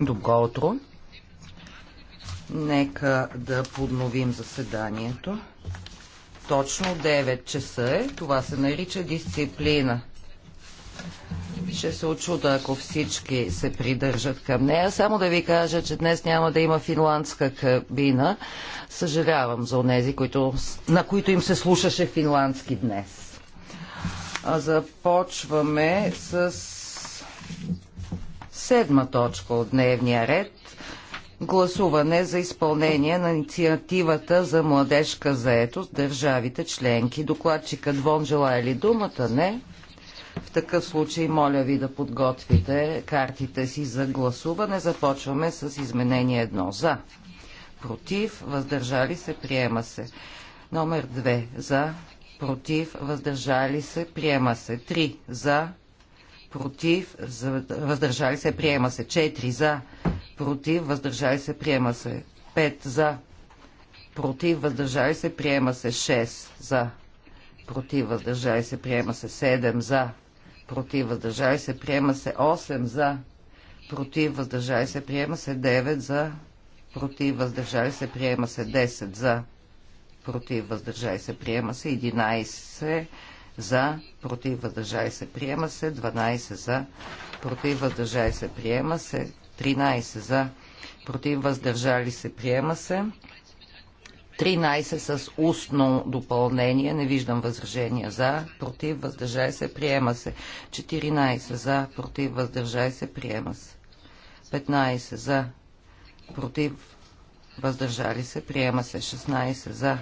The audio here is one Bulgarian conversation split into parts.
Добро утро. Нека да подновим заседанието. Точно 9 часа е. Това се нарича дисциплина. Ще се очуда, ако всички се придържат към нея. Само да ви кажа, че днес няма да има финландска кабина. Съжалявам за онези, които, на които им се слушаше финландски днес. Започваме с Седма точка от дневния ред гласуване за изпълнение на инициативата за младежка заетост държавите членки. Докладчикът Вон желая ли думата? Не. В такъв случай моля ви да подготвите картите си за гласуване. Започваме с изменение едно За. Против. Въздържали се. Приема се. Номер 2. За. Против. Въздържали се. Приема се. Три За против, въздържали се, приема се. 4 за, против, въздържали се, приема се. 5 за, против, въздържали се, приема се. 6 за, против, въздържали се, приема се. 7 за, против, въздържали се, приема се. 8 за, против, въздържали се, приема се. 9 за, против, въздържали се, приема се. 10 за, против, въздържали се, приема се. 11 за, против, въздържали се, приема се, 12 за, против, въздържали се, приема се, 13 за, против, въздържали се, приема се, 13 с устно допълнение, не виждам възражения за, против, въздържай се, приема се. 14 за, против, въздържай се, приема се. 15 за, против, въздържали се, приема се. 16 за,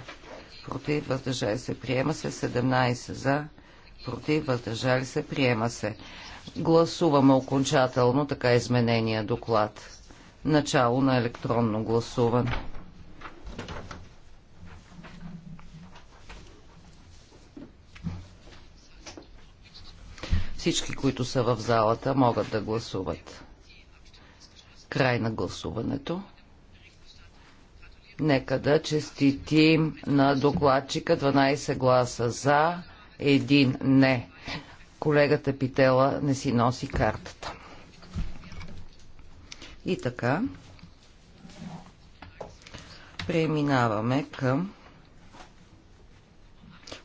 против, въздържали се, приема се. 17 за, против, въздържали се, приема се. Гласуваме окончателно така е изменения доклад. Начало на електронно гласуване. Всички, които са в залата, могат да гласуват. Край на гласуването. Нека да честитим на докладчика 12 гласа за, един не. Колегата Питела не си носи картата. И така, преминаваме към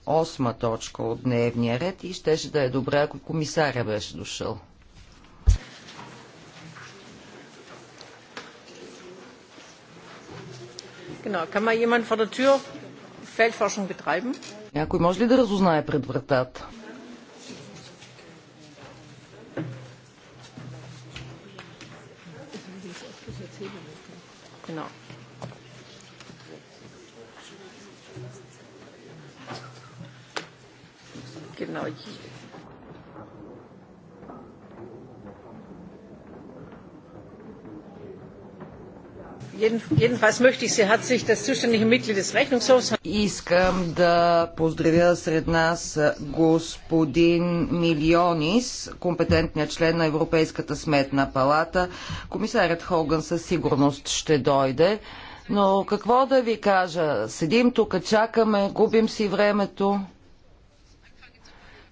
осма точка от дневния ред и щеше да е добре, ако комисаря беше дошъл. Genau. Kann mal jemand vor der Tür Feldforschung betreiben? Някой може ли да разузнае пред вратата? Genau. Genau. Искам да поздравя сред нас господин Милионис, компетентният член на Европейската сметна палата. Комисарят Хоган със сигурност ще дойде. Но какво да ви кажа? Седим тук, чакаме, губим си времето.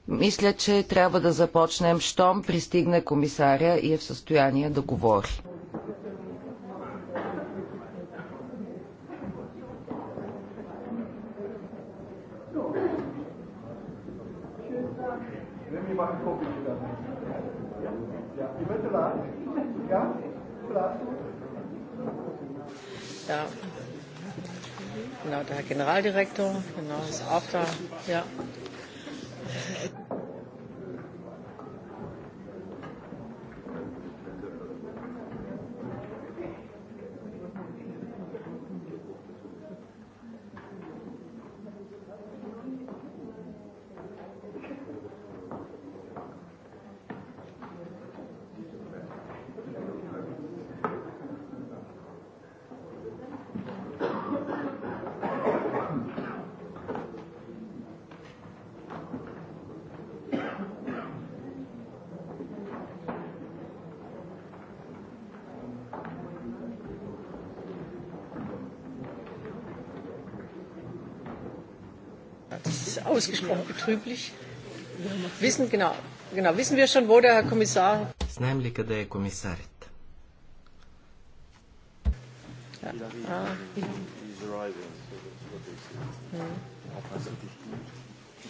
Мисля, че трябва да започнем, щом пристигне комисаря и е в състояние да говори. maak een koffietje dan. Ja, ja, je bent Ja, te Ja. Genau, der Herr Generaldirektor, genau, ist auch da. Ja. ausgesprochen betrüblich. Wissen, genau, genau, wissen wir schon, wo der Herr Kommissar... Знаем ли къде е комисарят? Ja. Ah.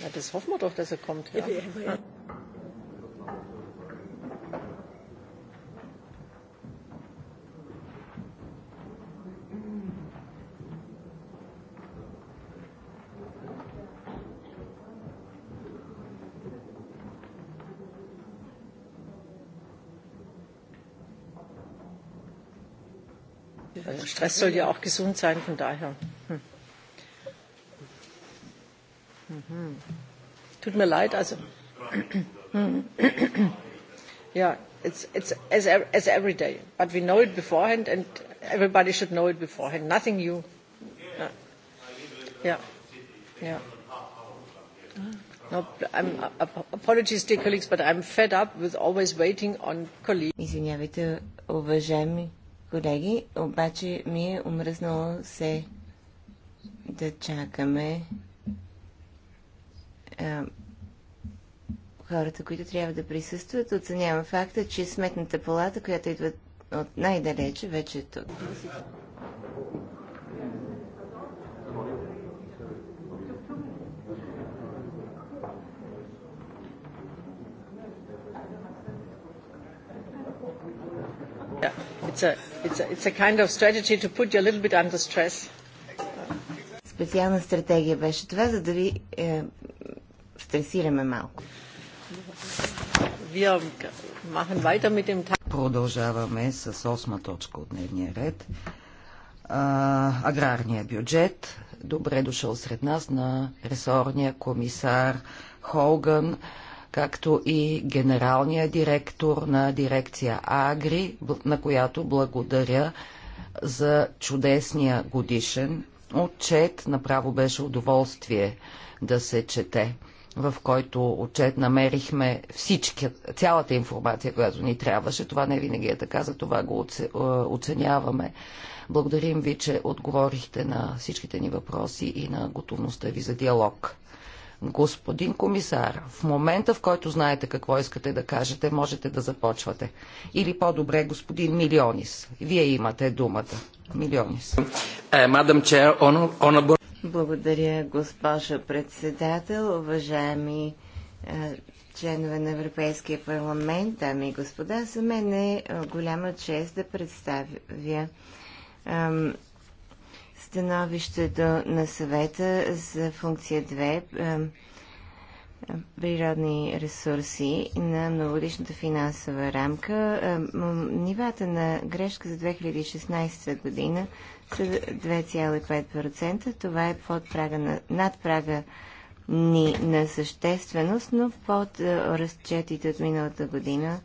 Ja, das hoffen wir doch, dass er kommt. Ja. Stress soll ja auch gesund sein, von daher. Tut mir leid, also. Ja, it's, it's as, as every day. But we know it beforehand and everybody should know it beforehand. Nothing new. Ja. Ja. No, I'm, apologies, dear colleagues, but I'm fed up with always waiting on colleagues. Извинявайте, уважаеми колеги, обаче ми е омръзнало се да чакаме а, хората, които трябва да присъстват. Оценявам факта, че сметната палата, която идва от най-далече, вече е тук. it's a, kind of strategy to put you a little bit under stress. Специална стратегия беше това, за да ви е, стресираме малко. Продължаваме с осма точка от дневния ред. А, аграрния бюджет. Добре дошъл сред нас на ресорния комисар Холган както и генералния директор на дирекция Агри, на която благодаря за чудесния годишен отчет. Направо беше удоволствие да се чете в който отчет намерихме всички, цялата информация, която ни трябваше. Това не винаги е така, за това го е, оценяваме. Благодарим ви, че отговорихте на всичките ни въпроси и на готовността ви за диалог. Господин комисар, в момента, в който знаете какво искате да кажете, можете да започвате. Или по-добре, господин Милионис. Вие имате думата. Милионис. Е, Благодаря, госпожа председател, уважаеми е, членове на Европейския парламент, дами и господа. За мен е, е голяма чест да представя становището на съвета за функция 2 е, е, природни ресурси на многодишната финансова рамка. Е, нивата на грешка за 2016 година са 2,5%. Това е под прага на, над прага ни на същественост, но под разчетите от миналата година,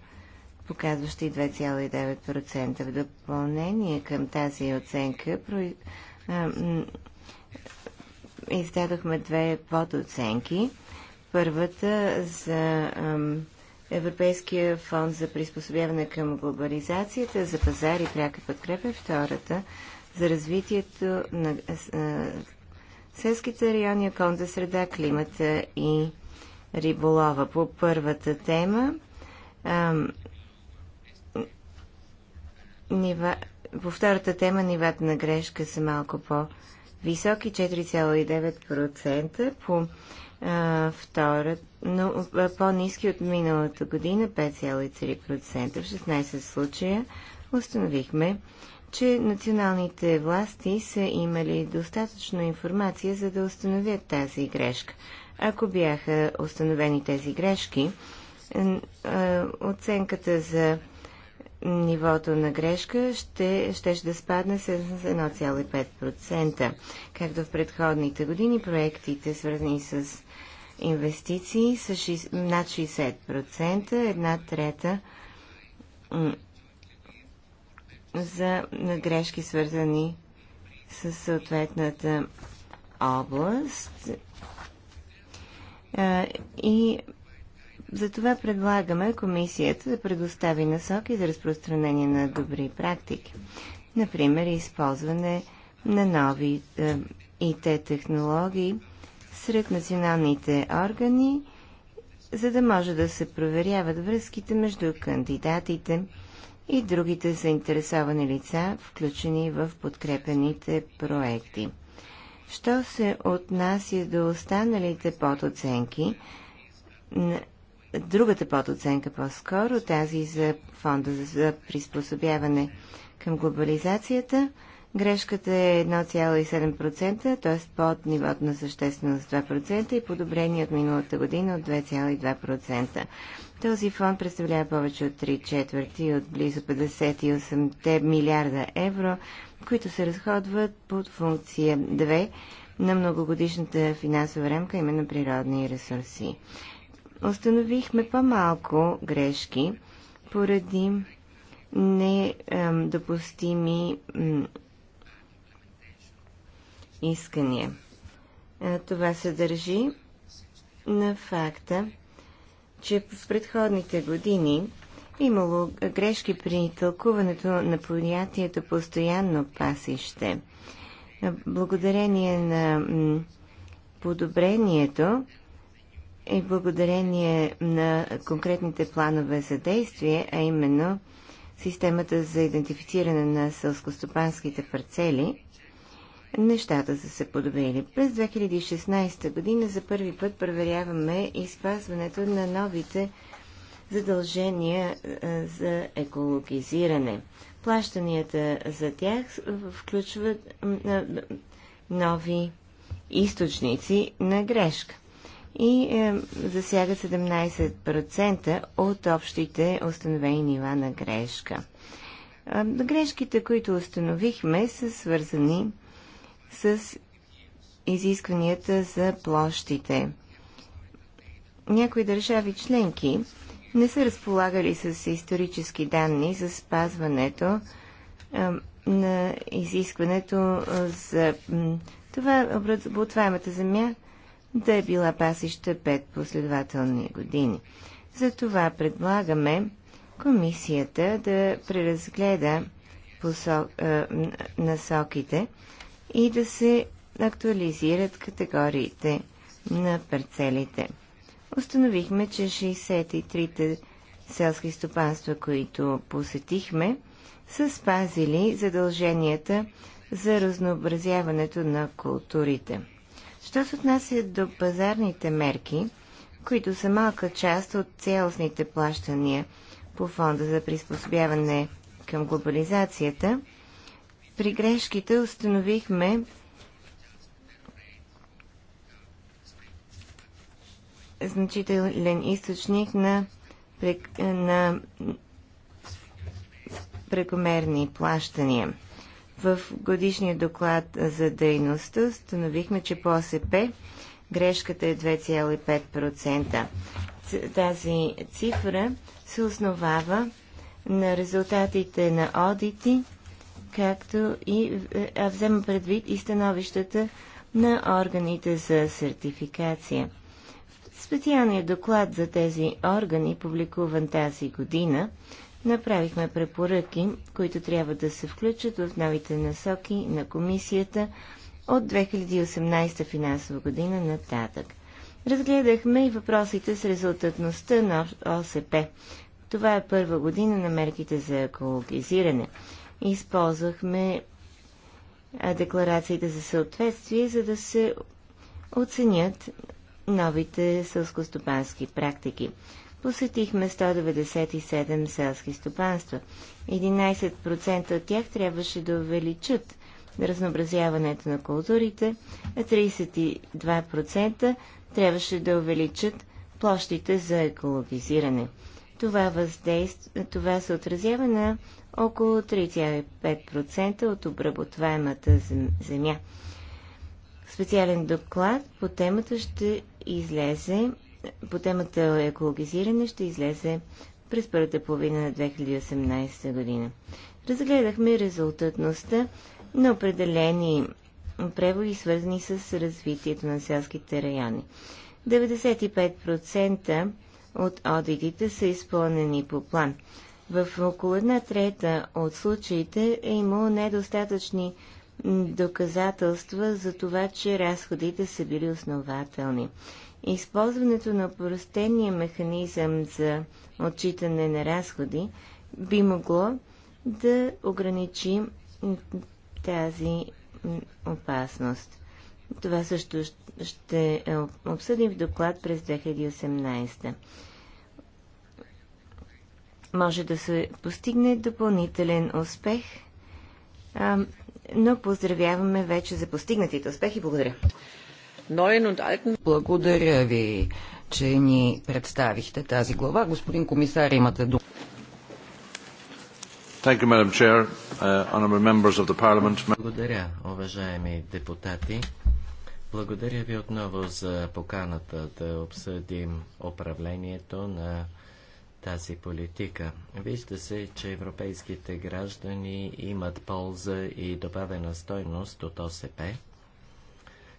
показващи 2,9%. В допълнение към тази оценка издадохме две подоценки. Първата за Европейския фонд за приспособяване към глобализацията, за пазар и пряка подкрепа. Втората за развитието на селските райони, околната среда, климата и риболова. По първата тема нива, по втората тема нивата на грешка са малко по-високи, 4,9% по а, втора, но по-низки от миналата година 5,3%. В 16 случая установихме, че националните власти са имали достатъчно информация, за да установят тази грешка. Ако бяха установени тези грешки, оценката за нивото на грешка ще, ще, ще да спадне с 1,5%. Както в предходните години, проектите, свързани с инвестиции, са над 60%, една трета за грешки, свързани с съответната област. И затова предлагаме комисията да предостави насоки за разпространение на добри практики. Например, използване на нови е, ИТ технологии сред националните органи, за да може да се проверяват връзките между кандидатите и другите заинтересовани лица, включени в подкрепените проекти. Що се отнася до останалите подоценки, другата подоценка по-скоро, тази за фонда за приспособяване към глобализацията. Грешката е 1,7%, т.е. под нивото на същественост 2% и подобрение от миналата година от 2,2%. Този фонд представлява повече от 3 четвърти от близо 58 милиарда евро, които се разходват под функция 2 на многогодишната финансова рамка, именно природни ресурси установихме по-малко грешки поради недопустими искания. Това се държи на факта, че в предходните години имало грешки при тълкуването на понятието постоянно пасище. Благодарение на подобрението и е благодарение на конкретните планове за действие, а именно системата за идентифициране на сълскостопанските парцели, нещата са се подобрили. През 2016 година за първи път проверяваме изпазването на новите задължения за екологизиране. Плащанията за тях включват нови източници на грешка и е, засяга 17% от общите установени нива на грешка. Е, грешките, които установихме, са свързани с изискванията за площите. Някои държави членки не са разполагали с исторически данни за спазването е, на изискването за това обработваемата земя да е била пасища пет последователни години. Затова предлагаме комисията да преразгледа посок, е, насоките и да се актуализират категориите на парцелите. Установихме, че 63-те селски стопанства, които посетихме, са спазили задълженията за разнообразяването на културите – Що се отнася до пазарните мерки, които са малка част от цялостните плащания по фонда за приспособяване към глобализацията, при грешките установихме, значителен източник на, на прекомерни плащания. В годишния доклад за дейността установихме, че по СП грешката е 2,5%. Тази цифра се основава на резултатите на одити, както и а взема предвид и становищата на органите за сертификация. Специалният доклад за тези органи, публикуван тази година, направихме препоръки, които трябва да се включат в новите насоки на комисията от 2018 финансова година нататък. Разгледахме и въпросите с резултатността на ОСП. Това е първа година на мерките за екологизиране. Използвахме декларациите за съответствие, за да се оценят новите сълскостопански практики. Посетихме 197 селски стопанства. 11% от тях трябваше да увеличат разнообразяването на културите, а 32% трябваше да увеличат площите за екологизиране. Това, въздейств... Това се отразява на около 3,5% от обработваемата земя. Специален доклад по темата ще излезе по темата екологизиране ще излезе през първата половина на 2018 година. Разгледахме резултатността на определени преводи, свързани с развитието на селските райони. 95% от одитите са изпълнени по план. В около една трета от случаите е имало недостатъчни доказателства за това, че разходите са били основателни използването на простения механизъм за отчитане на разходи би могло да ограничи тази опасност. Това също ще обсъдим в доклад през 2018. Може да се постигне допълнителен успех, но поздравяваме вече за постигнатите успехи. Благодаря. Благодаря ви, че ни представихте тази глава. Господин комисар, имате дума. Uh, Благодаря, уважаеми депутати. Благодаря ви отново за поканата да обсъдим управлението на тази политика. Вижда се, че европейските граждани имат полза и добавена стойност от ОСП.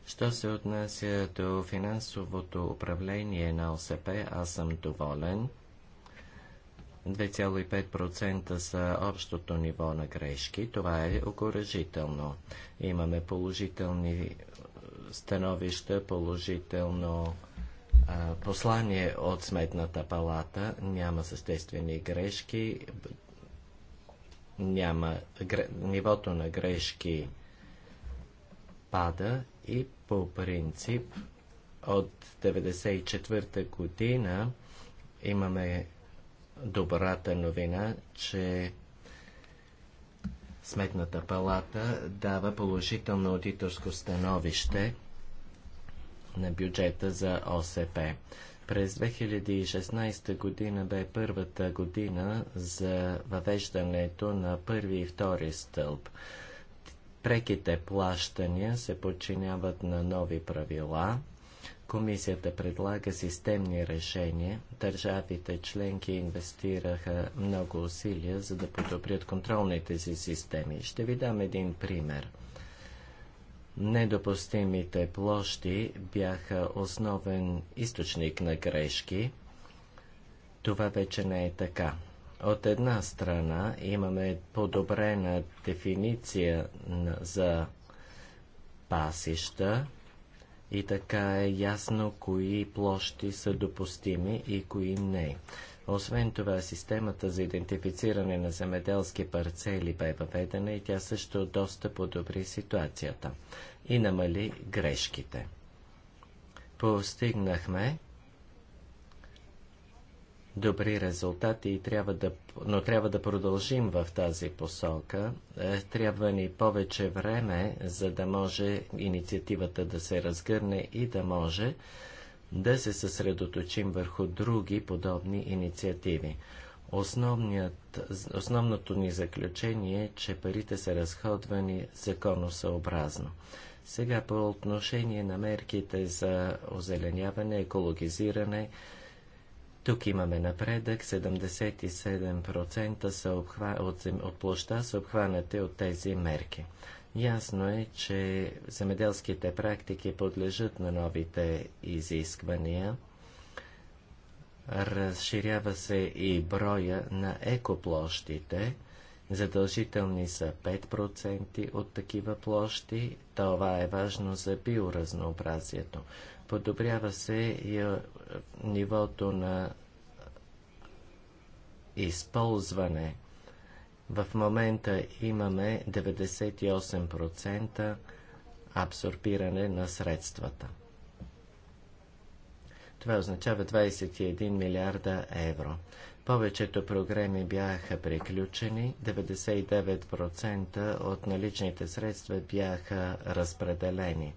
Що се отнася до финансовото управление на ОСП, аз съм доволен. 2,5% са общото ниво на грешки. Това е окоръжително. Имаме положителни е, становища, положително а, послание от Сметната палата. Няма съществени грешки. Няма, гр... нивото на грешки пада и по принцип от 1994 година имаме добрата новина, че Сметната палата дава положително аудиторско становище на бюджета за ОСП. През 2016 година бе първата година за въвеждането на първи и втори стълб – Преките плащания се подчиняват на нови правила. Комисията предлага системни решения. Държавите членки инвестираха много усилия, за да подобрят контролните си системи. Ще ви дам един пример. Недопустимите площи бяха основен източник на грешки. Това вече не е така. От една страна имаме подобрена дефиниция за пасища и така е ясно кои площи са допустими и кои не. Освен това, системата за идентифициране на земеделски парцели бе въведена и тя също доста подобри ситуацията и намали грешките. Постигнахме добри резултати, и трябва да, но трябва да продължим в тази посока. Е, трябва ни повече време, за да може инициативата да се разгърне и да може да се съсредоточим върху други подобни инициативи. Основният, основното ни заключение е, че парите са разходвани законосъобразно. Сега по отношение на мерките за озеленяване, екологизиране, тук имаме напредък, 77% са обхва... от, от площа са обхванати от тези мерки. Ясно е, че земеделските практики подлежат на новите изисквания. Разширява се и броя на екоплощите. Задължителни са 5% от такива площи. Това е важно за биоразнообразието. Подобрява се и нивото на използване. В момента имаме 98% абсорбиране на средствата. Това означава 21 милиарда евро. Повечето програми бяха приключени, 99% от наличните средства бяха разпределени.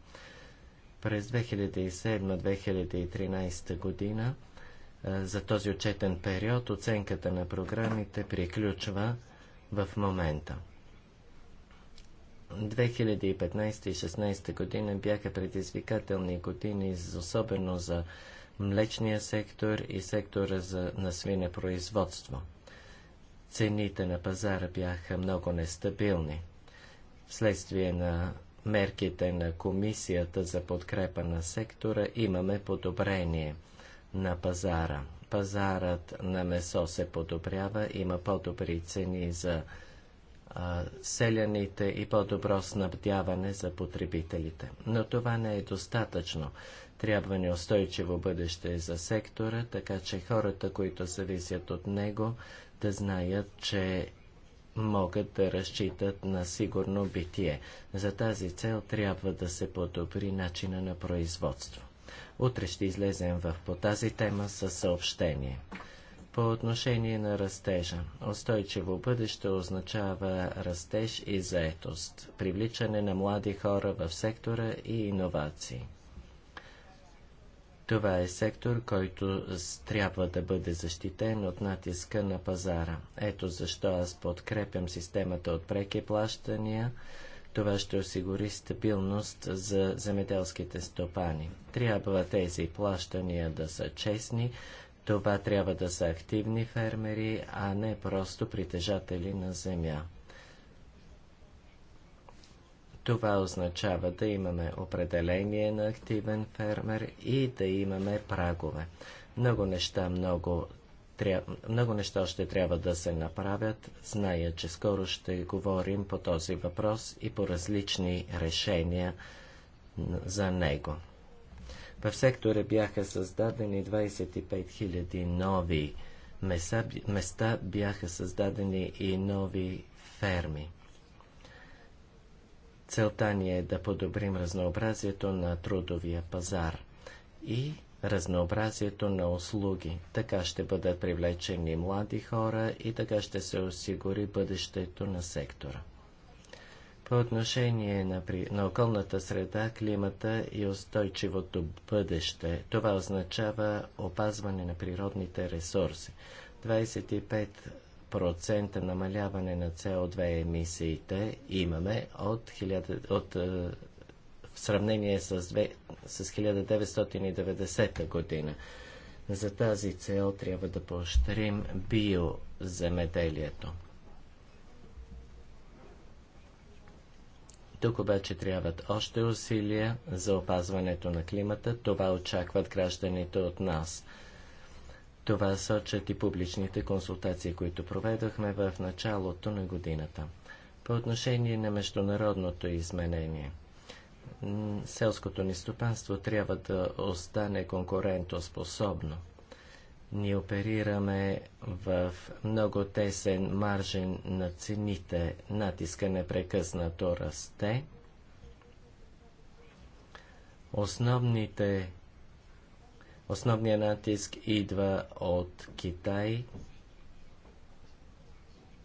През 2007-2013 година за този отчетен период оценката на програмите приключва в момента. 2015 и 2016 година бяха предизвикателни години, особено за млечния сектор и сектора за, на свинепроизводство. Цените на пазара бяха много нестабилни. Вследствие на мерките на Комисията за подкрепа на сектора имаме подобрение на пазара. Пазарът на месо се подобрява, има по-добри цени за селяните и по-добро снабдяване за потребителите. Но това не е достатъчно. Трябва ни устойчиво бъдеще за сектора, така че хората, които зависят от него, да знаят, че могат да разчитат на сигурно битие. За тази цел трябва да се подобри начина на производство. Утре ще излезем в по тази тема със съобщение. По отношение на растежа, устойчиво бъдеще означава растеж и заетост, привличане на млади хора в сектора и иновации. Това е сектор, който трябва да бъде защитен от натиска на пазара. Ето защо аз подкрепям системата от преки плащания. Това ще осигури стабилност за земеделските стопани. Трябва тези плащания да са честни, това трябва да са активни фермери, а не просто притежатели на земя. Това означава да имаме определение на активен фермер и да имаме прагове. Много неща, много, тря... много неща ще трябва да се направят. Зная, че скоро ще говорим по този въпрос и по различни решения за него. В сектора бяха създадени 25 000 нови места, места бяха създадени и нови ферми. Целта ни е да подобрим разнообразието на трудовия пазар и разнообразието на услуги. Така ще бъдат привлечени млади хора и така ще се осигури бъдещето на сектора. По отношение на, при... на околната среда, климата и устойчивото бъдеще, това означава опазване на природните ресурси. 25 процента намаляване на CO2 емисиите имаме от, 1000, от, е, в сравнение с, с 1990 година. За тази цел трябва да поощрим биоземеделието. Тук обаче трябват още усилия за опазването на климата. Това очакват гражданите от нас – това сочат и публичните консултации, които проведохме в началото на годината. По отношение на международното изменение, селското ни стопанство трябва да остане конкурентоспособно. Ние оперираме в много тесен маржен на цените. Натиска непрекъснато расте. Основните Основният натиск идва от Китай,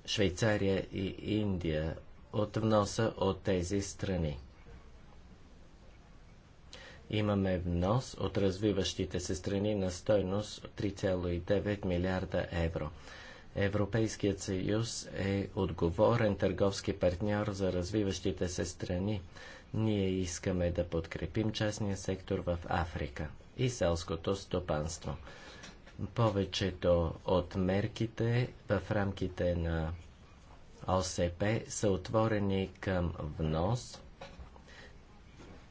Швейцария и Индия от вноса от тези страни. Имаме внос от развиващите се страни на стойност 3,9 милиарда евро. Европейският съюз е отговорен търговски партньор за развиващите се страни. Ние искаме да подкрепим частния сектор в Африка и селското стопанство. Повечето от мерките в рамките на ОСП са отворени към внос.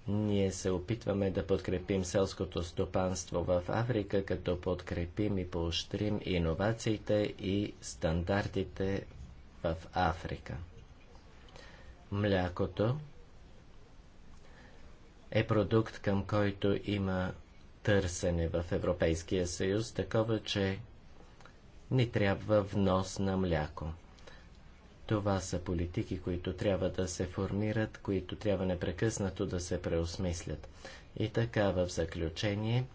Ние се опитваме да подкрепим селското стопанство в Африка, като подкрепим и поощрим иновациите и стандартите в Африка. Млякото е продукт, към който има търсене в Европейския съюз, такова, че ни трябва внос на мляко. Това са политики, които трябва да се формират, които трябва непрекъснато да се преосмислят. И така, в заключение,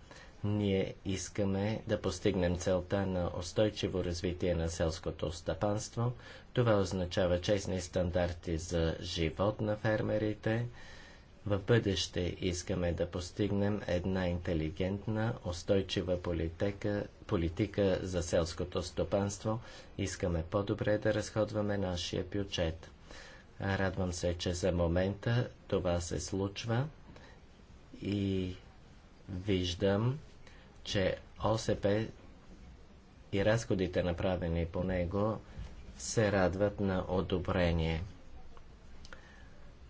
ние искаме да постигнем целта на устойчиво развитие на селското стъпанство. Това означава честни стандарти за живот на фермерите, в бъдеще искаме да постигнем една интелигентна, устойчива политика, политика за селското стопанство. Искаме по-добре да разходваме нашия бюджет. Радвам се, че за момента това се случва и виждам, че ОСП и разходите направени по него се радват на одобрение.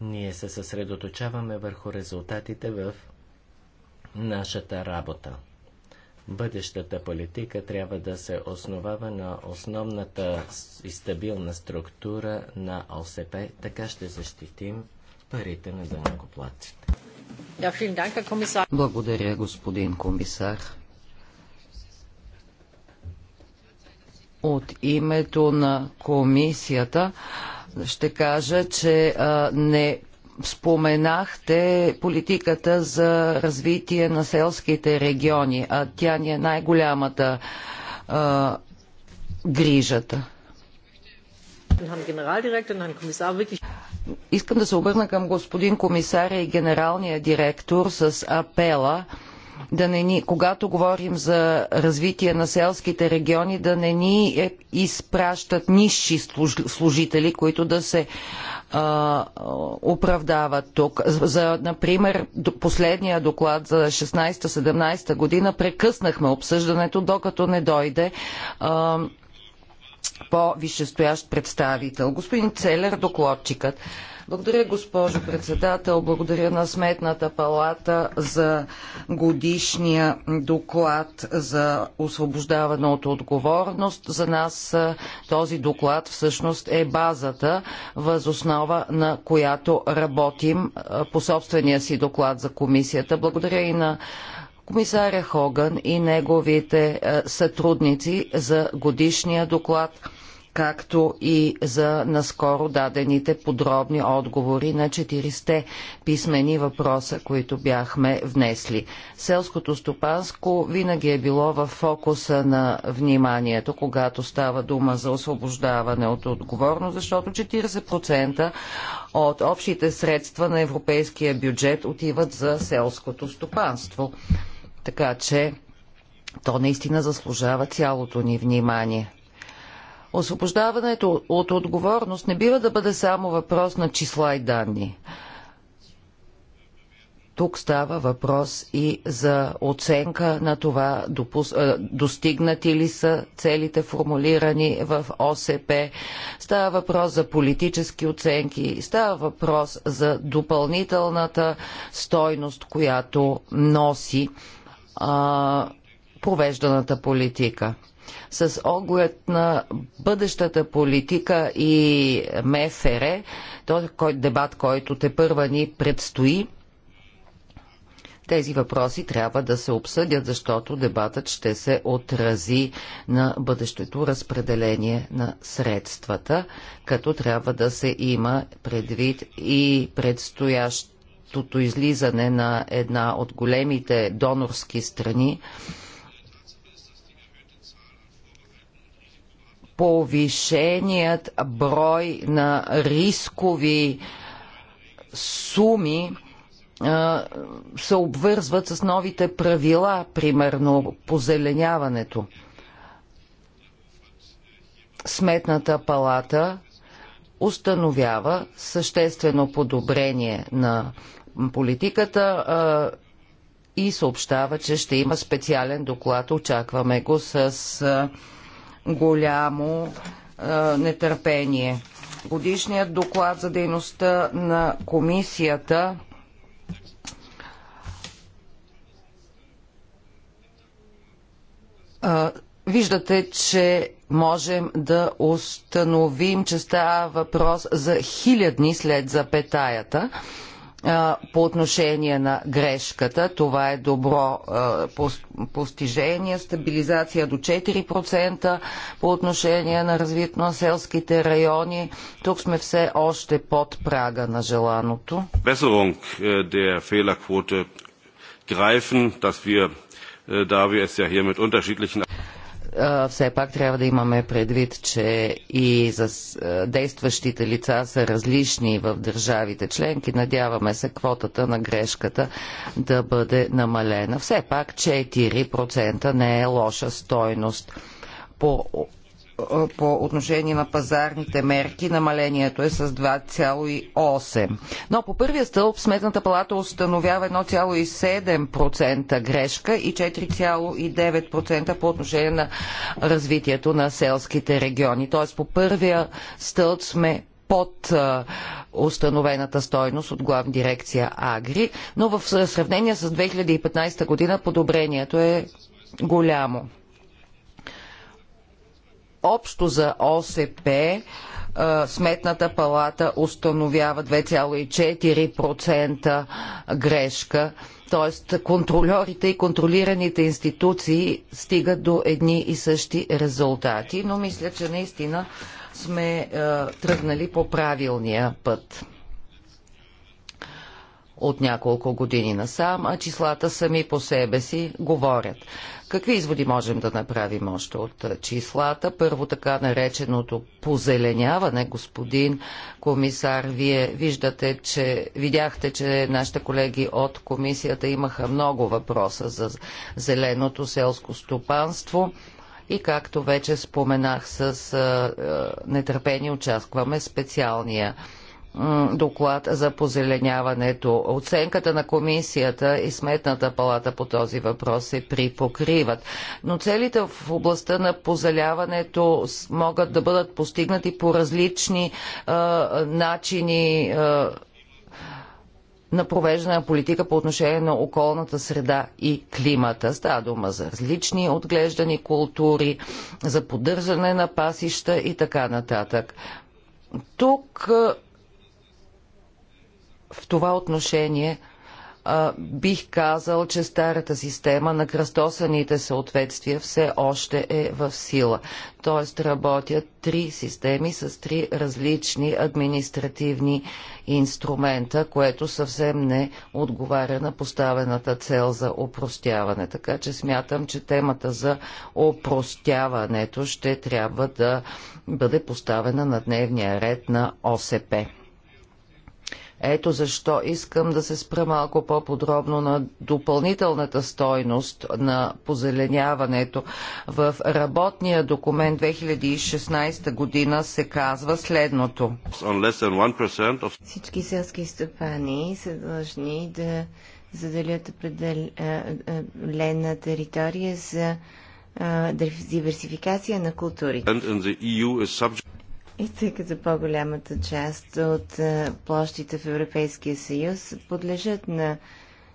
Ние се съсредоточаваме върху резултатите в нашата работа. Бъдещата политика трябва да се основава на основната и стабилна структура на ОСП, така ще защитим парите на данъкоплатците. Благодаря, господин комисар. От името на комисията ще кажа, че а, не споменахте политиката за развитие на селските региони, а тя ни е най-голямата грижата. Искам да се обърна към господин комисаря и генералния директор с апела да не ни, когато говорим за развитие на селските региони, да не ни е, изпращат нисши служители, които да се а, оправдават тук. За, например, последния доклад за 16-17 година прекъснахме обсъждането, докато не дойде а, по-висшестоящ представител. Господин Целер, докладчикът. Благодаря, госпожо председател. Благодаря на Сметната палата за годишния доклад за освобождаване от отговорност. За нас този доклад всъщност е базата, възоснова на която работим по собствения си доклад за комисията. Благодаря и на комисаря Хоган и неговите сътрудници за годишния доклад както и за наскоро дадените подробни отговори на четиристе писмени въпроса, които бяхме внесли. Селското стопанско винаги е било в фокуса на вниманието, когато става дума за освобождаване от отговорност, защото 40% от общите средства на европейския бюджет отиват за селското стопанство. Така че то наистина заслужава цялото ни внимание. Освобождаването от отговорност не бива да бъде само въпрос на числа и данни. Тук става въпрос и за оценка на това, допус... достигнати ли са целите формулирани в ОСП. Става въпрос за политически оценки, става въпрос за допълнителната стойност, която носи а, провежданата политика с оглед на бъдещата политика и МФР, този дебат, който те първа ни предстои, тези въпроси трябва да се обсъдят, защото дебатът ще се отрази на бъдещето разпределение на средствата, като трябва да се има предвид и предстоящото излизане на една от големите донорски страни повишеният брой на рискови суми се обвързват с новите правила, примерно позеленяването. Сметната палата установява съществено подобрение на политиката и съобщава, че ще има специален доклад. Очакваме го с голямо е, нетърпение. Годишният доклад за дейността на комисията е, Виждате, че можем да установим, че става въпрос за хилядни след запетаята по отношение на грешката. Това е добро постижение. Стабилизация до 4% по отношение на развитието на селските райони. Тук сме все още под прага на желаното. Besserung е, der Fehlerquote greifen, dass wir, е, da wir es ja hier mit unterschiedlichen все пак трябва да имаме предвид, че и за действащите лица са различни в държавите членки. Надяваме се квотата на грешката да бъде намалена. Все пак 4% не е лоша стойност. По по отношение на пазарните мерки намалението е с 2,8. Но по първия стълб Сметната палата установява 1,7% грешка и 4,9% по отношение на развитието на селските региони. Т.е. по първия стълб сме под установената стойност от главна дирекция Агри, но в сравнение с 2015 година подобрението е голямо общо за ОСП е, Сметната палата установява 2,4% грешка. т.е. контролерите и контролираните институции стигат до едни и същи резултати, но мисля, че наистина сме е, тръгнали по правилния път от няколко години насам, а числата сами по себе си говорят. Какви изводи можем да направим още от числата? Първо така нареченото позеленяване, господин комисар, вие виждате, че видяхте, че нашите колеги от комисията имаха много въпроса за зеленото селско стопанство и както вече споменах с нетърпение очакваме специалния доклад за позеленяването. Оценката на комисията и сметната палата по този въпрос се припокриват. Но целите в областта на позеляването могат да бъдат постигнати по различни а, начини а, на провеждане на политика по отношение на околната среда и климата. Става дума за различни отглеждани култури, за поддържане на пасища и така нататък. Тук в това отношение бих казал, че старата система на кръстосаните съответствия все още е в сила. Тоест работят три системи с три различни административни инструмента, което съвсем не отговаря на поставената цел за опростяване. Така че смятам, че темата за опростяването ще трябва да бъде поставена на дневния ред на ОСП. Ето защо искам да се спра малко по-подробно на допълнителната стойност на позеленяването. В работния документ 2016 година се казва следното. Всички селски стопани са длъжни да заделят определена територия за диверсификация на културите. E и тъй като по-голямата част от е, площите в Европейския съюз подлежат на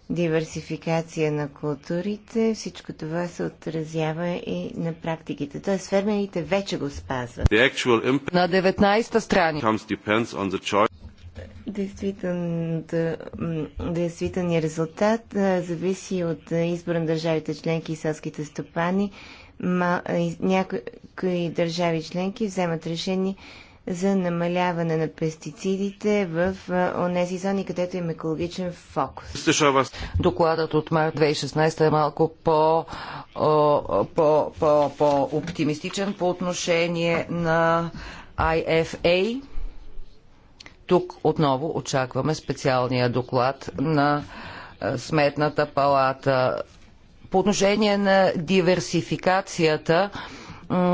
диверсификация на културите, всичко това се отразява и на практиките. Т.е. фермерите вече го спазват. На 19-та страница. Действителният резултат е, зависи от е, избора на държавите членки и селските стопани някои държави членки вземат решение за намаляване на пестицидите в онези зони, където има екологичен фокус. Докладът от март 2016 е малко по, по, по, по оптимистичен по отношение на IFA. Тук отново очакваме специалния доклад на Сметната палата по отношение на диверсификацията,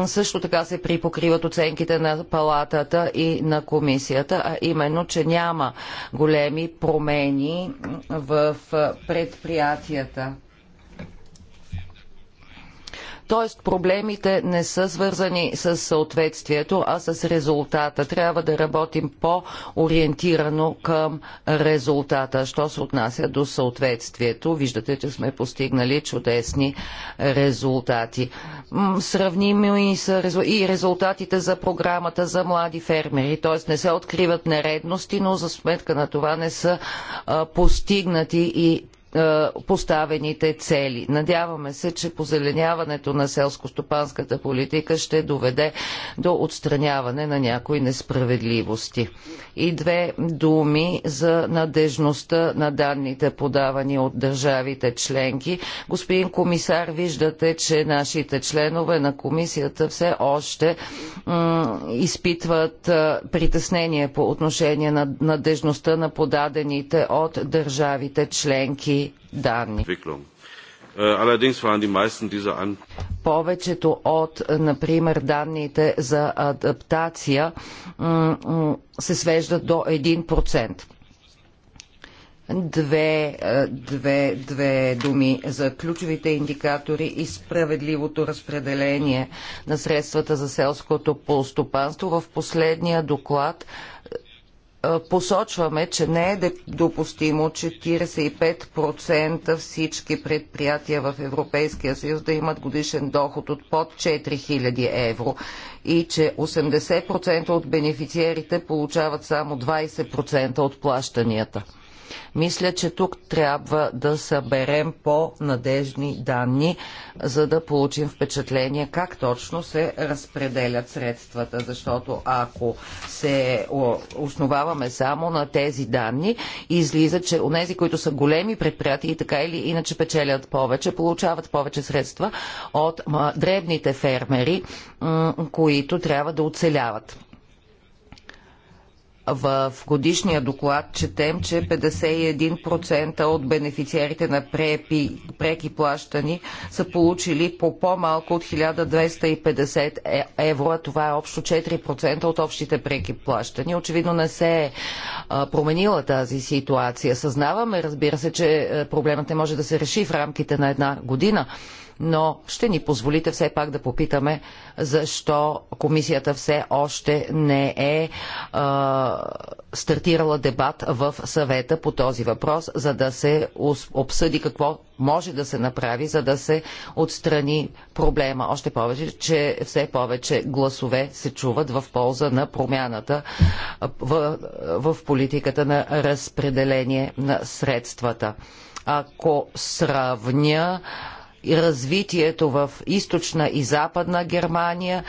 също така се припокриват оценките на палатата и на комисията, а именно, че няма големи промени в предприятията. Тоест проблемите не са свързани с съответствието, а с резултата. Трябва да работим по-ориентирано към резултата. Що се отнася до съответствието, виждате, че сме постигнали чудесни резултати. Сравними са и резултатите за програмата за млади фермери, т.е. не се откриват нередности, но за сметка на това не са постигнати и е, поставените цели. Надяваме се, че позеленяването на селско-стопанската политика ще доведе до отстраняване на някои несправедливости. И две думи за надежността на данните подавани от държавите членки. Господин комисар, виждате, че нашите членове на комисията все още изпитват е, притеснение по отношение на надежността на подадените от държавите членки данни. Äh, Повечето от, например, данните за адаптация се свеждат до 1%. Две, е, две, две думи за ключовите индикатори и справедливото разпределение на средствата за селското полстопанство. В последния доклад посочваме, че не е допустимо 45% всички предприятия в Европейския съюз да имат годишен доход от под 4000 евро и че 80% от бенефициерите получават само 20% от плащанията. Мисля, че тук трябва да съберем по-надежни данни, за да получим впечатление как точно се разпределят средствата, защото ако се основаваме само на тези данни, излиза, че нези, които са големи предприятия и така или иначе печелят повече, получават повече средства от дребните фермери, които трябва да оцеляват. В годишния доклад четем, че 51% от бенефициерите на препи, преки плащани са получили по по-малко от 1250 е, евро, а това е общо 4% от общите преки плащани. Очевидно не се е променила тази ситуация. Съзнаваме, разбира се, че е, проблемът не може да се реши в рамките на една година но ще ни позволите все пак да попитаме защо комисията все още не е а, стартирала дебат в съвета по този въпрос, за да се обсъди какво може да се направи, за да се отстрани проблема. Още повече, че все повече гласове се чуват в полза на промяната в, в политиката на разпределение на средствата. Ако сравня и развитието в източна и западна Германия.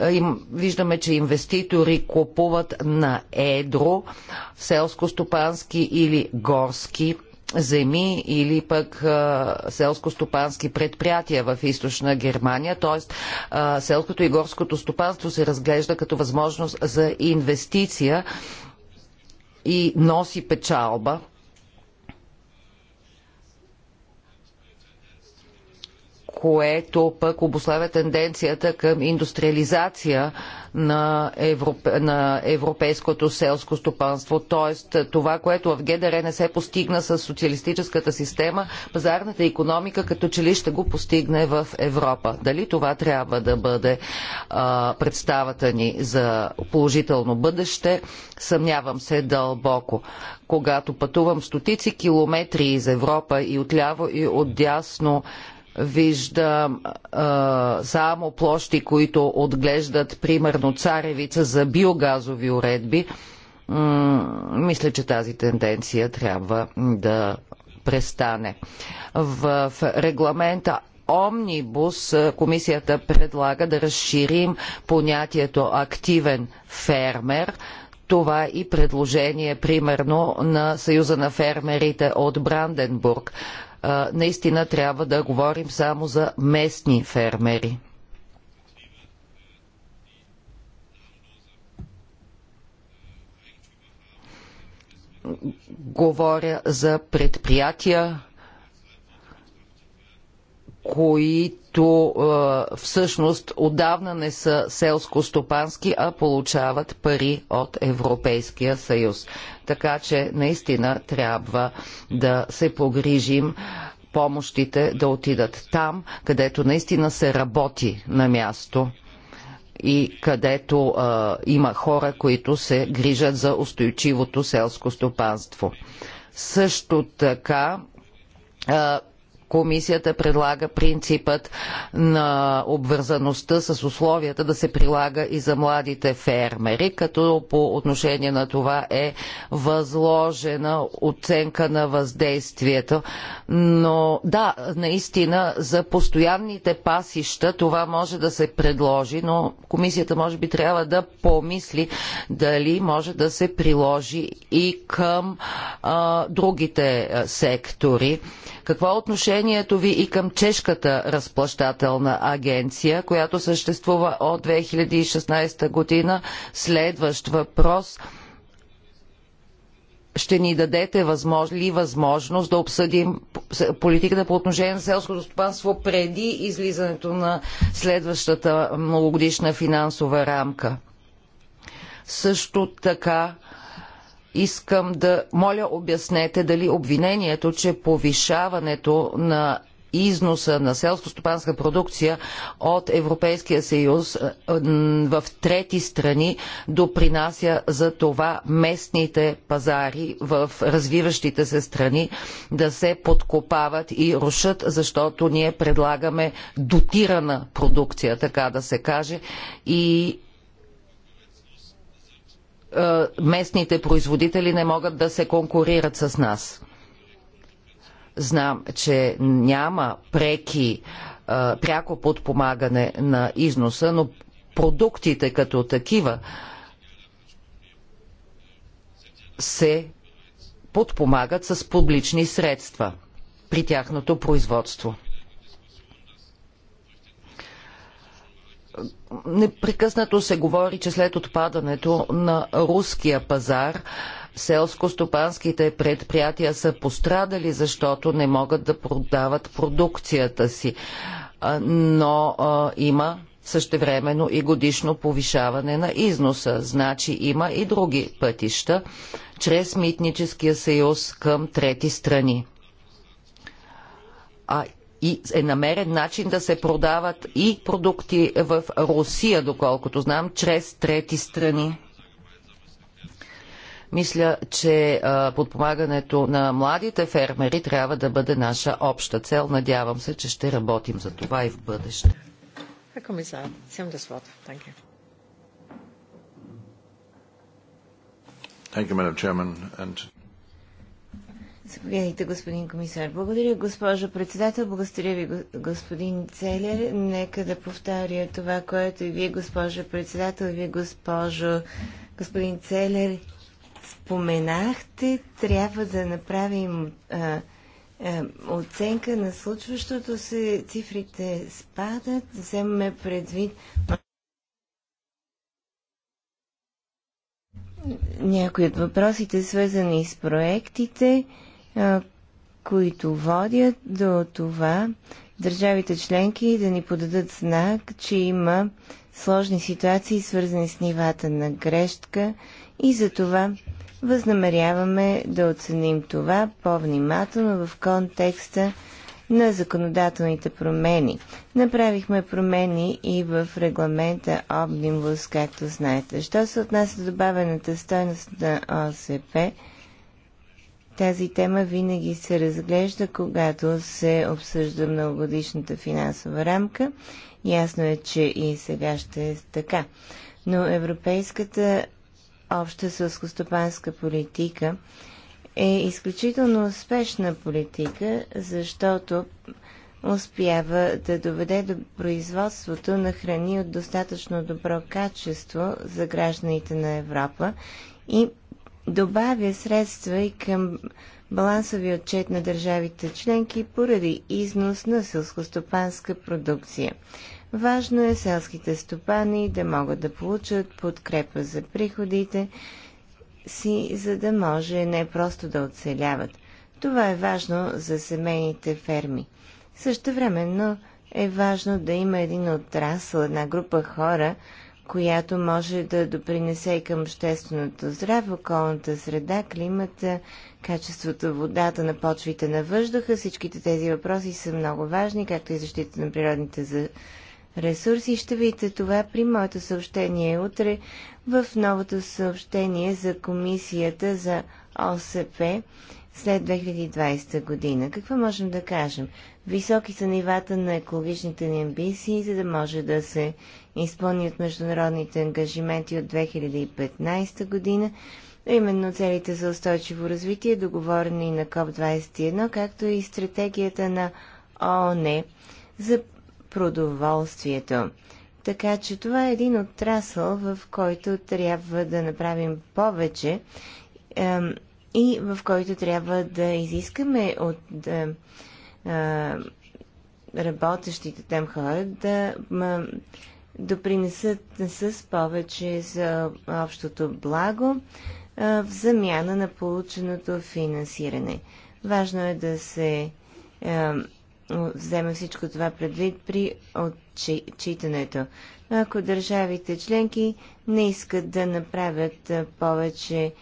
Е, им, виждаме, че инвеститори купуват на едро селско-стопански или горски земи или пък е, селско-стопански предприятия в източна Германия, т.е. селското и горското стопанство се разглежда като възможност за инвестиция и носи печалба което пък обославя тенденцията към индустриализация на, европ... на европейското селско стопанство. Тоест това, което в ГДР не се постигна с социалистическата система, пазарната економика като че ли ще го постигне в Европа. Дали това трябва да бъде а, представата ни за положително бъдеще, съмнявам се дълбоко. Когато пътувам стотици километри из Европа и отляво и отдясно, виждам а, само площи, които отглеждат примерно царевица за биогазови уредби. М мисля, че тази тенденция трябва да престане. В, в регламента Омнибус комисията предлага да разширим понятието активен фермер. Това и предложение, примерно, на Съюза на фермерите от Бранденбург наистина трябва да говорим само за местни фермери. Говоря за предприятия, които е, всъщност отдавна не са селско-стопански, а получават пари от Европейския съюз. Така че наистина трябва да се погрижим помощите да отидат там, където наистина се работи на място и където а, е, има хора, които се грижат за устойчивото селско стопанство. Също така а, е, Комисията предлага принципът на обвързаността с условията да се прилага и за младите фермери, като по отношение на това е възложена оценка на въздействието. Но да, наистина за постоянните пасища това може да се предложи, но комисията може би трябва да помисли дали може да се приложи и към а, другите сектори. Какво е отношение отношението ви и към чешката разплащателна агенция, която съществува от 2016 година. Следващ въпрос ще ни дадете ли възможност да обсъдим политиката по отношение на селското стопанство преди излизането на следващата многогодишна финансова рамка? Също така Искам да моля обяснете дали обвинението, че повишаването на износа на селскостопанска продукция от Европейския съюз е, в трети страни допринася за това местните пазари в развиващите се страни да се подкопават и рушат, защото ние предлагаме дотирана продукция, така да се каже, и е, местните производители не могат да се конкурират с нас. Знам, че няма преки, е, пряко подпомагане на износа, но продуктите като такива се подпомагат с публични средства при тяхното производство. непрекъснато се говори, че след отпадането на руския пазар селско-стопанските предприятия са пострадали, защото не могат да продават продукцията си. Но а, има същевременно и годишно повишаване на износа. Значи има и други пътища чрез митническия съюз към трети страни. А и е намерен начин да се продават и продукти в Русия, доколкото знам, чрез трети страни. Мисля, че подпомагането на младите фермери трябва да бъде наша обща цел. Надявам се, че ще работим за това и в бъдеще. Thank you, Madam Chairman, and Заповядайте, господин комисар. Благодаря, госпожо председател. Благодаря ви, господин Целер. Нека да повторя това, което и вие, госпожо председател, и вие, госпожо, господин Целер, споменахте. Трябва да направим а, а, оценка на случващото се. Цифрите спадат. Вземаме предвид някои от въпросите, свързани с проектите които водят до това държавите членки да ни подадат знак, че има сложни ситуации, свързани с нивата на грешка и за това възнамеряваме да оценим това по-внимателно в контекста на законодателните промени. Направихме промени и в регламента Обнимвус, както знаете. Що се отнася до добавената стойност на ОСП – тази тема винаги се разглежда, когато се обсъжда многогодишната финансова рамка. Ясно е, че и сега ще е така. Но европейската обща сълскостопанска политика е изключително успешна политика, защото успява да доведе до производството на храни от достатъчно добро качество за гражданите на Европа и добавя средства и към балансови отчет на държавите членки поради износ на селскостопанска продукция. Важно е селските стопани да могат да получат подкрепа за приходите си, за да може не просто да оцеляват. Това е важно за семейните ферми. Също времено е важно да има един отрасъл, една група хора, която може да допринесе и към общественото здраве, околната среда, климата, качеството водата на почвите на въздуха. Всичките тези въпроси са много важни, както и защита на природните за ресурси. Ще видите това при моето съобщение утре в новото съобщение за Комисията за ОСП след 2020 година. Какво можем да кажем? Високи са нивата на екологичните ни амбиции, за да може да се изпълнят международните ангажименти от 2015 година, именно целите за устойчиво развитие, договорени на КОП-21, както и стратегията на ООН за продоволствието. Така че това е един отрасъл, в който трябва да направим повече и в който трябва да изискаме от да, а, работещите там хора да ма, допринесат с повече за общото благо а, в замяна на полученото финансиране. Важно е да се а, вземе всичко това предвид при отчитането. Ако държавите членки не искат да направят повече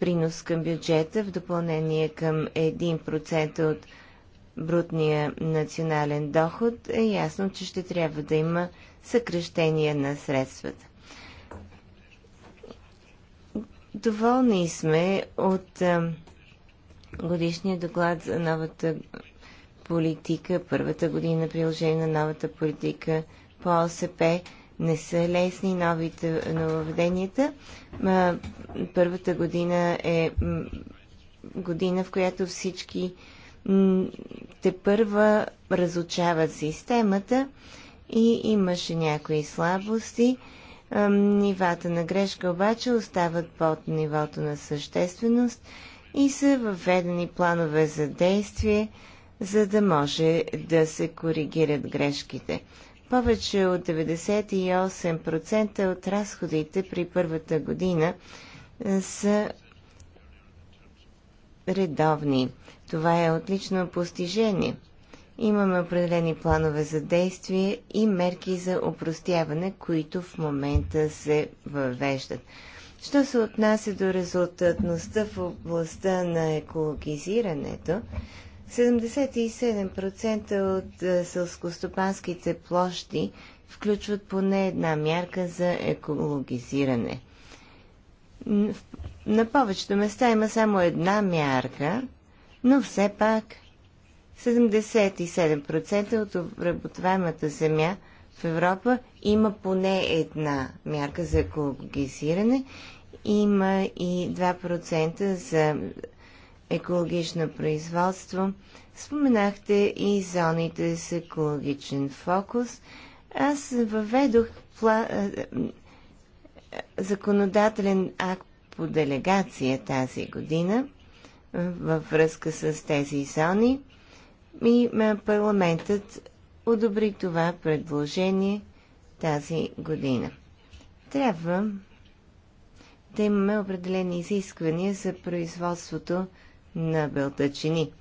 принос към бюджета в допълнение към 1% от брутния национален доход, е ясно, че ще трябва да има съкръщение на средствата. Доволни сме от годишния доклад за новата политика, първата година приложение на новата политика по ОСП не са лесни новите нововведенията. Първата година е година, в която всички те първа разучават системата и имаше някои слабости. Нивата на грешка обаче остават под нивото на същественост и са въведени планове за действие, за да може да се коригират грешките. Повече от 98% от разходите при първата година е, са редовни. Това е отлично постижение. Имаме определени планове за действие и мерки за упростяване, които в момента се въвеждат. Що се отнася до резултатността в областта на екологизирането, 77% от е, сълскостопанските площи включват поне една мярка за екологизиране. На повечето места има само една мярка, но все пак 77% от обработваемата земя в Европа има поне една мярка за екологизиране. Има и 2% за екологично производство. Споменахте и зоните с екологичен фокус. Аз въведох пла... законодателен акт по делегация тази година във връзка с тези зони и парламентът одобри това предложение тази година. Трябва да имаме определени изисквания за производството на белтъчини.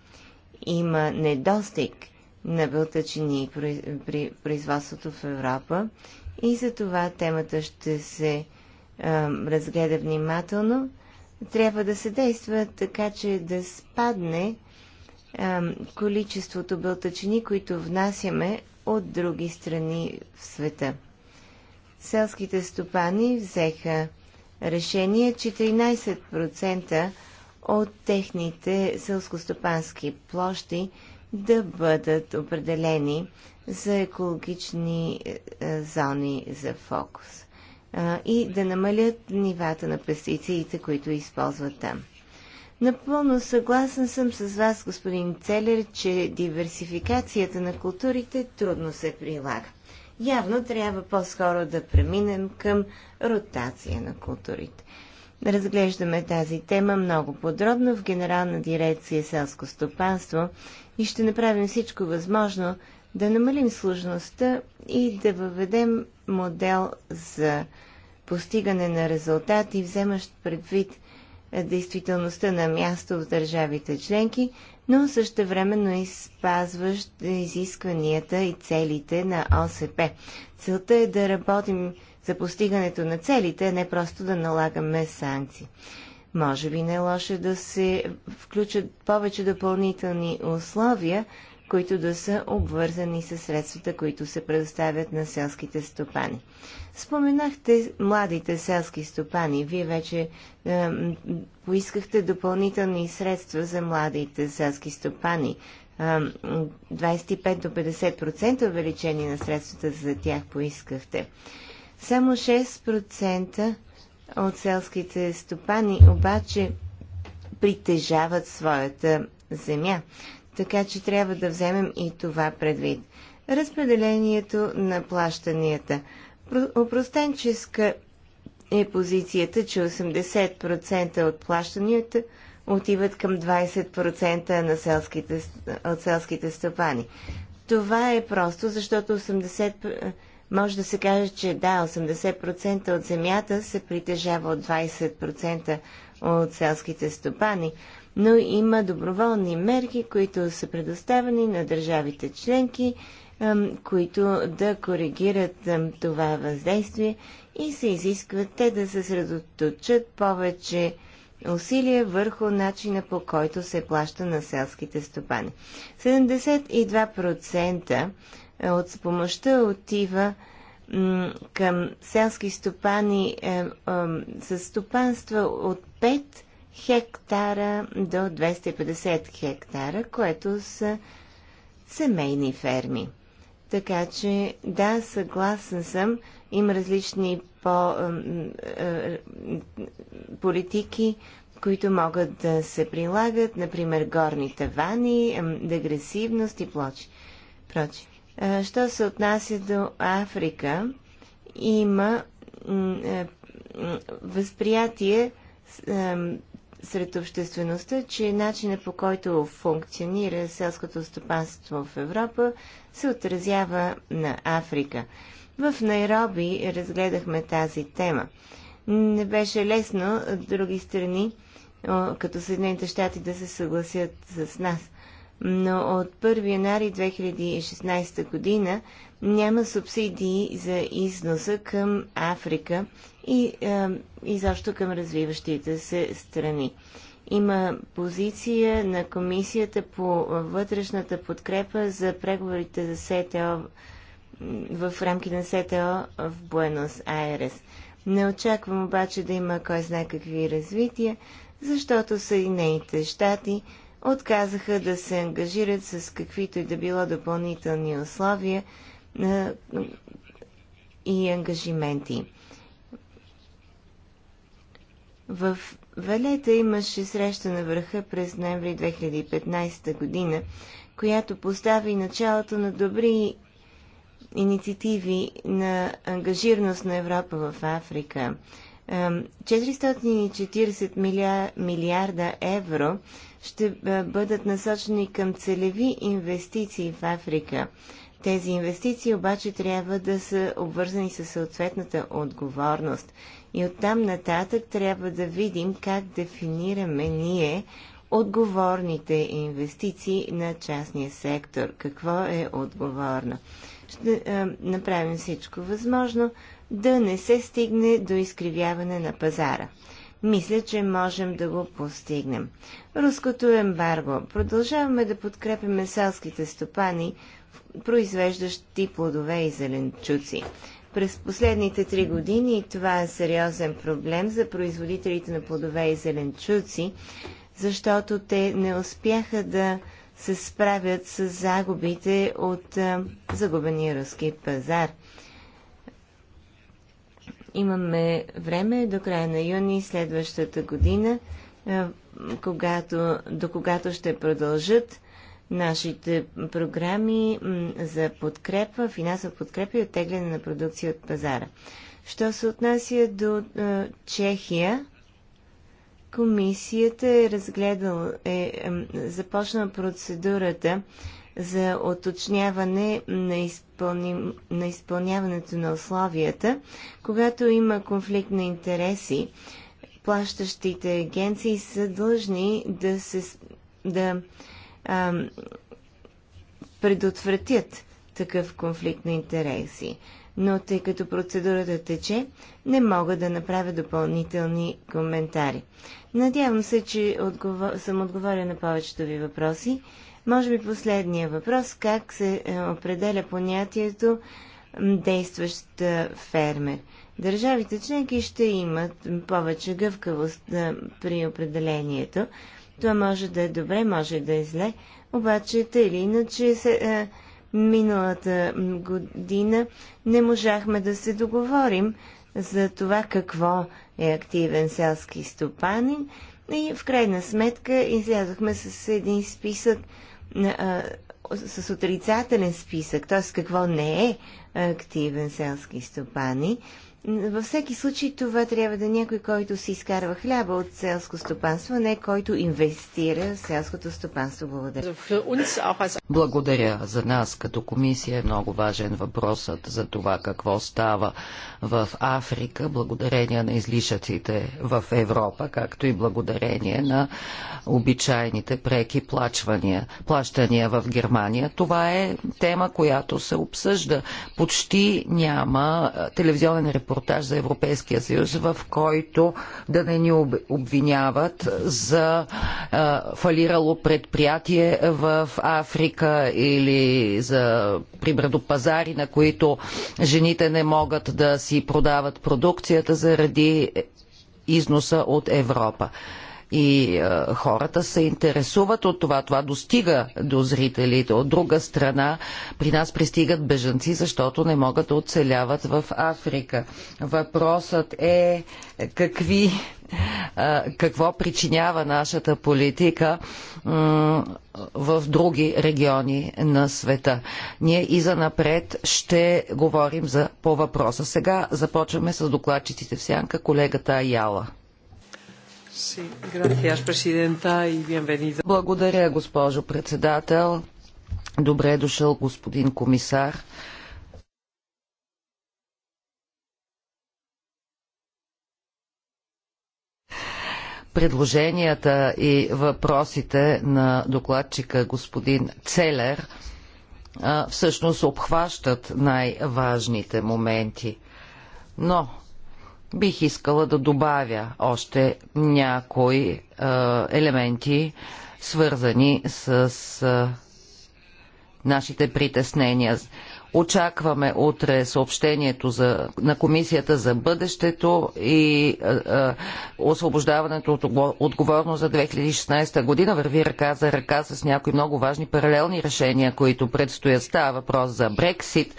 Има недостиг на белтъчини при производството в Европа и за това темата ще се а, разгледа внимателно. Трябва да се действа така, че да спадне а, количеството белтъчини, които внасяме от други страни в света. Селските стопани взеха решение 14% от техните селскостопански площи да бъдат определени за екологични е, е, зони за фокус е, и да намалят нивата на пестицидите, които използват там. Напълно съгласен съм с вас, господин Целер, че диверсификацията на културите трудно се прилага. Явно трябва по-скоро да преминем към ротация на културите разглеждаме тази тема много подробно в Генерална дирекция селско стопанство и ще направим всичко възможно да намалим сложността и да въведем модел за постигане на резултати, вземащ предвид е, действителността на място в държавите членки, но същевременно и спазващ изискванията и целите на ОСП. Целта е да работим за постигането на целите, а не просто да налагаме санкции. Може би не е лошо да се включат повече допълнителни условия, които да са обвързани с средствата, които се предоставят на селските стопани. Споменахте младите селски стопани. Вие вече е, поискахте допълнителни средства за младите селски стопани. Е, 25 до 50% увеличение на средствата за тях поискахте. Само 6% от селските стопани обаче притежават своята земя. Така че трябва да вземем и това предвид. Разпределението на плащанията. Опростенческа е позицията, че 80% от плащанията отиват към 20% на селските, от селските стопани. Това е просто, защото 80 може да се каже, че да, 80% от земята се притежава от 20% от селските стопани, но има доброволни мерки, които са предоставени на държавите членки, които да коригират това въздействие и се изискват те да съсредоточат повече усилия върху начина по който се плаща на селските стопани. 72% е, от помощта отива към селски стопани е, е, с стопанства от 5 хектара до 250 хектара, което са семейни ферми. Така че, да, съгласен съм, има различни по, е, е политики, които могат да се прилагат, например горни тавани, дегресивност и плочи. Прочие. Е, що се отнася до Африка, има е, възприятие е, сред обществеността, че начинът по който функционира селското стопанство в Европа се отразява на Африка. В Найроби разгледахме тази тема. Не беше лесно други страни, като Съединените щати, да се съгласят с нас но от 1 януари 2016 година няма субсидии за износа към Африка и е, изобщо към развиващите се страни. Има позиция на Комисията по вътрешната подкрепа за преговорите за СТО в рамките на СТО в Буенос Айрес. Не очаквам обаче да има кой знае какви развития, защото Съединените щати – отказаха да се ангажират с каквито и да било допълнителни условия и ангажименти. В Валета имаше среща на върха през ноември 2015 година, която постави началото на добри инициативи на ангажираност на Европа в Африка. 440 милиарда евро ще бъдат насочени към целеви инвестиции в Африка. Тези инвестиции обаче трябва да са обвързани със съответната отговорност. И оттам нататък трябва да видим как дефинираме ние отговорните инвестиции на частния сектор. Какво е отговорно? Ще е, направим всичко възможно да не се стигне до изкривяване на пазара. Мисля, че можем да го постигнем руското ембарго. Продължаваме да подкрепяме селските стопани, произвеждащи плодове и зеленчуци. През последните три години това е сериозен проблем за производителите на плодове и зеленчуци, защото те не успяха да се справят с загубите от загубения руски пазар. Имаме време до края на юни следващата година когато, до когато ще продължат нашите програми за подкрепа, финансова подкрепа и оттегляне на продукция от пазара. Що се отнася до е, Чехия, комисията е разгледала, е, е започнала процедурата за оточняване на, на изпълняването на условията, когато има конфликт на интереси плащащите агенции са длъжни да се да ам, предотвратят такъв конфликт на интереси. Но тъй като процедурата тече, не мога да направя допълнителни коментари. Надявам се, че отговор... съм отговоря на повечето ви въпроси. Може би последния въпрос – как се е, определя понятието действащ фермер? Държавите членки ще имат повече гъвкавост при определението. Това може да е добре, може да е зле, обаче те или иначе се, е, миналата година не можахме да се договорим за това какво е активен селски стопанин и в крайна сметка излязохме с един списък, е, с отрицателен списък, т.е. какво не е активен селски стопани. Във всеки случай това трябва да е някой, който си изкарва хляба от селско стопанство, не който инвестира в селското стопанство. Благодаря. Благодаря. За нас като комисия е много важен въпросът за това какво става в Африка, благодарение на излишъците в Европа, както и благодарение на обичайните преки плачвания, плащания в Германия. Това е тема, която се обсъжда. Почти няма телевизионен репортаж репортаж за Европейския съюз, в който да не ни обвиняват за а, фалирало предприятие в Африка или за примерно пазари, на които жените не могат да си продават продукцията заради износа от Европа и е, хората се интересуват от това. Това достига до зрителите. От друга страна, при нас пристигат бежанци, защото не могат да оцеляват в Африка. Въпросът е какви, е, какво причинява нашата политика в други региони на света. Ние и за напред ще говорим за, по въпроса. Сега започваме с докладчиците в сянка, колегата Аяла. Благодаря, госпожо председател. Добре е дошъл, господин комисар. Предложенията и въпросите на докладчика господин Целер всъщност обхващат най-важните моменти. Но Бих искала да добавя още някои е, елементи, свързани с е, нашите притеснения. Очакваме утре съобщението за, на Комисията за бъдещето и е, е, освобождаването от отговорност за 2016 година върви ръка за ръка с някои много важни паралелни решения, които предстоят. Става въпрос за Брексит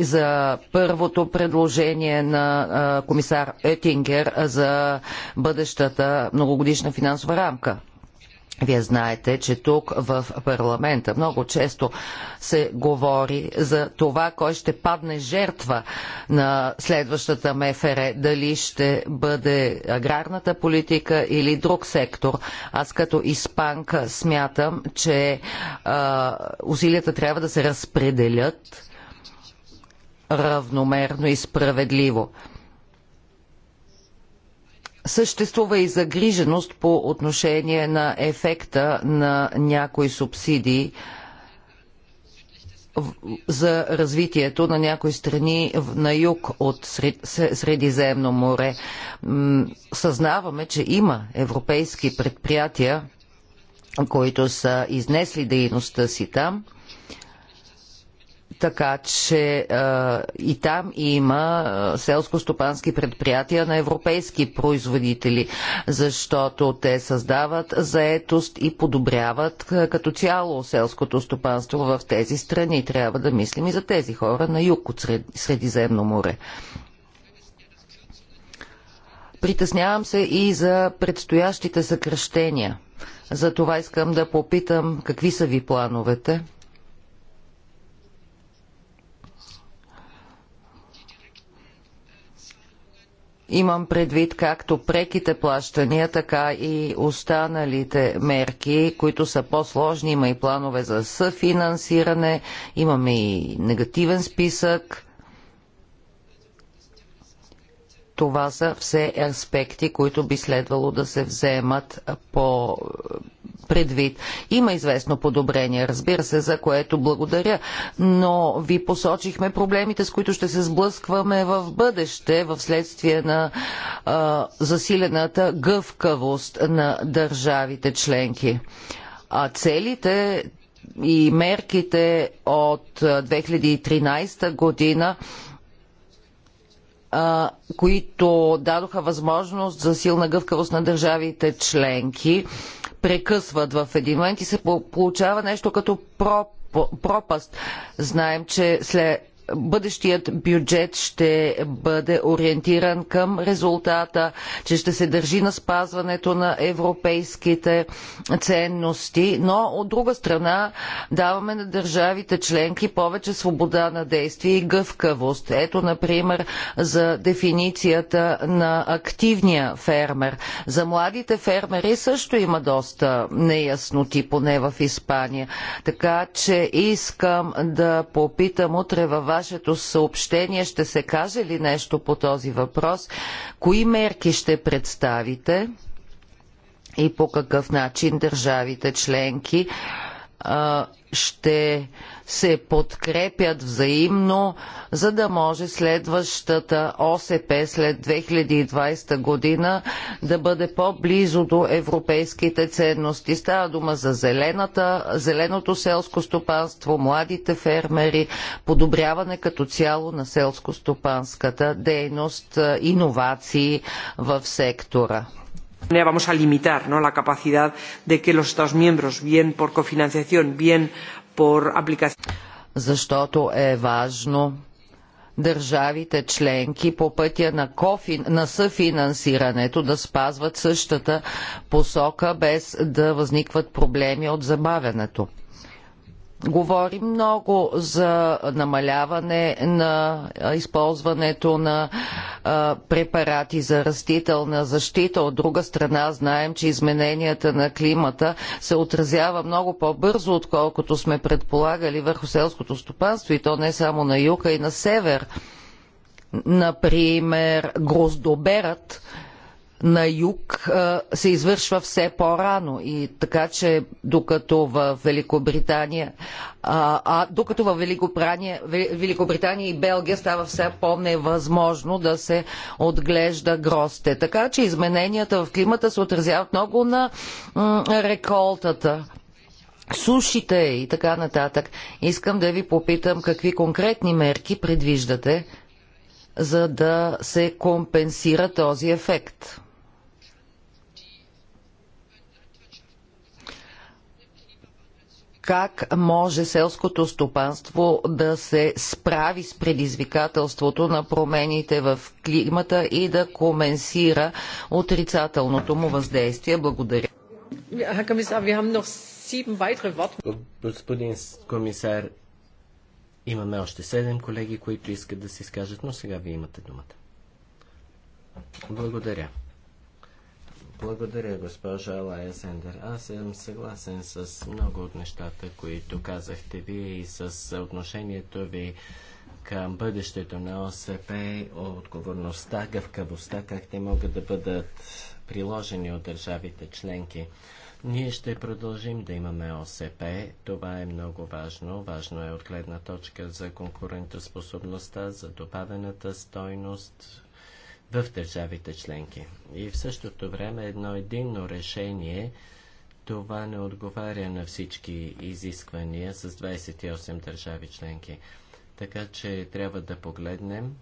за първото предложение на комисар Етингер за бъдещата многогодишна финансова рамка. Вие знаете, че тук в парламента много често се говори за това, кой ще падне жертва на следващата МФР, дали ще бъде аграрната политика или друг сектор. Аз като испанка смятам, че а, усилията трябва да се разпределят равномерно и справедливо. Съществува и загриженост по отношение на ефекта на някои субсидии за развитието на някои страни на юг от Средиземно море. Съзнаваме, че има европейски предприятия, които са изнесли дейността си там – така че а, и там има селско-стопански предприятия на европейски производители, защото те създават заетост и подобряват като цяло селското стопанство в тези страни. Трябва да мислим и за тези хора на юг от Средиземно море. Притеснявам се и за предстоящите съкръщения. За това искам да попитам какви са ви плановете – Имам предвид както преките плащания, така и останалите мерки, които са по-сложни. Има и планове за съфинансиране, имаме и негативен списък. Това са все аспекти, които би следвало да се вземат по предвид. Има известно подобрение, разбира се, за което благодаря, но ви посочихме проблемите, с които ще се сблъскваме в бъдеще, в следствие на а, засилената гъвкавост на държавите членки. А целите и мерките от 2013 година които дадоха възможност за силна гъвкавост на държавите членки, прекъсват в един момент и се получава нещо като пропаст. Знаем, че след бъдещият бюджет ще бъде ориентиран към резултата, че ще се държи на спазването на европейските ценности, но от друга страна даваме на държавите членки повече свобода на действие и гъвкавост. Ето, например, за дефиницията на активния фермер. За младите фермери също има доста неясноти, поне в Испания. Така че искам да попитам утре във вашето съобщение ще се каже ли нещо по този въпрос? Кои мерки ще представите и по какъв начин държавите членки ще се подкрепят взаимно, за да може следващата ОСП след 2020 година да бъде по-близо до европейските ценности. Става дума за зелената, зеленото селско стопанство, младите фермери, подобряване като цяло на селско-стопанската дейност, иновации в сектора vamos a limitar la capacidad de que los estados miembros bien por cofinanciación bien por aplicación. Защото е важно държавите членки по пътя на, кофи, на съфинансирането да спазват същата посока, без да възникват проблеми от забавянето говори много за намаляване на използването на препарати за растителна защита. От друга страна знаем, че измененията на климата се отразява много по-бързо, отколкото сме предполагали върху селското стопанство и то не само на юг, а и на север. Например, гроздоберът на юг се извършва все по-рано и така, че докато в Великобритания а, докато в Великобритания, Великобритания и Белгия става все по-невъзможно да се отглежда грозде. Така, че измененията в климата се отразяват много на реколтата сушите и така нататък. Искам да ви попитам какви конкретни мерки предвиждате, за да се компенсира този ефект. как може селското стопанство да се справи с предизвикателството на промените в климата и да коменсира отрицателното му въздействие. Благодаря. Господин комисар, имаме още седем колеги, които искат да се изкажат, но сега вие имате думата. Благодаря. Благодаря, госпожа Алая Сендер. Аз съм съгласен с много от нещата, които казахте ви, и с отношението ви към бъдещето на ОСП, отговорността, гъвкавостта, как те могат да бъдат приложени от държавите членки. Ние ще продължим да имаме ОСП. Това е много важно. Важно е от гледна точка за конкурентоспособността, за добавената стойност, в държавите членки. И в същото време едно единно решение това не отговаря на всички изисквания с 28 държави членки. Така че трябва да погледнем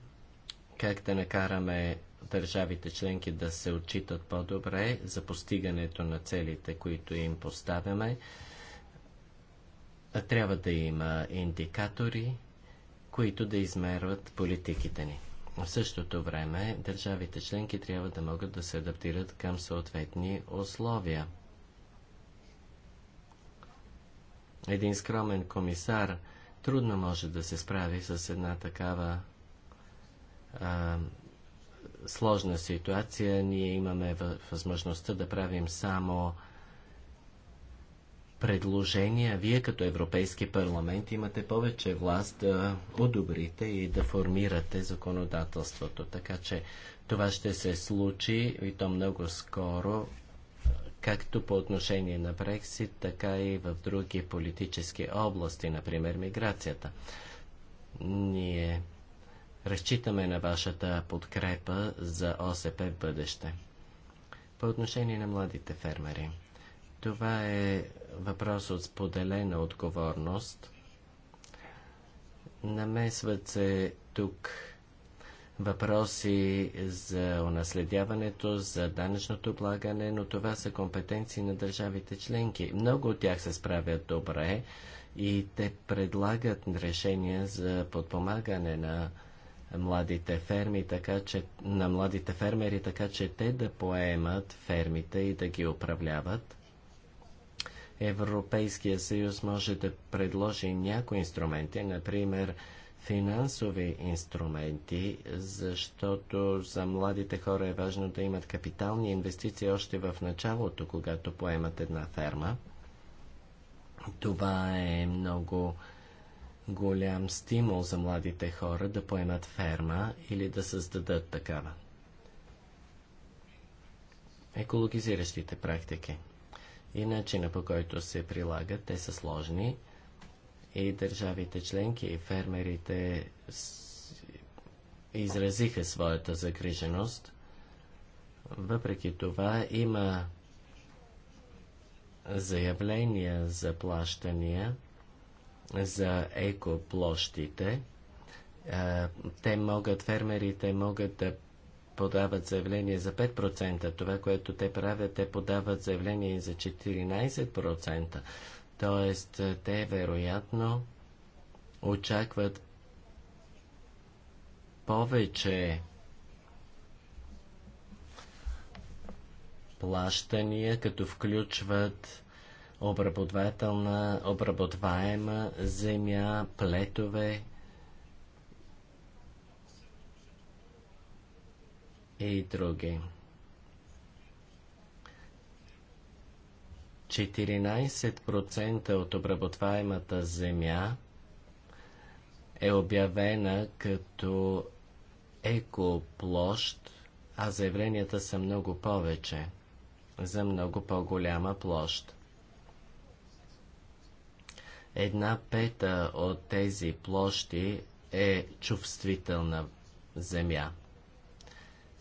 как да накараме държавите членки да се отчитат по-добре за постигането на целите, които им поставяме. Трябва да има индикатори, които да измерват политиките ни. В същото време, държавите членки трябва да могат да се адаптират към съответни условия. Един скромен комисар трудно може да се справи с една такава а, сложна ситуация. Ние имаме възможността да правим само предложения, вие като Европейски парламент имате повече власт да одобрите и да формирате законодателството. Така че това ще се случи и то много скоро, както по отношение на Брексит, така и в други политически области, например миграцията. Ние разчитаме на вашата подкрепа за ОСП бъдеще. По отношение на младите фермери. Това е въпрос от споделена отговорност. Намесват се тук въпроси за унаследяването, за данъчното облагане, но това са компетенции на държавите членки. Много от тях се справят добре и те предлагат решения за подпомагане на младите ферми, така че, на младите фермери, така че те да поемат фермите и да ги управляват. Европейския съюз може да предложи някои инструменти, например финансови инструменти, защото за младите хора е важно да имат капитални инвестиции още в началото, когато поемат една ферма. Това е много голям стимул за младите хора да поемат ферма или да създадат такава. Екологизиращите практики и начина по който се прилагат. Те са сложни и държавите членки и фермерите изразиха своята загриженост. Въпреки това има заявления за плащания за екоплощите. Е, те могат, фермерите могат да подават заявление за 5%. Това, което те правят, те подават заявление за 14%. Тоест, е, те вероятно очакват повече плащания, като включват обработвателна, обработваема земя, плетове Е и други. 14% от обработваемата земя е обявена като екоплощ, а заявленията са много повече за много по-голяма площ. Една пета от тези площи е чувствителна земя.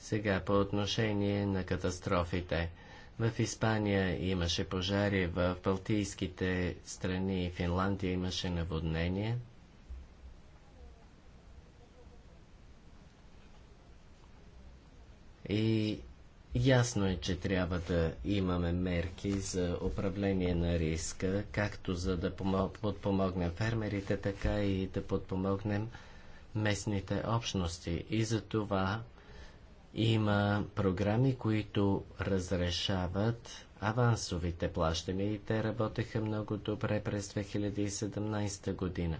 Сега по отношение на катастрофите. В Испания имаше пожари, в Балтийските страни и Финландия имаше наводнение. И ясно е, че трябва да имаме мерки за управление на риска, както за да подпомогнем фермерите, така и да подпомогнем местните общности. И за това има програми, които разрешават авансовите плащания и те работеха много добре през 2017 година.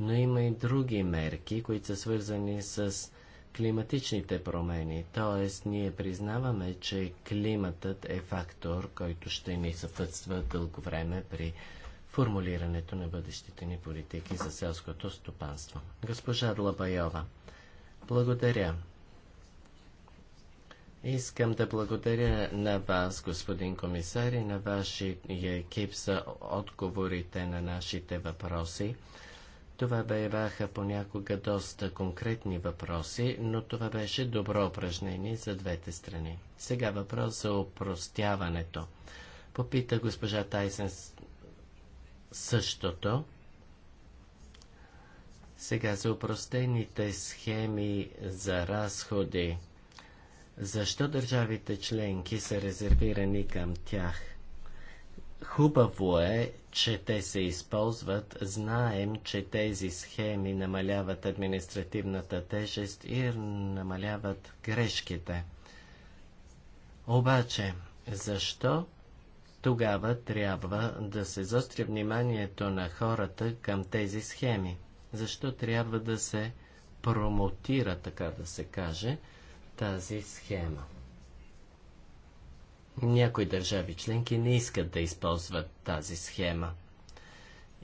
Но има и други мерки, които са свързани с климатичните промени. Тоест, ние признаваме, че климатът е фактор, който ще ни съпътства дълго време при формулирането на бъдещите ни политики за селското стопанство. Госпожа Длабайова, благодаря. Искам да благодаря на вас, господин комисар, и на вашия екип за отговорите на нашите въпроси. Това бяха понякога доста конкретни въпроси, но това беше добро упражнение за двете страни. Сега въпрос за опростяването. Попита госпожа Тайсен същото. Сега за опростените схеми за разходи. Защо държавите членки са резервирани към тях? Хубаво е, че те се използват. Знаем, че тези схеми намаляват административната тежест и намаляват грешките. Обаче, защо тогава трябва да се застри вниманието на хората към тези схеми? Защо трябва да се промотира, така да се каже, тази схема. Някои държави членки не искат да използват тази схема.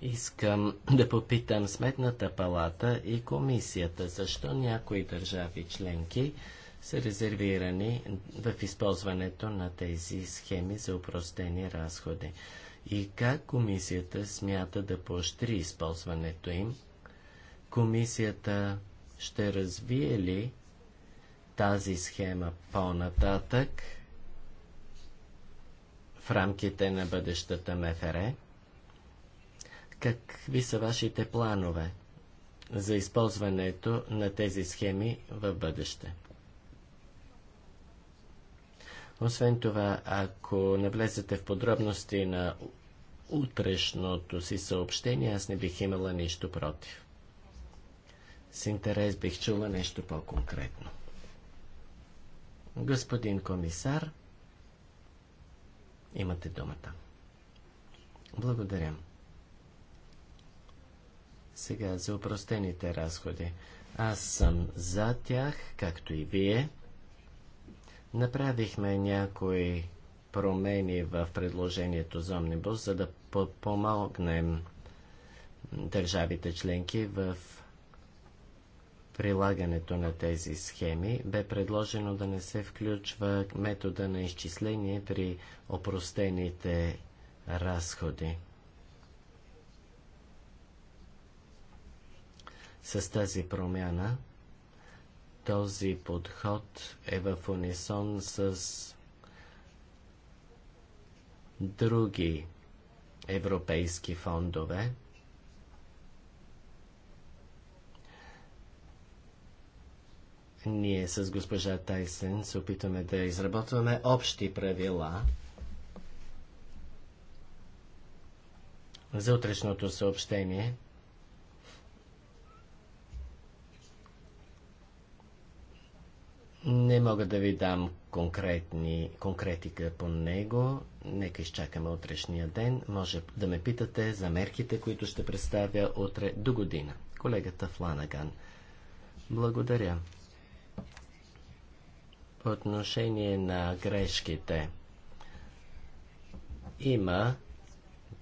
Искам да попитам Сметната палата и комисията, защо някои държави членки са резервирани в използването на тези схеми за упростени разходи и как комисията смята да поощри използването им. Комисията ще развие ли тази схема по-нататък в рамките на бъдещата МФР? Какви са вашите планове за използването на тези схеми в бъдеще? Освен това, ако навлезете в подробности на утрешното си съобщение, аз не бих имала нищо против. С интерес бих чула нещо по-конкретно. Господин комисар, имате думата. Благодаря. Сега за упростените разходи. Аз съм за тях, както и вие. Направихме някои промени в предложението за Омнибус, за да помогнем държавите членки в прилагането на тези схеми, бе предложено да не се включва метода на изчисление при опростените разходи. С тази промяна този подход е в унисон с други европейски фондове – Ние с госпожа Тайсен се опитваме да изработваме общи правила за утрешното съобщение. Не мога да ви дам конкретни, конкретика по него. Нека изчакаме утрешния ден. Може да ме питате за мерките, които ще представя утре до година. Колегата Фланаган. Благодаря по отношение на грешките. Има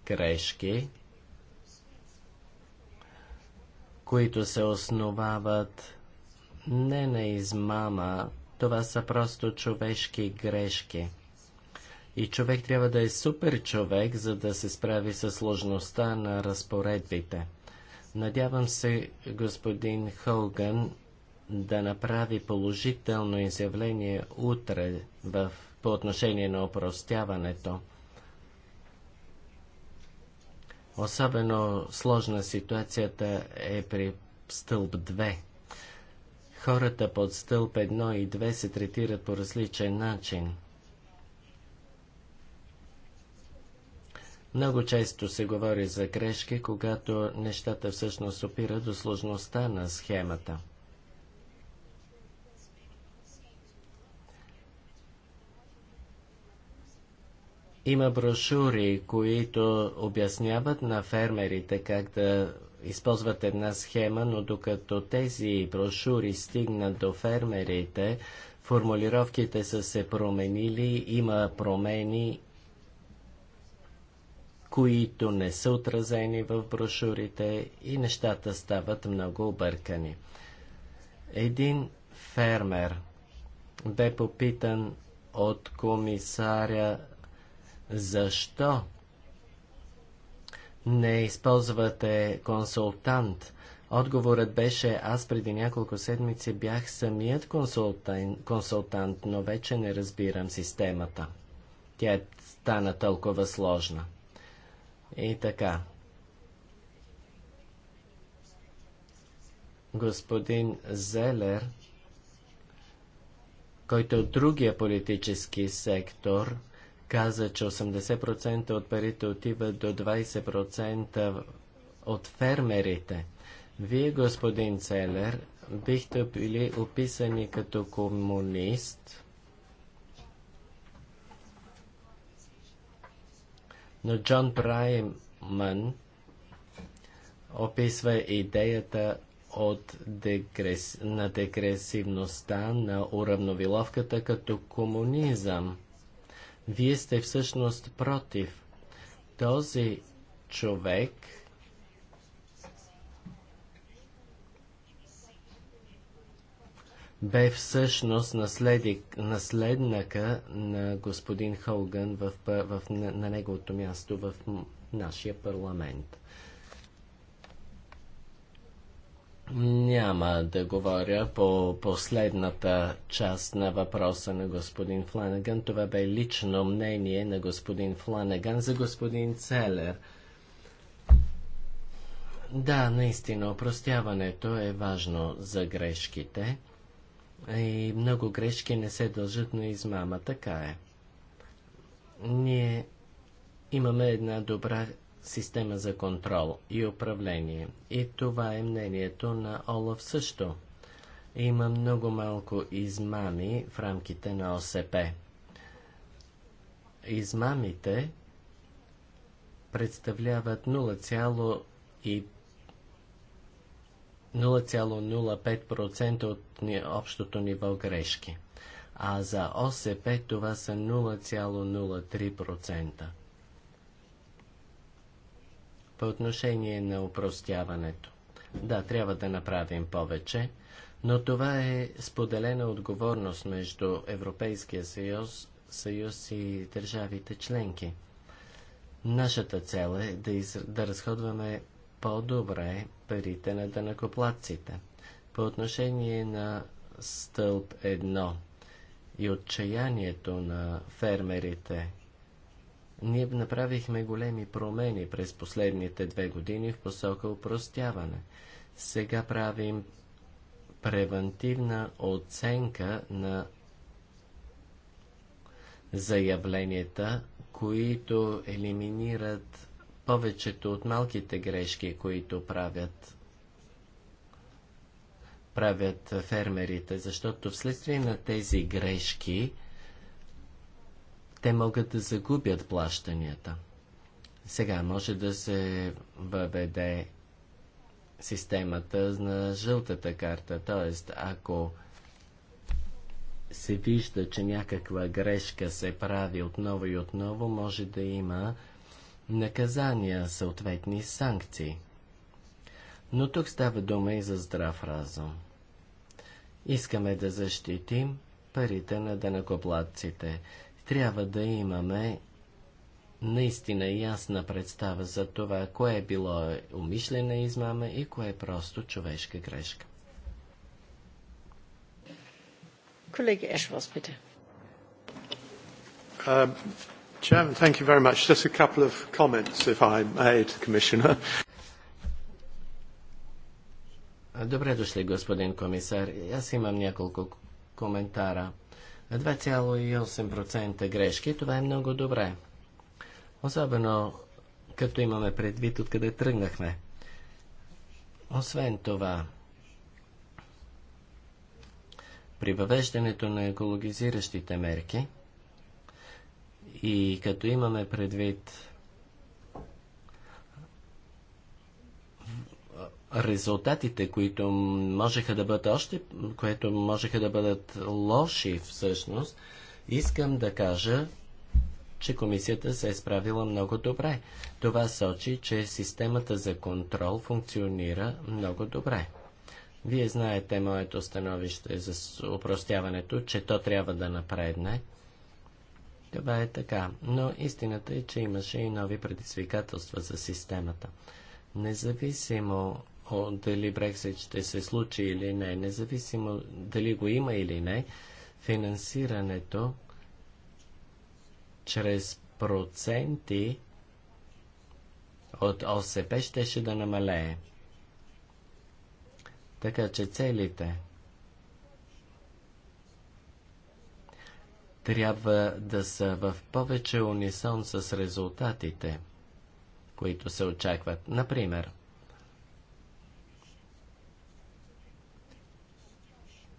грешки, които се основават не на измама, това са просто човешки грешки. И човек трябва да е супер човек, за да се справи с сложността на разпоредбите. Надявам се, господин Хоган, да направи положително изявление утре в, по отношение на опростяването. Особено сложна ситуацията е при стълб 2. Хората под стълб 1 и 2 се третират по различен начин. Много често се говори за грешки, когато нещата всъщност опират до сложността на схемата. Има брошури, които обясняват на фермерите как да използват една схема, но докато тези брошури стигнат до фермерите, формулировките са се променили, има промени, които не са отразени в брошурите и нещата стават много объркани. Един фермер бе попитан от комисаря защо не използвате консултант? Отговорът беше, аз преди няколко седмици бях самият консултант, консултант, но вече не разбирам системата. Тя е стана толкова сложна. И така. Господин Зелер, който от другия политически сектор, каза, че 80% от парите отиват до 20% от фермерите. Вие, господин Целер, бихте били описани като комунист, но Джон Прайман описва идеята от дегрес... на дегресивността на уравновиловката като комунизъм. Вие сте всъщност против. Този човек бе всъщност наследик, наследника на господин Хоган в, в, на, на неговото място в нашия парламент. Няма да говоря по последната част на въпроса на господин Фланеган. Това бе лично мнение на господин Фланеган за господин Целер. Да, наистина, опростяването е важно за грешките. И много грешки не се дължат на измама, така е. Ние имаме една добра система за контрол и управление. И това е мнението на Олаф също. Има много малко измами в рамките на ОСП. Измамите представляват 0,05% от общото ниво грешки, а за ОСП това са 0,03%. По отношение на упростяването. Да, трябва да направим повече, но това е споделена отговорност между Европейския съюз, съюз и държавите членки. Нашата цел е да, из... да разходваме по-добре парите на данакоплатците. По отношение на стълб 1 и отчаянието на фермерите ние направихме големи промени през последните две години в посока упростяване. Сега правим превентивна оценка на заявленията, които елиминират повечето от малките грешки, които правят правят фермерите, защото вследствие на тези грешки те могат да загубят плащанията. Сега може да се въведе системата на жълтата карта, т.е. ако се вижда, че някаква грешка се прави отново и отново, може да има наказания, съответни санкции. Но тук става дума и за здрав разум. Искаме да защитим парите на данакоплатците трябва да имаме наистина ясна представа за това, кое е било умишлена измама и кое е просто човешка грешка. Колеги Ешвас, бите. Uh, Chairman, thank you very much. Just a couple of comments, if I may, to Commissioner. Добре дошли, господин комисар. Аз имам няколко коментара. 2,8% грешки, това е много добре. Особено като имаме предвид откъде тръгнахме. Освен това, при въвеждането на екологизиращите мерки и като имаме предвид резултатите, които можеха да бъдат още, които можеха да бъдат лоши всъщност, искам да кажа, че комисията се е справила много добре. Това сочи, че системата за контрол функционира много добре. Вие знаете моето становище за упростяването, че то трябва да напредне. Това е така, но истината е, че имаше и нови предизвикателства за системата. Независимо дали Брексит ще се случи или не, независимо дали го има или не, финансирането чрез проценти от ОСП щеше да намалее. Така че целите трябва да са в повече унисон с резултатите, които се очакват. Например,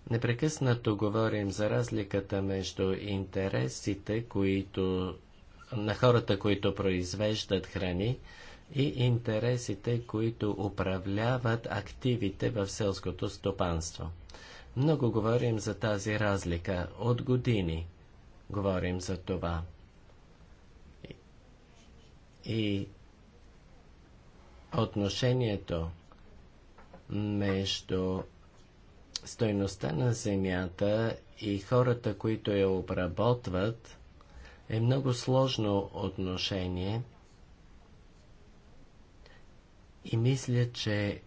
Непрекъснато говорим за разликата между интересите, които на хората, които произвеждат храни и интересите, които управляват активите в селското стопанство. Много говорим за тази разлика. От години говорим за това. И отношението между стойността на земята и хората, които я обработват, е много сложно отношение. И мисля, че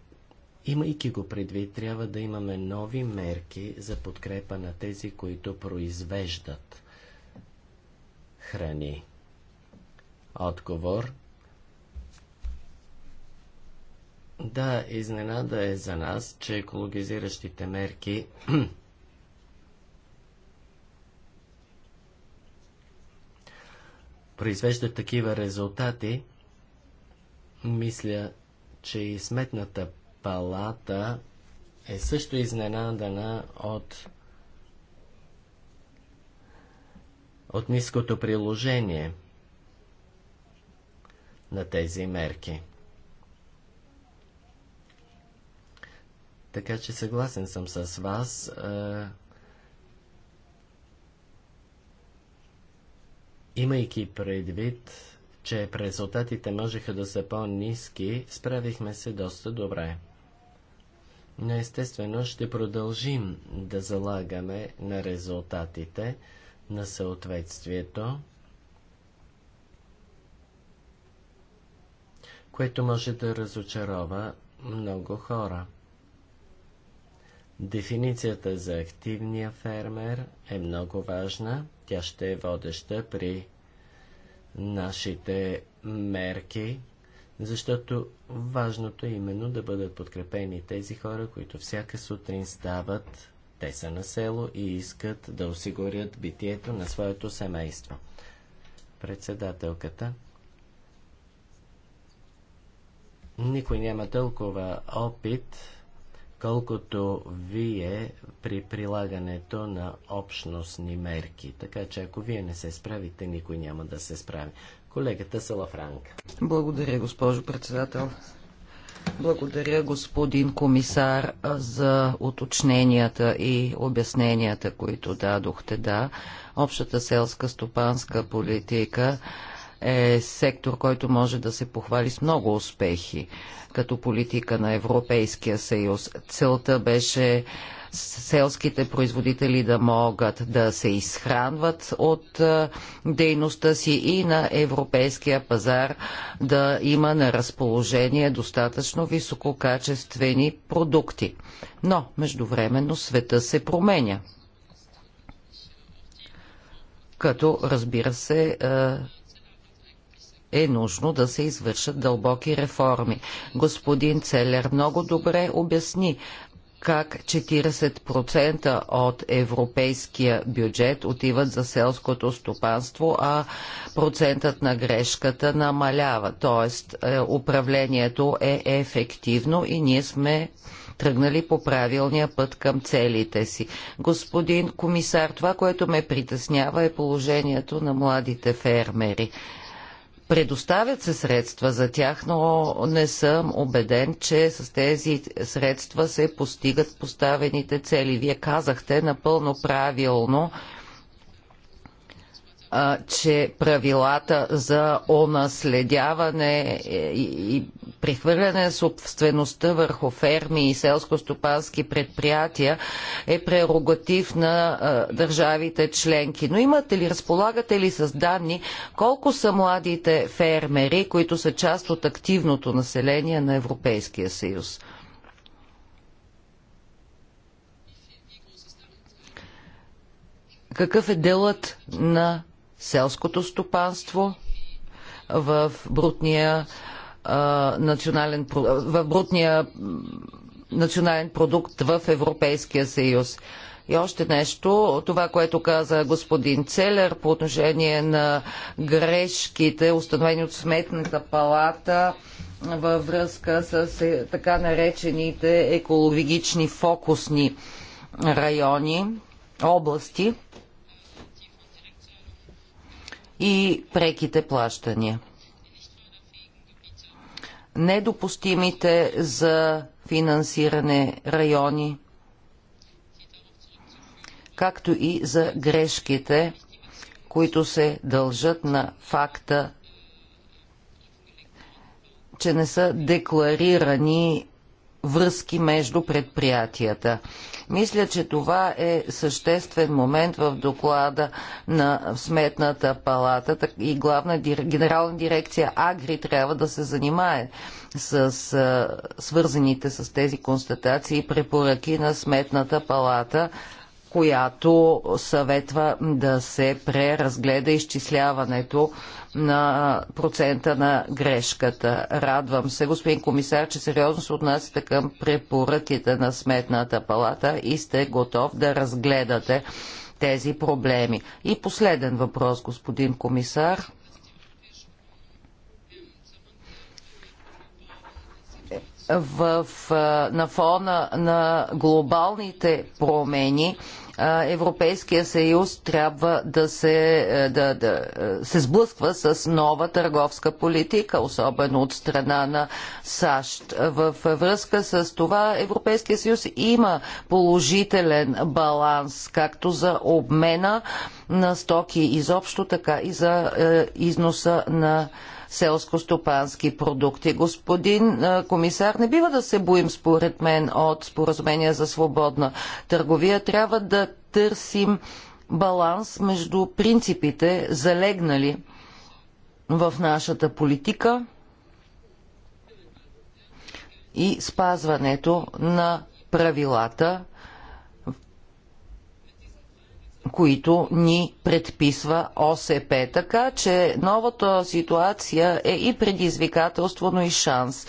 имайки го предвид, трябва да имаме нови мерки за подкрепа на тези, които произвеждат храни. Отговор Да, изненада е за нас, че екологизиращите мерки произвеждат такива резултати. Мисля, че и сметната палата е също изненадана от от ниското приложение на тези мерки. Така че съгласен съм с вас. имайки предвид, че резултатите можеха да са по-низки, справихме се доста добре. Но естествено ще продължим да залагаме на резултатите, на съответствието, което може да разочарова много хора. Дефиницията за активния фермер е много важна. Тя ще е водеща при нашите мерки, защото важното е именно да бъдат подкрепени тези хора, които всяка сутрин стават, те са на село и искат да осигурят битието на своето семейство. Председателката Никой няма толкова опит колкото вие при прилагането на общностни мерки. Така че ако вие не се справите, никой няма да се справи. Колегата Салафранка. Благодаря, госпожо председател. Благодаря, господин комисар, за уточненията и обясненията, които дадохте. Да, общата селска стопанска политика е сектор, който може да се похвали с много успехи като политика на Европейския съюз. Целта беше селските производители да могат да се изхранват от е, дейността си и на европейския пазар да има на разположение достатъчно висококачествени продукти. Но междувременно света се променя. Като, разбира се, е, е нужно да се извършат дълбоки реформи. Господин Целер много добре обясни как 40% от европейския бюджет отиват за селското стопанство, а процентът на грешката намалява. Тоест е, управлението е ефективно и ние сме тръгнали по правилния път към целите си. Господин комисар, това, което ме притеснява е положението на младите фермери. Предоставят се средства за тях, но не съм убеден, че с тези средства се постигат поставените цели. Вие казахте напълно правилно, че правилата за онаследяване и, прехвърляне прехвърляне собствеността върху ферми и селско-стопански предприятия е прерогатив на държавите членки. Но имате ли, разполагате ли с данни колко са младите фермери, които са част от активното население на Европейския съюз? какъв е делът на селското стопанство в брутния национален в брутния национален продукт в Европейския съюз. И още нещо, това, което каза господин Целер по отношение на грешките, установени от Сметната палата във връзка с е, така наречените екологични фокусни райони, области и преките плащания. Недопустимите за финансиране райони, както и за грешките, които се дължат на факта, че не са декларирани връзки между предприятията. Мисля, че това е съществен момент в доклада на Сметната палата и главна генерална дирекция Агри трябва да се занимае с свързаните с тези констатации препоръки на Сметната палата която съветва да се преразгледа изчисляването на процента на грешката. Радвам се, господин комисар, че сериозно се отнасяте към препоръките на Сметната палата и сте готов да разгледате тези проблеми. И последен въпрос, господин комисар. в, на фона на глобалните промени Европейския съюз трябва да се, е, да, да е, се сблъсква с нова търговска политика, особено от страна на САЩ. В връзка с това Европейския съюз има положителен баланс, както за обмена на стоки изобщо, така и за е, износа на селско-стопански продукти. Господин комисар, не бива да се боим според мен от споразумения за свободна търговия. Трябва да търсим баланс между принципите, залегнали в нашата политика и спазването на правилата, които ни предписва ОСП. Така че новата ситуация е и предизвикателство, но и шанс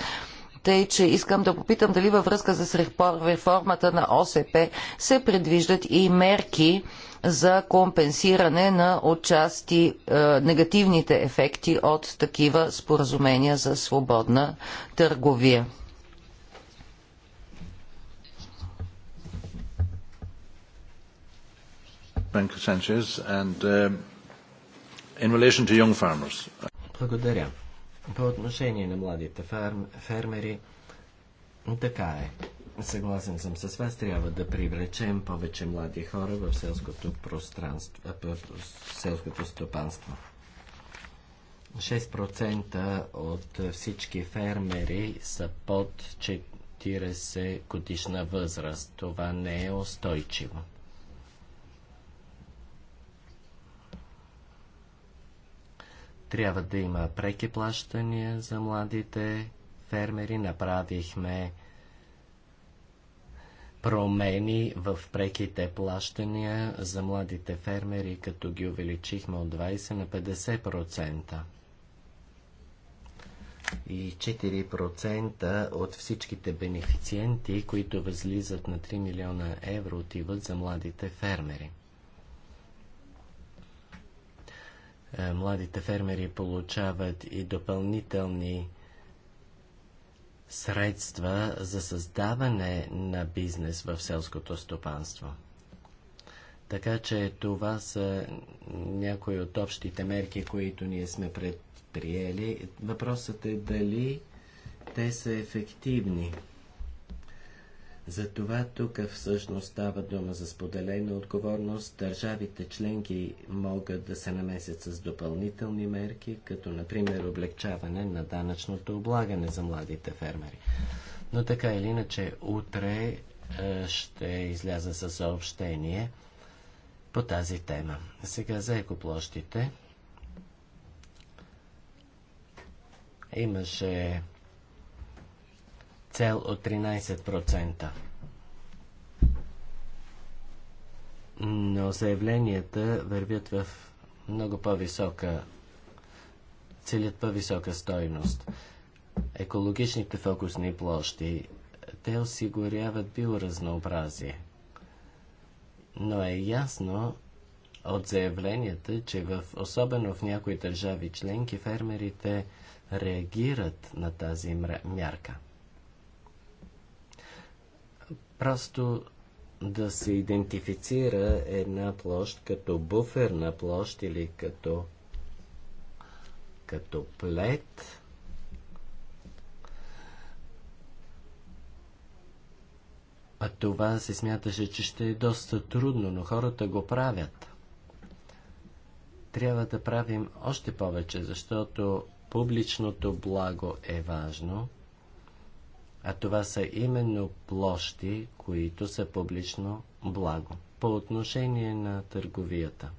тъй че искам да попитам дали във връзка с реформата на ОСП се предвиждат и мерки за компенсиране на отчасти е, негативните ефекти от такива споразумения за свободна търговия. And, um, in relation to young farmers. Благодаря. По отношение на младите ферм, фермери, така е. Съгласен съм с вас, трябва да привлечем повече млади хора в селското пространство, в селското стопанство. 6% от всички фермери са под 40 годишна възраст. Това не е устойчиво. Трябва да има преки плащания за младите фермери. Направихме промени в преките плащания за младите фермери, като ги увеличихме от 20 на 50% и 4% от всичките бенефициенти, които възлизат на 3 милиона евро, отиват за младите фермери. Е, младите фермери получават и допълнителни средства за създаване на бизнес в селското стопанство. Така че това са някои от общите мерки, които ние сме предприели. Въпросът е дали те са ефективни. Затова тук всъщност става дума за споделена отговорност. Държавите членки могат да се намесят с допълнителни мерки, като например облегчаване на данъчното облагане за младите фермери. Но така или иначе, утре е, ще изляза със съобщение по тази тема. Сега за екоплощите. Имаше цел от 13%. Но заявленията вървят в много по-висока, целят по-висока стойност. Екологичните фокусни площи, те осигуряват биоразнообразие. Но е ясно, от заявленията, че в, особено в някои държави членки фермерите реагират на тази мярка. Просто да се идентифицира една площ като буферна площ или като, като плет. А това се смяташе, че ще е доста трудно, но хората го правят. Трябва да правим още повече, защото публичното благо е важно – а това са именно площи, които са публично благо. По отношение на търговията.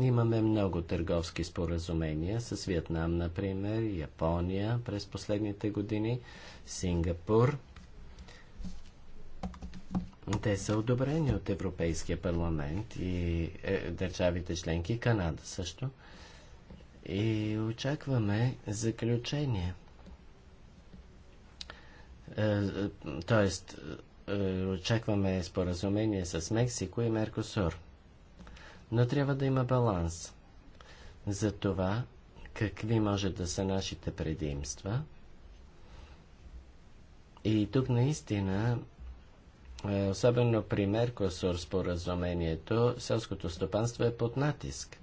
Имаме много търговски споразумения с Виетнам, например, Япония през последните години, Сингапур. Те са одобрени от Европейския парламент и е, държавите членки, Канада също. И очакваме заключение – т.е. Е, е, очакваме споразумение с Мексико и Меркосур. Но трябва да има баланс за това какви може да са нашите предимства. И тук наистина, е, особено при Меркосур споразумението, селското стопанство е под натиск.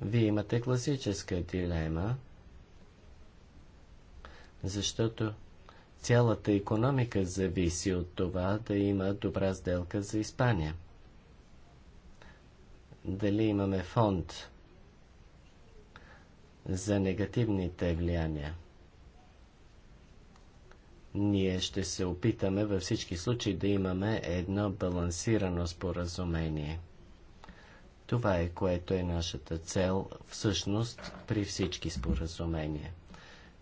Вие имате класическа дилема, защото Цялата економика зависи от това да има добра сделка за Испания. Дали имаме фонд за негативните влияния? Ние ще се опитаме във всички случаи да имаме едно балансирано споразумение. Това е което е нашата цел всъщност при всички споразумения.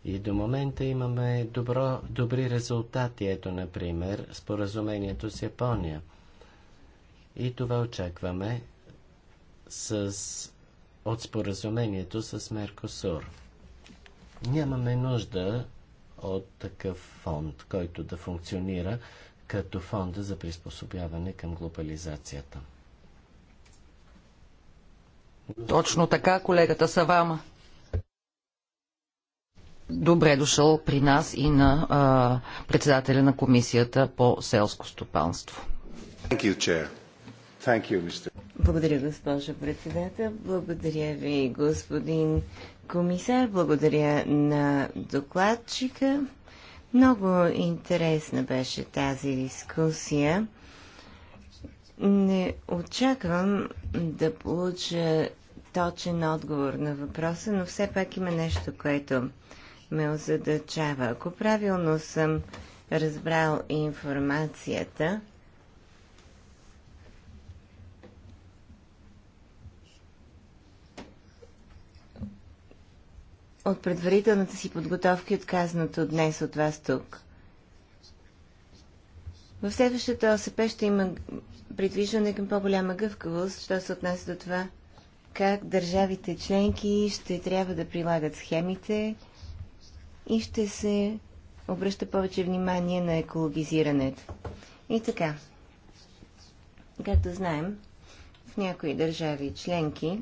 И до момента имаме добро, добри резултати. Ето, например, споразумението с Япония. И това очакваме с, от споразумението с Меркосур. Нямаме нужда от такъв фонд, който да функционира като фонда за приспособяване към глобализацията. Точно така, колегата Савама добре дошъл при нас и на а, председателя на комисията по селско стопанство. Благодаря, госпожа председател. Благодаря ви, господин комисар. Благодаря на докладчика. Много интересна беше тази дискусия. Не очаквам да получа точен отговор на въпроса, но все пак има нещо, което ме озадачава. Ако правилно съм разбрал информацията, от предварителната си подготовка и отказаното днес от вас тук. В следващата ОСП ще има придвижване към по-голяма гъвкавост, що се отнася до това как държавите членки ще трябва да прилагат схемите, и ще се обръща повече внимание на екологизирането. И така, както знаем, в някои държави членки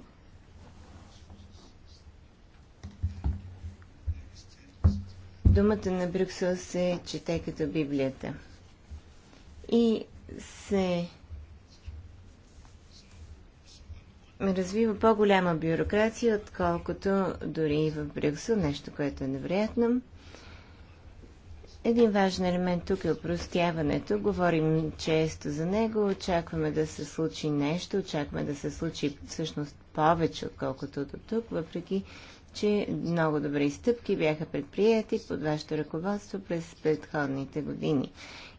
думата на Брюксел се чете като Библията и се развива по-голяма бюрокрация, отколкото дори и в Брюксел, нещо, което е невероятно. Един важен елемент тук е опростяването. Говорим често за него, очакваме да се случи нещо, очакваме да се случи всъщност повече, отколкото до тук, въпреки че много добри стъпки бяха предприяти под вашето ръководство през предходните години.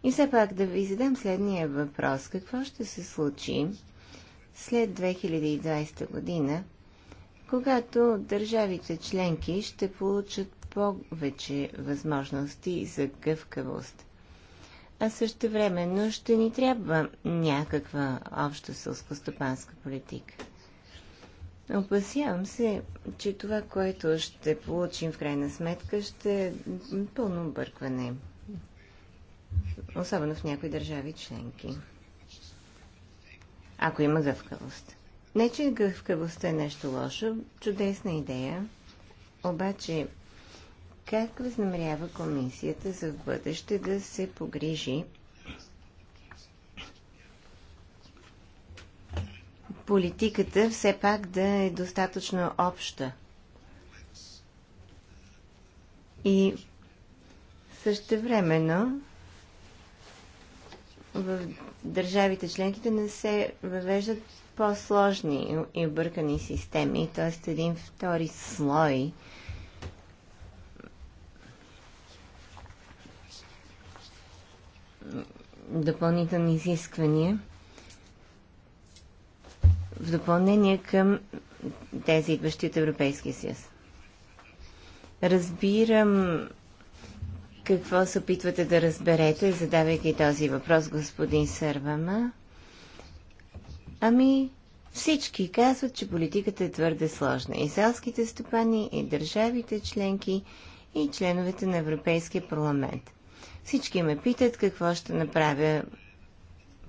И все пак да ви задам следния въпрос. Какво ще се случи, след 2020 година, когато държавите членки ще получат повече възможности за гъвкавост. А също времено ще ни трябва някаква обща сълскостопанска политика. Опасявам се, че това, което ще получим в крайна сметка, ще е пълно объркване. Особено в някои държави членки ако има гъвкавост. Не, че гъвкавостта е нещо лошо, чудесна идея, обаче как възнамерява комисията за в бъдеще да се погрижи политиката все пак да е достатъчно обща. И също времено в държавите членките не се въвеждат по-сложни и объркани системи, т.е. един втори слой допълнителни изисквания в допълнение към тези идващи от Европейския съюз. Разбирам какво се опитвате да разберете, задавайки този въпрос, господин Сървама? Ами, всички казват, че политиката е твърде сложна. И селските стопани, и държавите членки, и членовете на Европейския парламент. Всички ме питат какво ще направя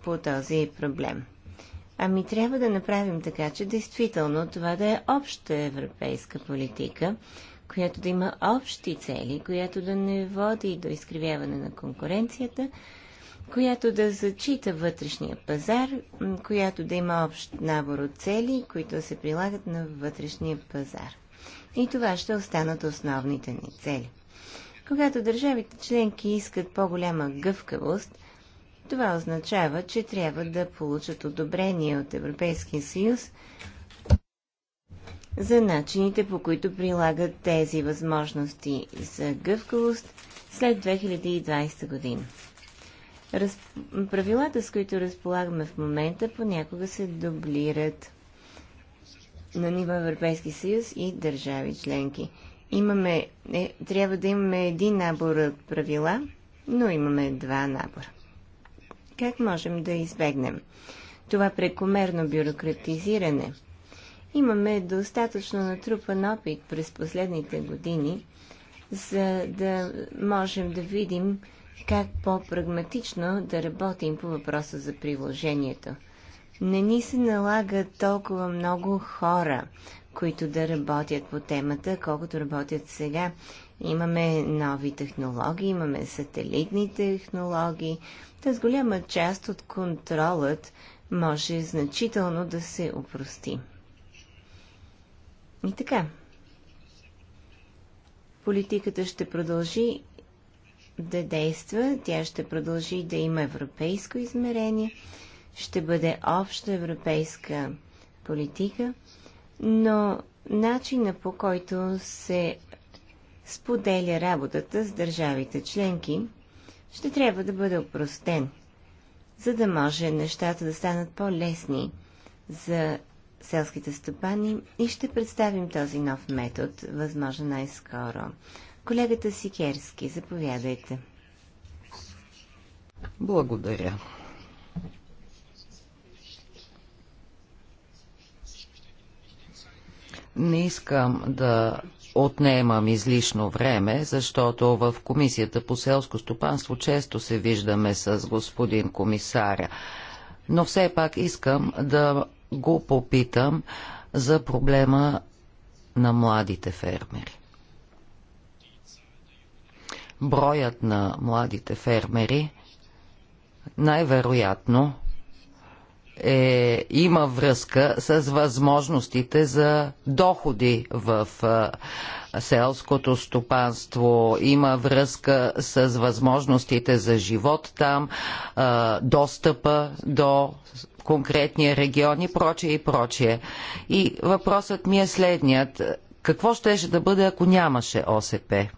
по този проблем. Ами трябва да направим така, че действително това да е обща европейска политика, която да има общи цели, която да не води до изкривяване на конкуренцията, която да зачита вътрешния пазар, която да има общ набор от цели, които се прилагат на вътрешния пазар. И това ще останат основните ни цели. Когато държавите членки искат по-голяма гъвкавост, това означава, че трябва да получат одобрение от Европейския съюз за начините по които прилагат тези възможности за гъвкавост след 2020 година. Раз... Правилата, с които разполагаме в момента, понякога се дублират на ниво Европейски съюз и държави членки. Имаме, е, трябва да имаме един набор от правила, но имаме два набора. Как можем да избегнем това прекомерно бюрократизиране – Имаме достатъчно натрупан опит през последните години, за да можем да видим как по-прагматично да работим по въпроса за приложението. Не ни се налага толкова много хора, които да работят по темата, колкото работят сега. Имаме нови технологии, имаме сателитни технологии. Т.е. голяма част от контролът може значително да се упрости. И така. Политиката ще продължи да действа, тя ще продължи да има европейско измерение, ще бъде обща европейска политика, но начина по който се споделя работата с държавите членки ще трябва да бъде опростен, за да може нещата да станат по-лесни за селските стопани и ще представим този нов метод, възможно най-скоро. Колегата Сикерски, заповядайте. Благодаря. Не искам да отнемам излишно време, защото в Комисията по селско стопанство често се виждаме с господин комисаря. Но все пак искам да го попитам за проблема на младите фермери. Броят на младите фермери най-вероятно е, има връзка с възможностите за доходи в селското стопанство, има връзка с възможностите за живот там, достъпа до конкретни региони, прочие и прочие. И въпросът ми е следният. Какво щеше да бъде, ако нямаше ОСП?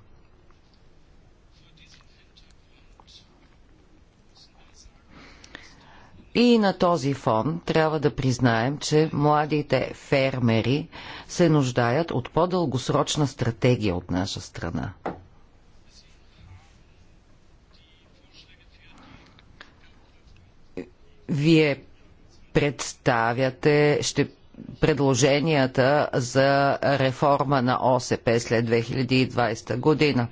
И на този фон трябва да признаем, че младите фермери се нуждаят от по-дългосрочна стратегия от наша страна. Вие представяте, ще предложенията за реформа на ОСП след 2020 година.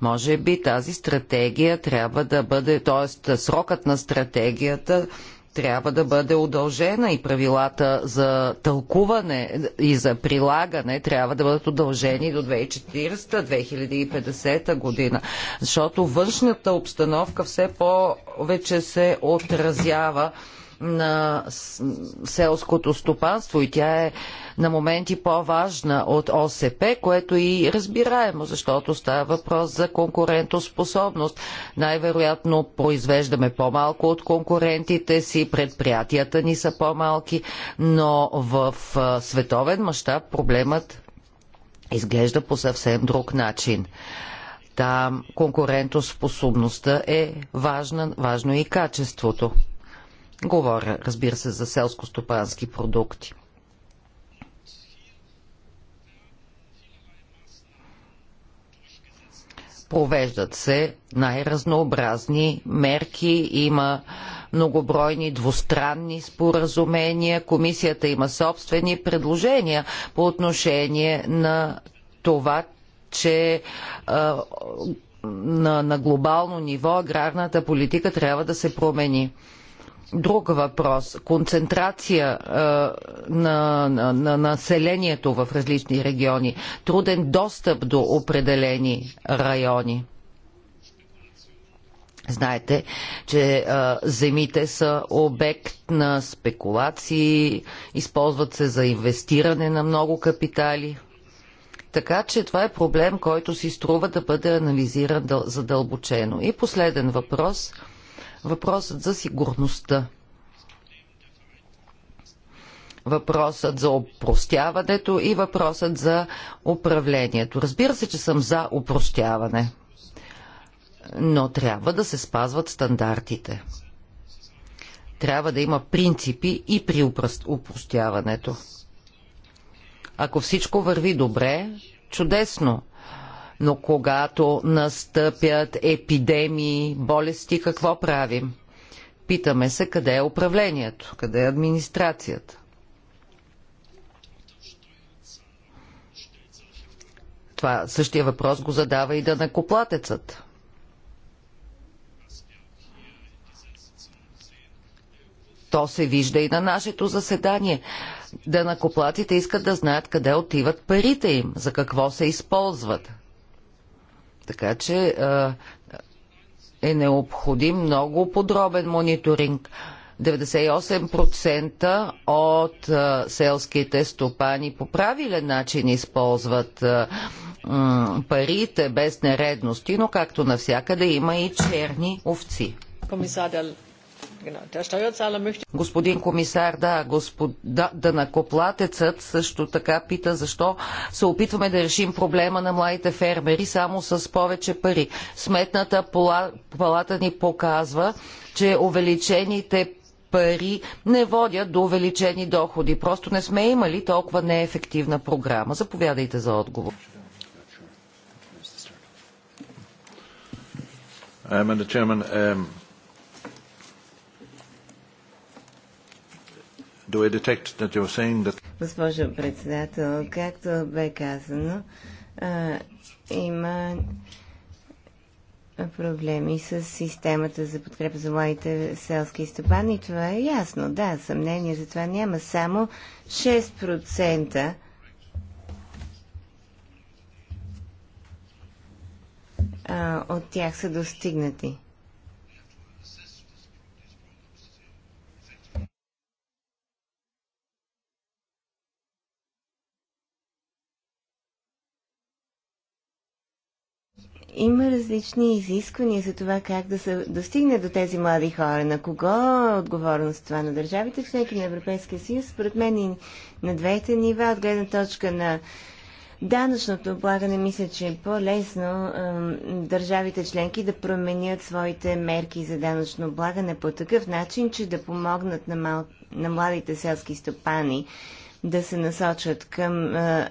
Може би тази стратегия трябва да бъде, т.е. срокът на стратегията трябва да бъде удължена и правилата за тълкуване и за прилагане трябва да бъдат удължени до 2040-2050 година. Защото външната обстановка все повече се отразява на селското стопанство и тя е на моменти по-важна от ОСП, което и разбираемо, защото става въпрос за конкурентоспособност. Най-вероятно произвеждаме по-малко от конкурентите си, предприятията ни са по-малки, но в световен мащаб проблемът изглежда по съвсем друг начин. Там конкурентоспособността е важна, важно и качеството. Говоря, разбира се, за селско-стопански продукти. провеждат се най-разнообразни мерки, има многобройни двустранни споразумения, комисията има собствени предложения по отношение на това, че на, на глобално ниво аграрната политика трябва да се промени друг въпрос. Концентрация а, на, на, на населението в различни региони, труден достъп до определени райони. Знаете, че а, земите са обект на спекулации, използват се за инвестиране на много капитали. Така че това е проблем, който си струва да бъде анализиран задълбочено. И последен въпрос – Въпросът за сигурността. Въпросът за опростяването и въпросът за управлението. Разбира се, че съм за упростяване, но трябва да се спазват стандартите. Трябва да има принципи и при упростяването. Ако всичко върви добре, чудесно – но когато настъпят епидемии, болести, какво правим? Питаме се къде е управлението, къде е администрацията. Това същия въпрос го задава и да накоплатецът. То се вижда и на нашето заседание. Дънакоплатите искат да знаят къде отиват парите им, за какво се използват. Така че е необходим много подробен мониторинг. 98% от селските стопани по правилен начин използват парите без нередности, но както навсякъде има и черни овци. Комисар Господин комисар, да, господ... да, също така пита защо се опитваме да решим проблема на младите фермери само с повече пари. Сметната палата ни показва, че увеличените пари не водят до увеличени доходи. Просто не сме имали толкова неефективна програма. Заповядайте за отговор. Um, That... Госпожо председател, както бе казано, а, има проблеми с системата за подкрепа за младите селски стопани. Това е ясно. Да, съмнение за това няма. Само 6% от тях са достигнати. има различни изисквания за това как да се достигне до тези млади хора. На кого е отговорност това? На държавите членки на Европейския съюз? Според мен и на двете нива, от гледна точка на данъчното облагане, мисля, че е по-лесно е, държавите членки да променят своите мерки за данъчно облагане по такъв начин, че да помогнат на, мал... на младите селски стопани да се насочат към е,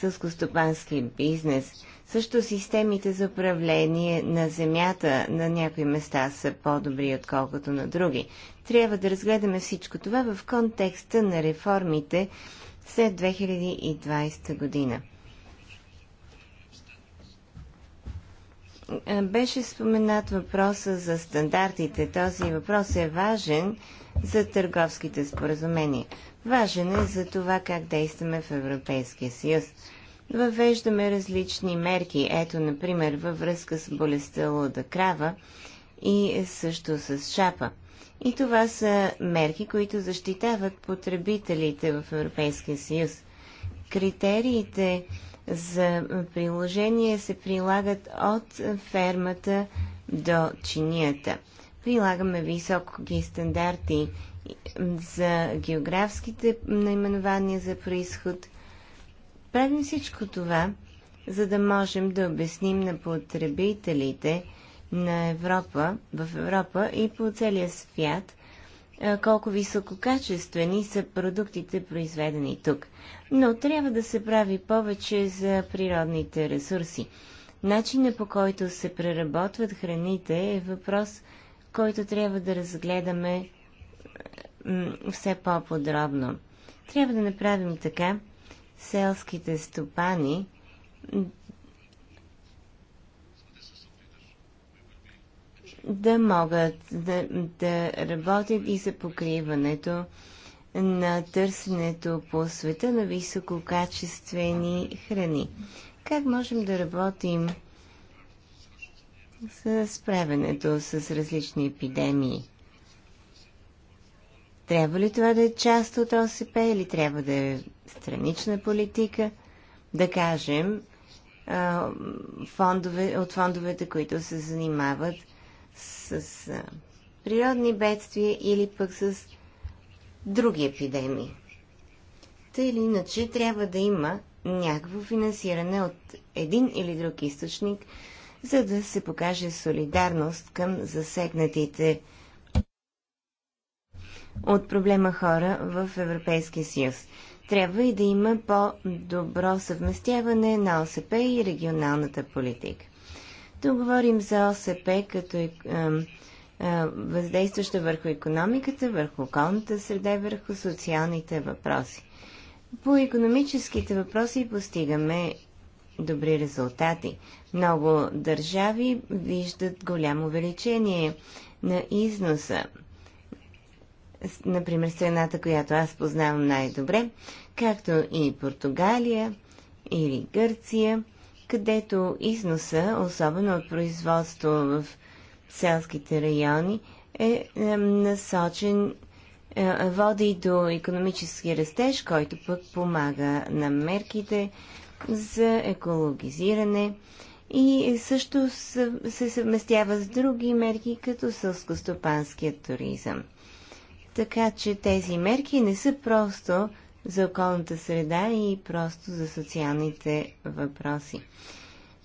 сълскостопански бизнес също системите за управление на земята на някои места са по-добри, отколкото на други. Трябва да разгледаме всичко това в контекста на реформите след 2020 година. Беше споменат въпроса за стандартите. Този въпрос е важен за търговските споразумения. Важен е за това как действаме в Европейския съюз въвеждаме различни мерки. Ето, например, във връзка с болестта луда крава и също с шапа. И това са мерки, които защитават потребителите в Европейския съюз. Критериите за приложение се прилагат от фермата до чинията. Прилагаме високи стандарти за географските наименования за происход Правим всичко това, за да можем да обясним на потребителите на Европа, в Европа и по целия свят – колко висококачествени са продуктите, произведени тук. Но трябва да се прави повече за природните ресурси. Начинът по който се преработват храните е въпрос, който трябва да разгледаме все по-подробно. Трябва да направим така, селските стопани да могат да, да работят и за покриването на търсенето по света на висококачествени храни. Как можем да работим с справянето с различни епидемии? Трябва ли това да е част от ОСП или трябва да е странична политика? Да кажем, фондове, от фондовете, които се занимават с природни бедствия или пък с други епидемии. Та или иначе трябва да има някакво финансиране от един или друг източник, за да се покаже солидарност към засегнатите от проблема хора в Европейския съюз. Трябва и да има по-добро съвместяване на ОСП и регионалната политика. Тук говорим за ОСП като е, е, е въздействаща върху економиката, върху околната среда върху социалните въпроси. По економическите въпроси постигаме добри резултати. Много държави виждат голямо увеличение на износа например, страната, която аз познавам най-добре, както и Португалия или Гърция, където износа, особено от производство в селските райони, е, е насочен, е, води до економически растеж, който пък помага на мерките за екологизиране и също се съвместява с други мерки, като сълскостопанският туризъм. Така че тези мерки не са просто за околната среда и просто за социалните въпроси.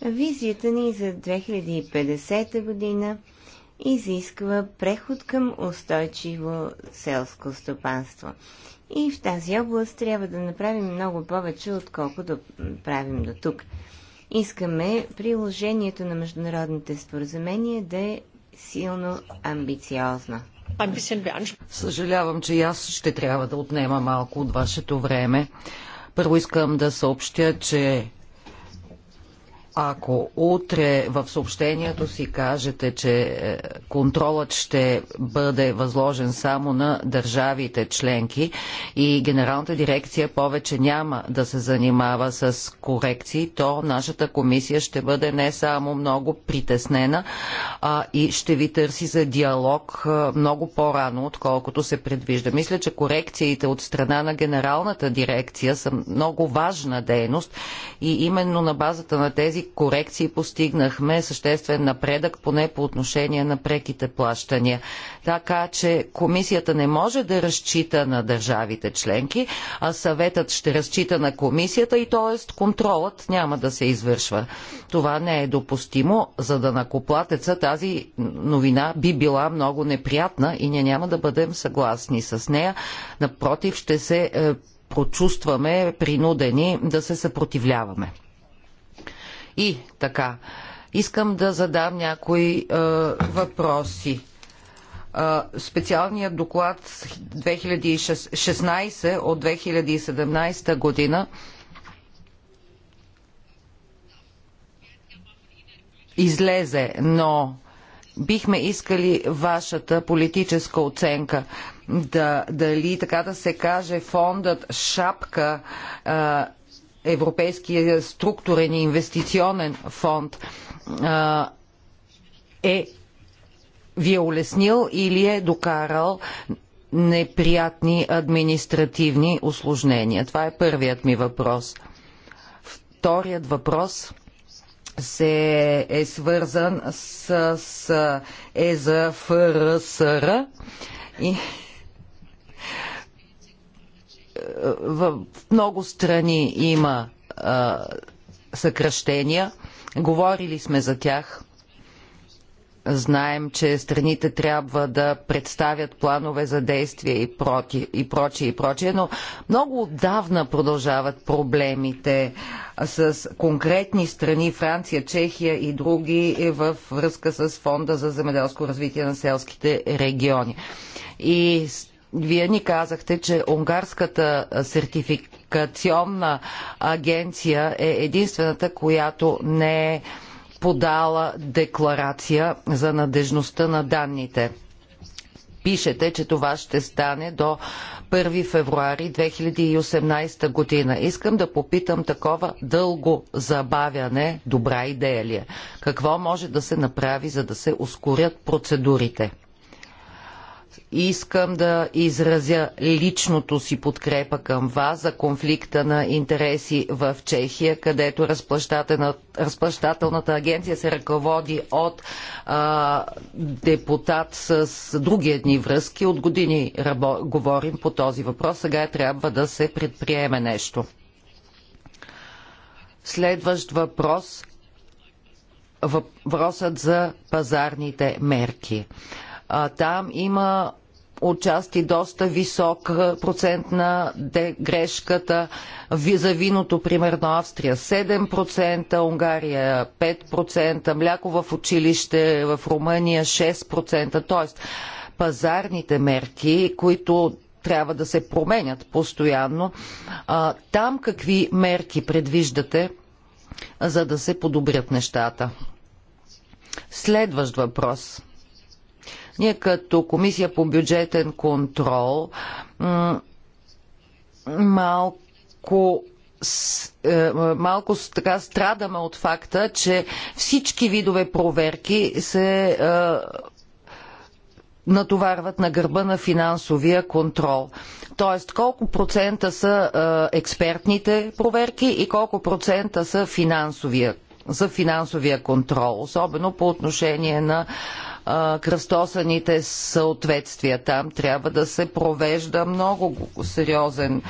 Визията ни за 2050 година изисква преход към устойчиво селско стопанство. И в тази област трябва да направим много повече, отколкото да правим до тук. Искаме приложението на международните споразумения да е силно амбициозно. Съжалявам, че и аз ще трябва да отнема малко от вашето време. Първо искам да съобщя, че ако утре в съобщението си кажете, че е, контролът ще бъде възложен само на държавите членки и Генералната дирекция повече няма да се занимава с корекции, то нашата комисия ще бъде не само много притеснена, а и ще ви търси за диалог е, много по-рано, отколкото се предвижда. Мисля, че корекциите от страна на Генералната дирекция са много важна дейност и именно на базата на тези корекции постигнахме съществен напредък, поне по отношение на преките плащания. Така че комисията не може да разчита на държавите членки, а съветът ще разчита на комисията и т.е. контролът няма да се извършва. Това не е допустимо, за да накоплатеца тази новина би била много неприятна и ние няма да бъдем съгласни с нея. Напротив, ще се е, прочувстваме принудени да се съпротивляваме. И така, искам да задам някои е, въпроси. Е, специалният доклад 2016 от 2017 година излезе, но бихме искали вашата политическа оценка. Да, дали, така да се каже, фондът Шапка а, е, Европейския структурен и инвестиционен фонд е ви е улеснил или е докарал неприятни административни осложнения? Това е първият ми въпрос. Вторият въпрос се е свързан с, с ЕЗФРСР и в много страни има а, съкръщения. Говорили сме за тях. Знаем, че страните трябва да представят планове за действие и, проти, и прочие, и прочие, но много отдавна продължават проблемите с конкретни страни, Франция, Чехия и други, е в връзка с Фонда за земеделско развитие на селските региони. И вие ни казахте, че унгарската сертификационна агенция е единствената, която не е подала декларация за надежността на данните. Пишете, че това ще стане до 1 февруари 2018 година. Искам да попитам такова дълго забавяне, добра идея ли е? Какво може да се направи, за да се ускорят процедурите? искам да изразя личното си подкрепа към вас за конфликта на интереси в Чехия, където разплащателната агенция се ръководи от а, депутат с други едни връзки. От години рабо, говорим по този въпрос. Сега трябва да се предприеме нещо. Следващ въпрос въпросът за пазарните мерки. А, там има отчасти доста висок процент на грешката. За виното, примерно Австрия 7%, Унгария 5%, мляко в училище в Румъния 6%. Тоест, пазарните мерки, които трябва да се променят постоянно. А, там какви мерки предвиждате, за да се подобрят нещата? Следващ въпрос. Ние като комисия по бюджетен контрол малко е, малко така страдаме от факта, че всички видове проверки се е, натоварват на гърба на финансовия контрол. Тоест, колко процента са е, експертните проверки и колко процента са финансовия, за финансовия контрол, особено по отношение на кръстосаните съответствия. Там трябва да се провежда много сериозен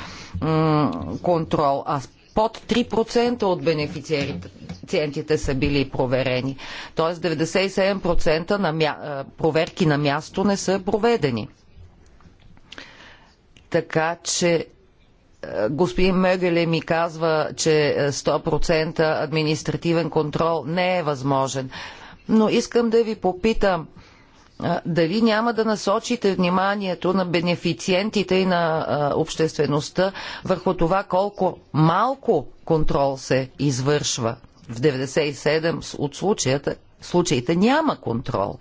контрол. А под 3% от бенефициентите са били проверени. Тоест 97% на мя... проверки на място не са проведени. Така че господин Мегеле ми казва, че 100% административен контрол не е възможен но искам да ви попитам дали няма да насочите вниманието на бенефициентите и на обществеността върху това колко малко контрол се извършва. В 97 от случаите, случаите няма контрол.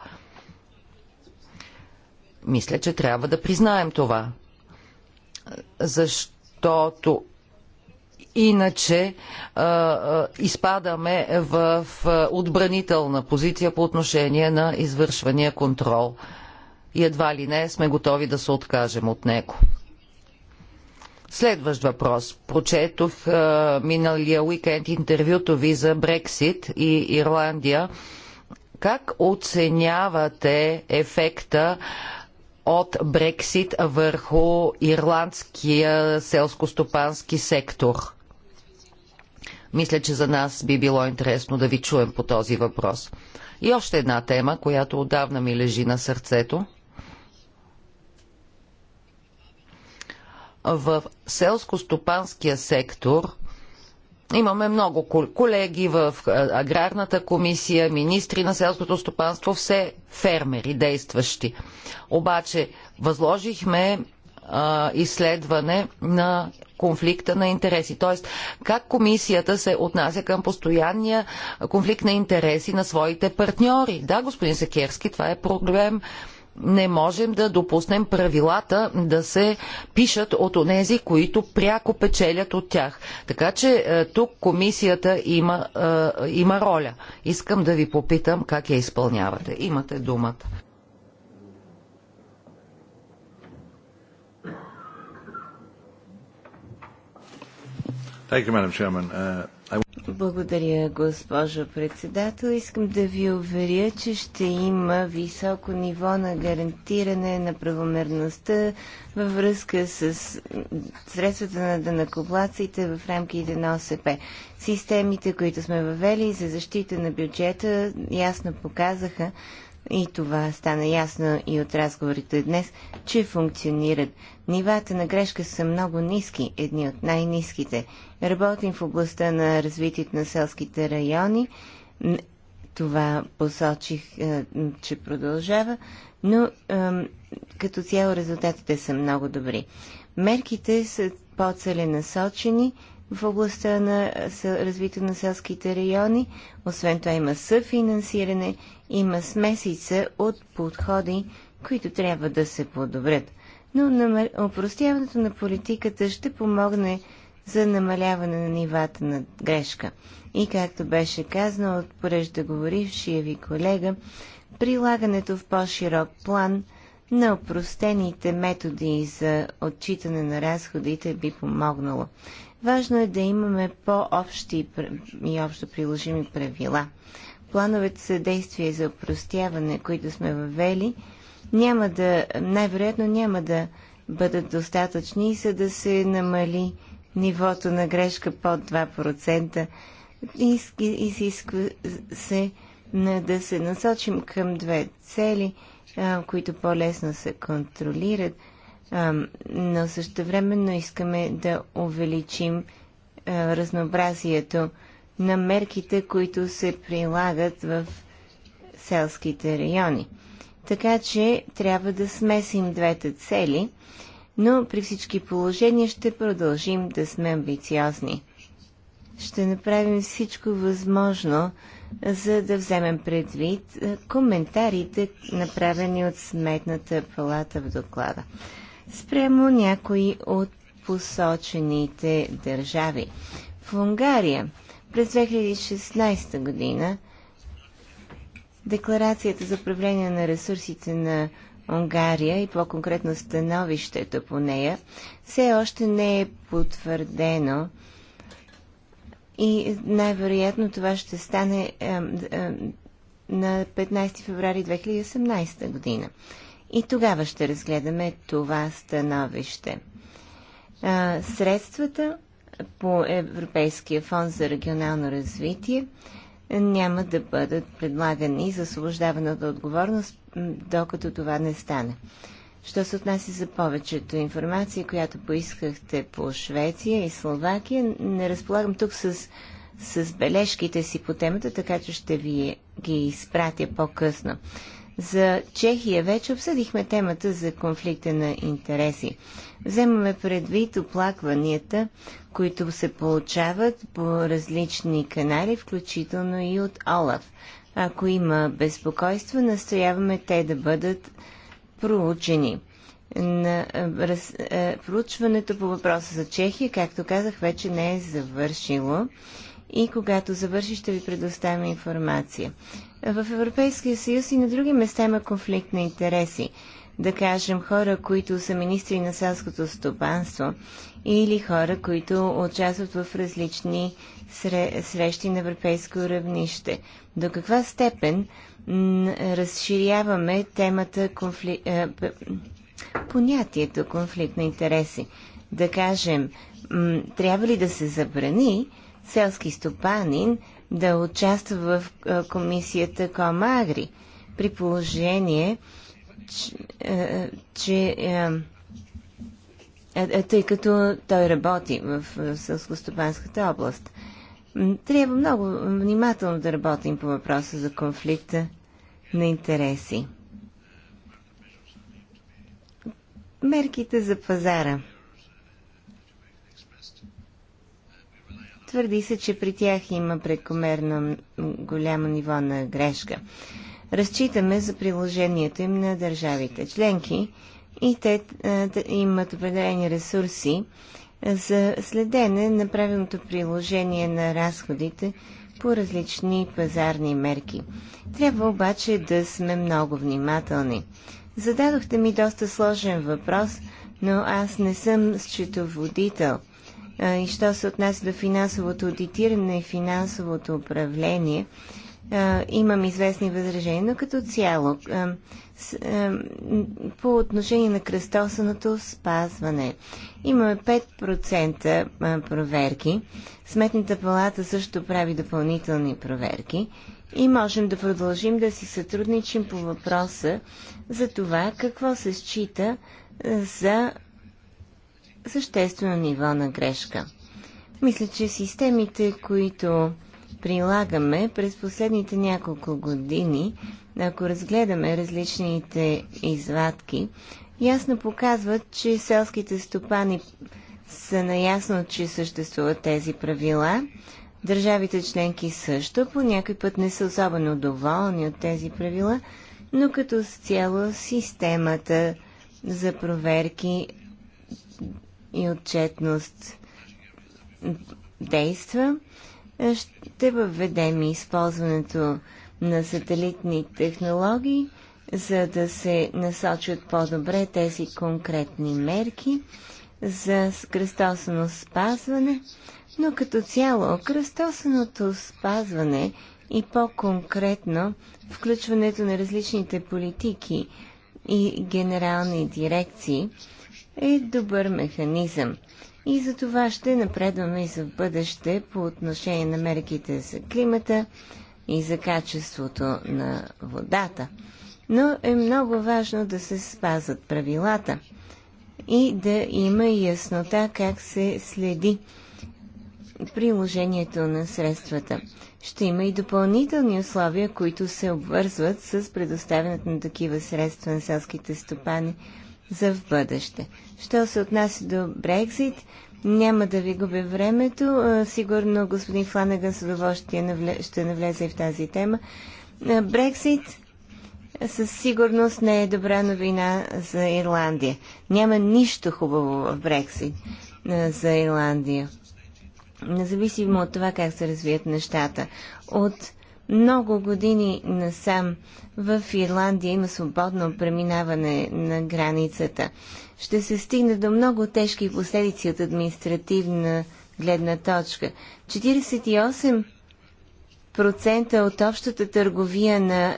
Мисля, че трябва да признаем това. Защото Иначе а, изпадаме в отбранителна позиция по отношение на извършвания контрол. И едва ли не сме готови да се откажем от него. Следващ въпрос. Прочетох а, миналия уикенд интервюто ви за Брексит и Ирландия. Как оценявате ефекта от Брексит върху ирландския селско-стопански сектор? Мисля, че за нас би било интересно да ви чуем по този въпрос. И още една тема, която отдавна ми лежи на сърцето. В селско-стопанския сектор Имаме много колеги в аграрната комисия, министри на селското стопанство, все фермери, действащи. Обаче възложихме изследване на конфликта на интереси. Тоест, как комисията се отнася към постоянния конфликт на интереси на своите партньори. Да, господин Секерски, това е проблем не можем да допуснем правилата да се пишат от онези, които пряко печелят от тях. Така че е, тук комисията има, е, има роля. Искам да ви попитам как я изпълнявате. Имате думата. Uh, Благодаря, госпожо председател. Искам да ви уверя, че ще има високо ниво на гарантиране на правомерността във връзка с средствата на данакоплаците в рамките на ОСП. Системите, които сме въвели за защита на бюджета, ясно показаха, и това стана ясно и от разговорите днес, че функционират. Нивата на грешка са много ниски, едни от най-низките. Работим в областта на развитието на селските райони. Това посочих, е, че продължава, но като цяло резултатите са много добри. Мерките са по-целенасочени в областта на развитие на селските райони. Освен това има съфинансиране, има смесица от подходи, които трябва да се подобрят. Но упростяването на политиката ще помогне за намаляване на нивата на грешка. И както беше казано от преждеговорившия ви колега, прилагането в по-широк план на опростените методи за отчитане на разходите би помогнало. Важно е да имаме по-общи и общо приложими правила. Плановете за действие за опростяване, които сме въвели, няма да, най-вероятно няма да бъдат достатъчни, за да се намали нивото на грешка под 2%. Изисква се да се насочим към две цели, които по-лесно се контролират, но също времено искаме да увеличим разнообразието на мерките, които се прилагат в селските райони. Така че трябва да смесим двете цели – но при всички положения ще продължим да сме амбициозни. Ще направим всичко възможно, за да вземем предвид коментарите, направени от Сметната палата в доклада. Спрямо някои от посочените държави. В Унгария през 2016 година Декларацията за управление на ресурсите на Унгария и по-конкретно становището по нея все още не е потвърдено. И най-вероятно това ще стане е, е, на 15 феврари 2018 година. И тогава ще разгледаме това становище. Е, средствата по Европейския фонд за регионално развитие няма да бъдат предлагани за освобождаваната отговорност, докато това не стане. Що се отнася за повечето информация, която поискахте по Швеция и Словакия, не разполагам тук с, с бележките си по темата, така че ще ви ги изпратя по-късно. За Чехия вече обсъдихме темата за конфликта на интереси. Вземаме предвид оплакванията, които се получават по различни канали, включително и от Олаф. Ако има безпокойство, настояваме те да бъдат проучени. На, е, раз, е, проучването по въпроса за Чехия, както казах, вече не е завършило и когато завърши ще ви предоставя информация в Европейския съюз и на други места има конфликт на интереси. Да кажем, хора, които са министри на селското стопанство или хора, които участват в различни срещи на европейско равнище. До каква степен разширяваме темата конфли... Е, понятието конфликт на интереси? Да кажем, трябва ли да се забрани селски стопанин да участва в комисията Комагри, при положение, че, че тъй като той работи в Сълскостопанската област. Трябва много внимателно да работим по въпроса за конфликта на интереси. Мерките за пазара – Твърди се, че при тях има прекомерно голямо ниво на грешка. Разчитаме за приложението им на държавите членки и те имат определени ресурси за следене на правилното приложение на разходите по различни пазарни мерки. Трябва обаче да сме много внимателни. Зададохте ми доста сложен въпрос, но аз не съм счетоводител и що се отнася до финансовото аудитиране и финансовото управление, имам известни възражения, но като цяло по отношение на кръстосаното спазване. Имаме 5% проверки. Сметната палата също прави допълнителни проверки и можем да продължим да си сътрудничим по въпроса за това какво се счита за съществено ниво на грешка. Мисля, че системите, които прилагаме през последните няколко години, ако разгледаме различните извадки, ясно показват, че селските стопани са наясно, че съществуват тези правила. Държавите членки също по някой път не са особено доволни от тези правила, но като с цяло системата за проверки и отчетност действа. Ще въведем използването на сателитни технологии, за да се насочат по-добре тези конкретни мерки за кръстосано спазване, но като цяло кръстосаното спазване и по-конкретно включването на различните политики и генерални дирекции – е добър механизъм. И за това ще напредваме и за бъдеще по отношение на мерките за климата и за качеството на водата. Но е много важно да се спазват правилата и да има яснота как се следи приложението на средствата. Ще има и допълнителни условия, които се обвързват с предоставянето на такива средства на селските стопани за в бъдеще. Що се отнася до Брекзит, няма да ви губя времето. Сигурно господин Фланаган с удоволствие ще навлезе и в тази тема. Брексит със сигурност не е добра новина за Ирландия. Няма нищо хубаво в Брексит за Ирландия. Независимо от това как се развият нещата. От много години насам в Ирландия има свободно преминаване на границата. Ще се стигне до много тежки последици от административна гледна точка. 48% от общата търговия на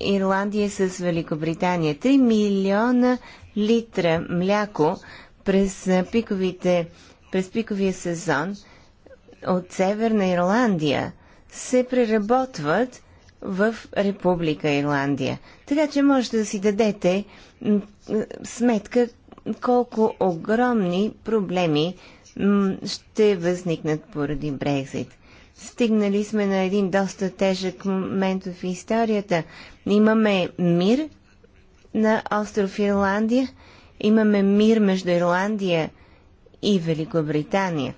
Ирландия с Великобритания. 3 милиона литра мляко през, пиковите, през пиковия сезон от Северна Ирландия се преработват в Република Ирландия. Така че можете да си дадете сметка колко огромни проблеми ще възникнат поради Брекзит. Стигнали сме на един доста тежък момент в историята. Имаме мир на остров Ирландия, имаме мир между Ирландия и Великобритания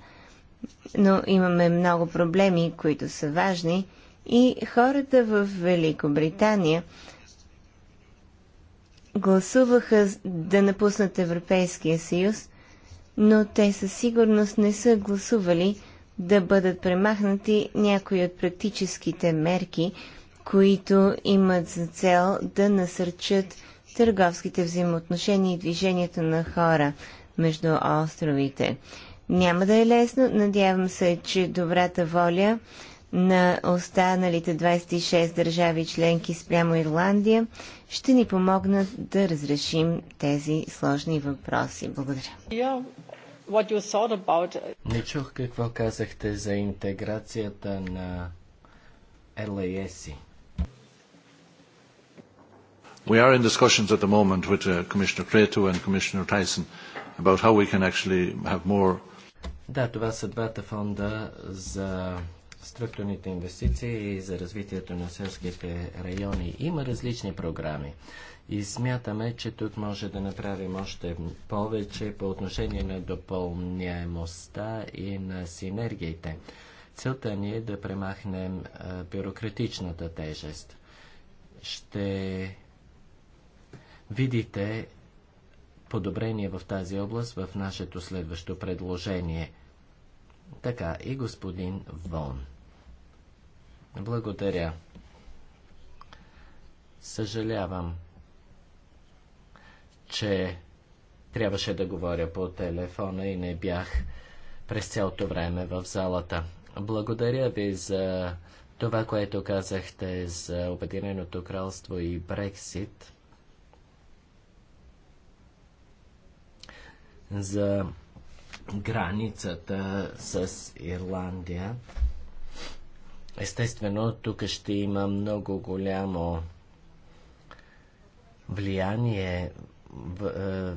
но имаме много проблеми, които са важни и хората в Великобритания гласуваха да напуснат Европейския съюз, но те със сигурност не са гласували да бъдат премахнати някои от практическите мерки, които имат за цел да насърчат търговските взаимоотношения и движението на хора между островите. Няма да е лесно. Надявам се, че добрата воля на останалите 26 държави членки спрямо Ирландия ще ни помогнат да разрешим тези сложни въпроси. Благодаря. Uh, Не чух какво казахте за интеграцията на LAS-и. We are in discussions at the moment with uh, Commissioner Cretu and Commissioner Tyson about how we can actually have more да, това са двата фонда за структурните инвестиции и за развитието на селските райони. Има различни програми и смятаме, че тук може да направим още повече по отношение на допълняемостта и на синергиите. Целта ни е да премахнем бюрократичната тежест. Ще видите подобрение в тази област в нашето следващо предложение. Така и господин Вон. Благодаря. Съжалявам, че трябваше да говоря по телефона и не бях през цялото време в залата. Благодаря ви за това, което казахте за Обединеното кралство и Брексит. за границата с Ирландия. Естествено, тук ще има много голямо влияние е, в,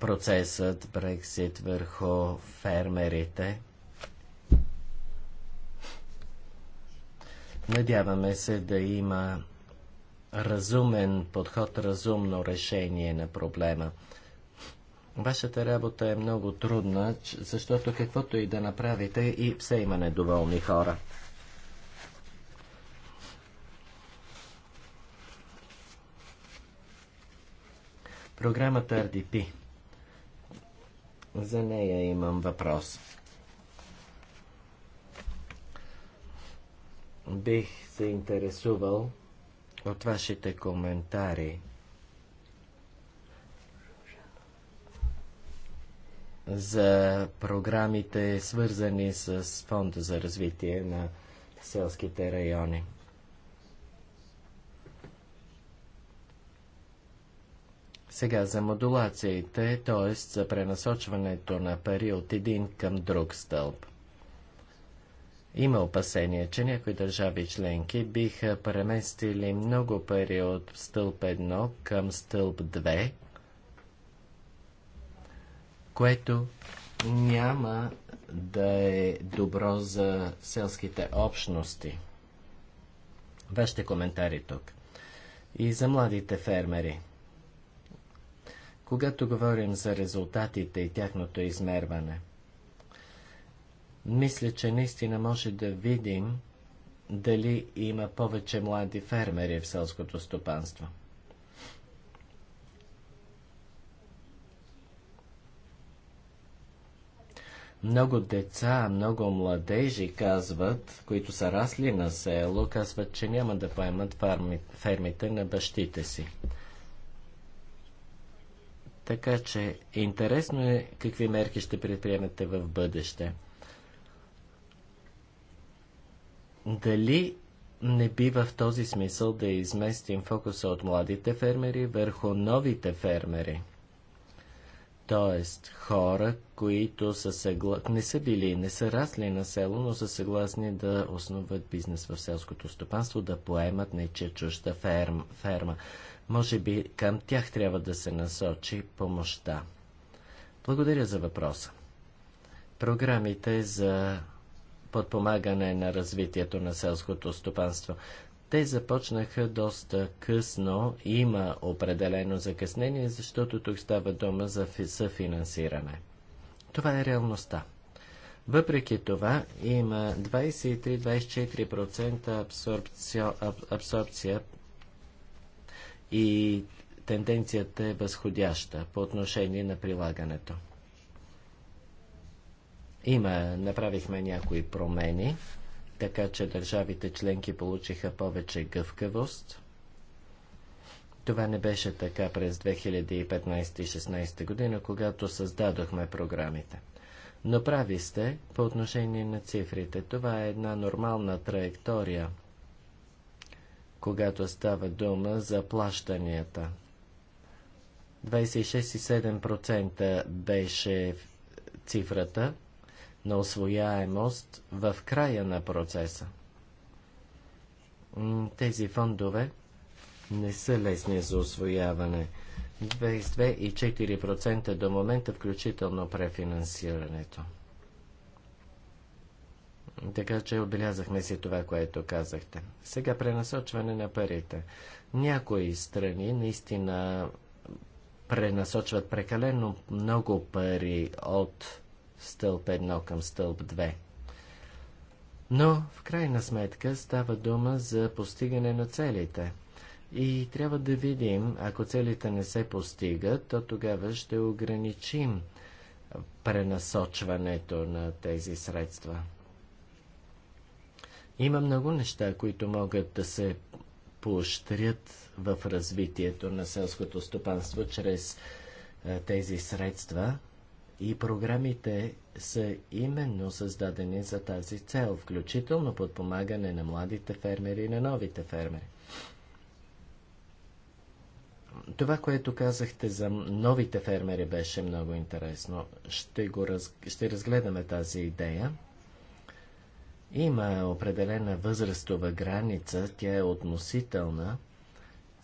процесът Брексит върху фермерите. Надяваме се да има разумен подход, разумно решение на проблема. Вашата работа е много трудна, защото каквото и да направите, и все има недоволни хора. Програмата RDP. За нея имам въпрос. Бих се интересувал от вашите коментари за програмите, свързани с Фонда за развитие на селските райони. Сега за модулациите, т.е. за пренасочването на пари от един към друг стълб. Има опасение, че някои държави членки биха преместили много пари от стълб 1 към стълб което няма да е добро за селските общности. Вашите коментари тук. И за младите фермери. Когато говорим за резултатите и тяхното измерване, мисля, че наистина може да видим дали има повече млади фермери в селското стопанство. Много деца, много младежи казват, които са расли на село, казват, че няма да поемат фарми, фермите на бащите си. Така че интересно е какви мерки ще предприемете в бъдеще. Дали не бива в този смисъл да изместим фокуса от младите фермери върху новите фермери – Тоест, хора, които са съгла... не са били, не са расли на село, но са съгласни да основат бизнес в селското стопанство, да поемат нече чужда ферм... ферма. Може би към тях трябва да се насочи помощта. Благодаря за въпроса. Програмите за подпомагане на развитието на селското стопанство. Те започнаха доста късно. Има определено закъснение, защото тук става дума за съфинансиране. Това е реалността. Въпреки това има 23-24% абсорбция, абсорбция и тенденцията е възходяща по отношение на прилагането. Има, направихме някои промени така че държавите членки получиха повече гъвкавост. Това не беше така през 2015-16 година, когато създадохме програмите. Но прави сте по отношение на цифрите. Това е една нормална траектория, когато става дума за плащанията. 26,7% беше цифрата на освояемост в края на процеса. Тези фондове не са лесни за освояване. 22,4% до момента, включително префинансирането. Така че обелязахме си това, което казахте. Сега пренасочване на парите. Някои страни наистина пренасочват прекалено много пари от стълб 1 към стълб 2. Но, в крайна сметка, става дума за постигане на целите. И трябва да видим, ако целите не се постигат, то тогава ще ограничим пренасочването на тези средства. Има много неща, които могат да се поощрят в развитието на селското стопанство чрез е, тези средства, и програмите са именно създадени за тази цел, включително подпомагане на младите фермери и на новите фермери. Това, което казахте за новите фермери, беше много интересно. Ще, го раз... ще разгледаме тази идея. Има определена възрастова граница, тя е относителна,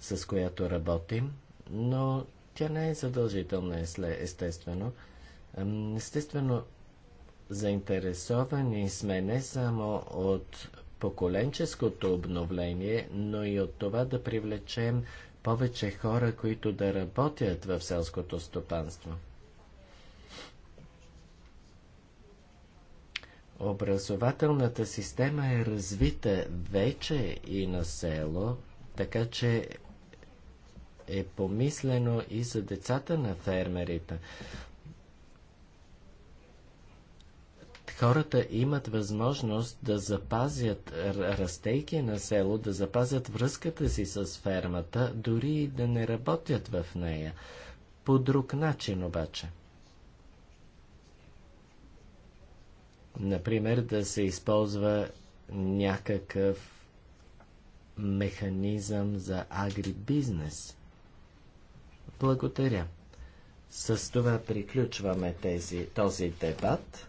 с която работим, но тя не е задължителна, е естествено. Естествено, заинтересовани сме не само от поколенческото обновление, но и от това да привлечем повече хора, които да работят в селското стопанство. Образователната система е развита вече и на село, така че е помислено и за децата на фермерите. хората имат възможност да запазят, растейки на село, да запазят връзката си с фермата, дори и да не работят в нея. По друг начин обаче. Например, да се използва някакъв механизъм за агрибизнес. Благодаря. С това приключваме тези, този дебат.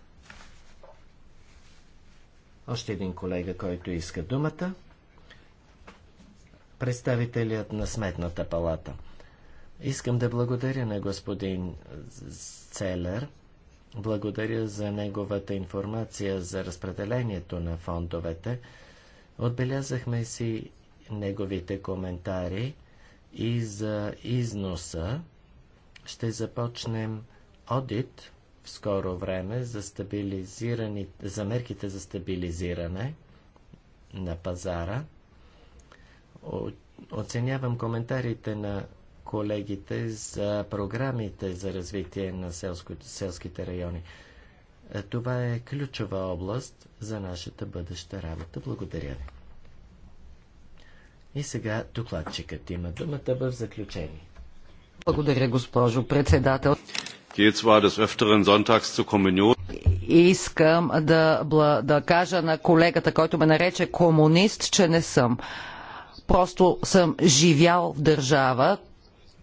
Още един колега, който иска думата. Представителят на Сметната палата. Искам да благодаря на господин Целер. Благодаря за неговата информация за разпределението на фондовете. Отбелязахме си неговите коментари и за износа. Ще започнем одит в скоро време за, стабилизирани, за мерките за стабилизиране на пазара. Оценявам коментарите на колегите за програмите за развитие на селско, селските райони. Е, това е ключова област за нашата бъдеща работа. Благодаря ви. И сега докладчикът има думата в заключение. Благодаря, госпожо председател. Искам да, да кажа на колегата, който ме нарече комунист, че не съм. Просто съм живял в държава,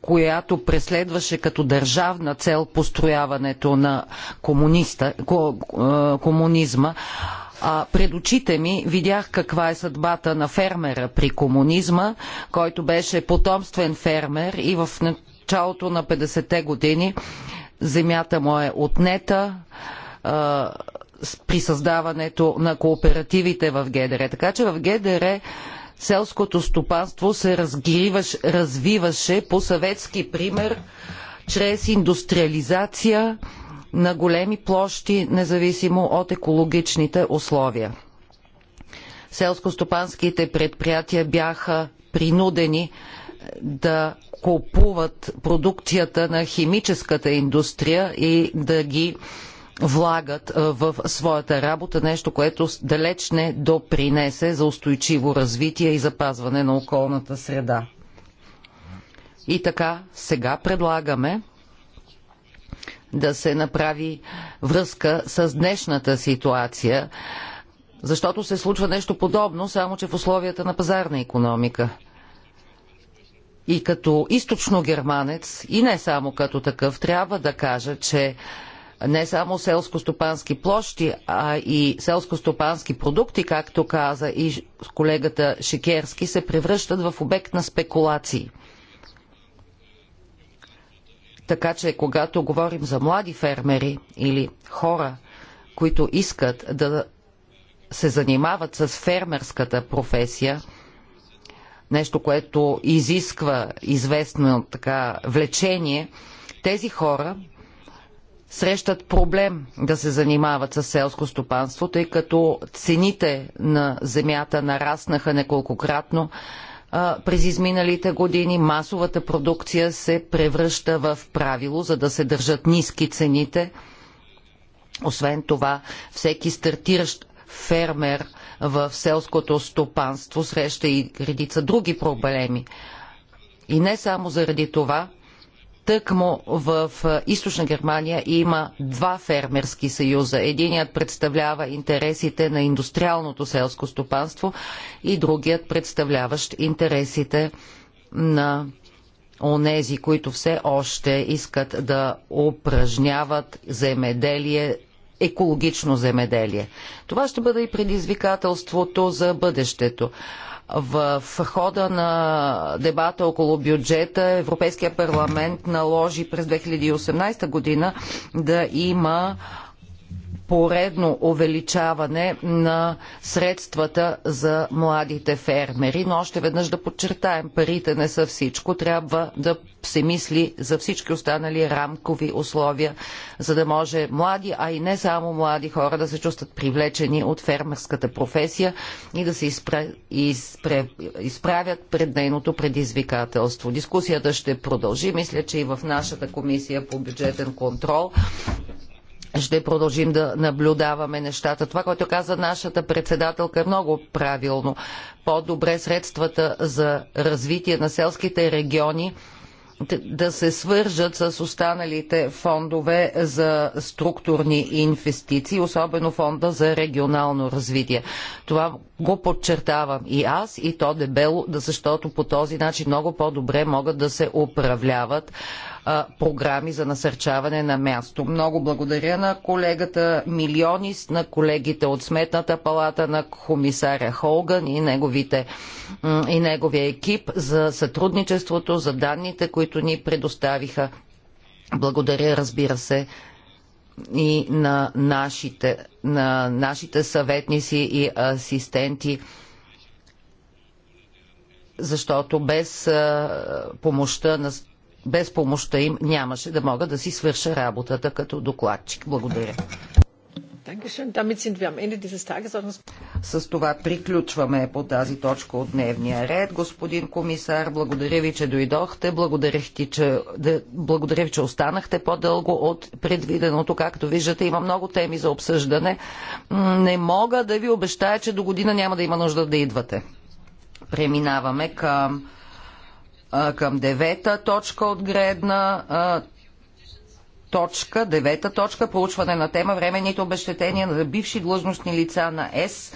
която преследваше като държавна цел построяването на комуниста, е, комунизма. А пред очите ми видях каква е съдбата на фермера при комунизма, който беше потомствен фермер и в началото на 50-те години земята му е отнета при създаването на кооперативите в ГДР. Така че в ГДР селското стопанство се разгриваш, развиваше по съветски пример чрез индустриализация на големи площи, независимо от екологичните условия. Селско-стопанските предприятия бяха принудени да купуват продукцията на химическата индустрия и да ги влагат в своята работа, нещо, което далеч не допринесе за устойчиво развитие и запазване на околната среда. И така, сега предлагаме да се направи връзка с днешната ситуация, защото се случва нещо подобно, само че в условията на пазарна економика – и като източно германец, и не само като такъв, трябва да кажа, че не само селско-стопански площи, а и селско-стопански продукти, както каза и колегата Шекерски, се превръщат в обект на спекулации. Така че, когато говорим за млади фермери или хора, които искат да се занимават с фермерската професия, нещо, което изисква известно така влечение, тези хора срещат проблем да се занимават с селско стопанство, тъй като цените на земята нараснаха неколкократно през изминалите години масовата продукция се превръща в правило, за да се държат ниски цените. Освен това, всеки стартиращ фермер в селското стопанство среща и редица други проблеми. И не само заради това, Тъкмо в източна Германия има два фермерски съюза. Единият представлява интересите на индустриалното селско стопанство и другият представляващ интересите на онези, които все още искат да упражняват земеделие екологично земеделие. Това ще бъде и предизвикателството за бъдещето. В хода на дебата около бюджета Европейския парламент наложи през 2018 година да има поредно увеличаване на средствата за младите фермери, но още веднъж да подчертаем, парите не са всичко, трябва да се мисли за всички останали рамкови условия, за да може млади, а и не само млади хора да се чувстват привлечени от фермерската професия и да се изпра... изпре... изправят пред нейното предизвикателство. Дискусията ще продължи, мисля, че и в нашата комисия по бюджетен контрол ще продължим да наблюдаваме нещата. Това, което каза нашата председателка е много правилно. По-добре средствата за развитие на селските региони да се свържат с останалите фондове за структурни инвестиции, особено фонда за регионално развитие. Това го подчертавам и аз, и то дебело, защото по този начин много по-добре могат да се управляват а, програми за насърчаване на място. Много благодаря на колегата Милионис, на колегите от Сметната палата, на комисаря Холган и, неговите, и неговия екип за сътрудничеството, за данните, които ни предоставиха. Благодаря, разбира се, и на нашите, на нашите съветници и асистенти, защото без помощта на без помощта им нямаше да мога да си свърша работата като докладчик. Благодаря. С това приключваме по тази точка от дневния ред. Господин комисар, благодаря ви, че дойдохте. Благодаря ти, че, благодаря ви, че останахте по-дълго от предвиденото. Както виждате, има много теми за обсъждане. Не мога да ви обещая, че до година няма да има нужда да идвате. Преминаваме към към девета точка от гредна точка, девета точка, проучване на тема временните обещетения на бивши длъжностни лица на ЕС.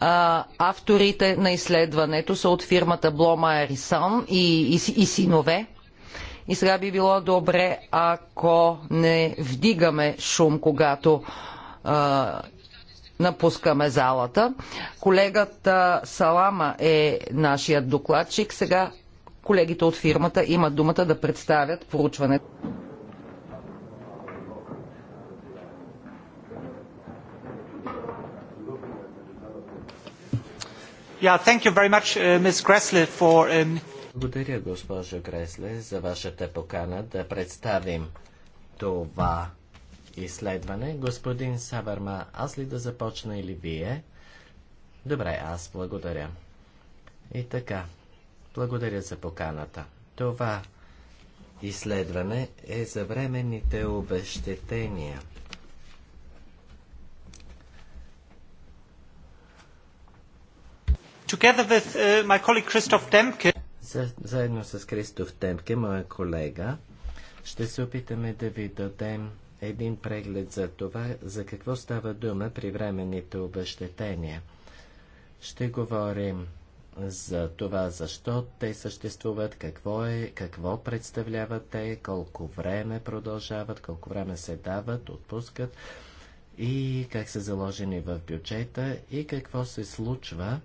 А, авторите на изследването са от фирмата Блома, Erisan и, и, и синове. И сега би било добре, ако не вдигаме шум, когато а, напускаме залата. Колегата Салама е нашият докладчик. Сега Колегите от фирмата имат думата да представят проучването. Uh, um, благодаря, госпожо Гресле, за вашата покана да представим това изследване. Господин Саверма, аз ли да започна или вие? Добре, аз благодаря. И така, благодаря за поканата. Това изследване е за временните обещетения. Together with uh, my colleague Christoph Demke. За, заедно с Кристоф Темке, моя колега, ще се опитаме да ви дадем един преглед за това, за какво става дума при временните обещетения. Ще говорим за това защо те съществуват, какво, е, какво представляват те, колко време продължават, колко време се дават, отпускат и как са заложени в бюджета и какво се случва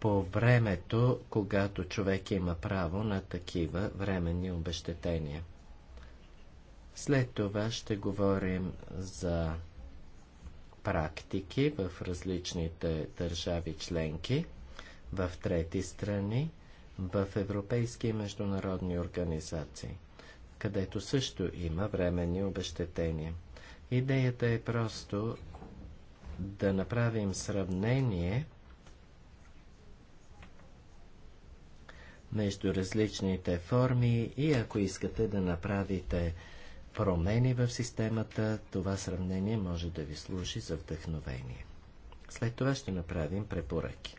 по времето, когато човек има право на такива временни обещетения. След това ще говорим за практики в различните държави членки в трети страни, в европейски и международни организации, където също има временни обещетения. Идеята е просто да направим сравнение между различните форми и ако искате да направите промени в системата, това сравнение може да ви служи за вдъхновение. След това ще направим препоръки.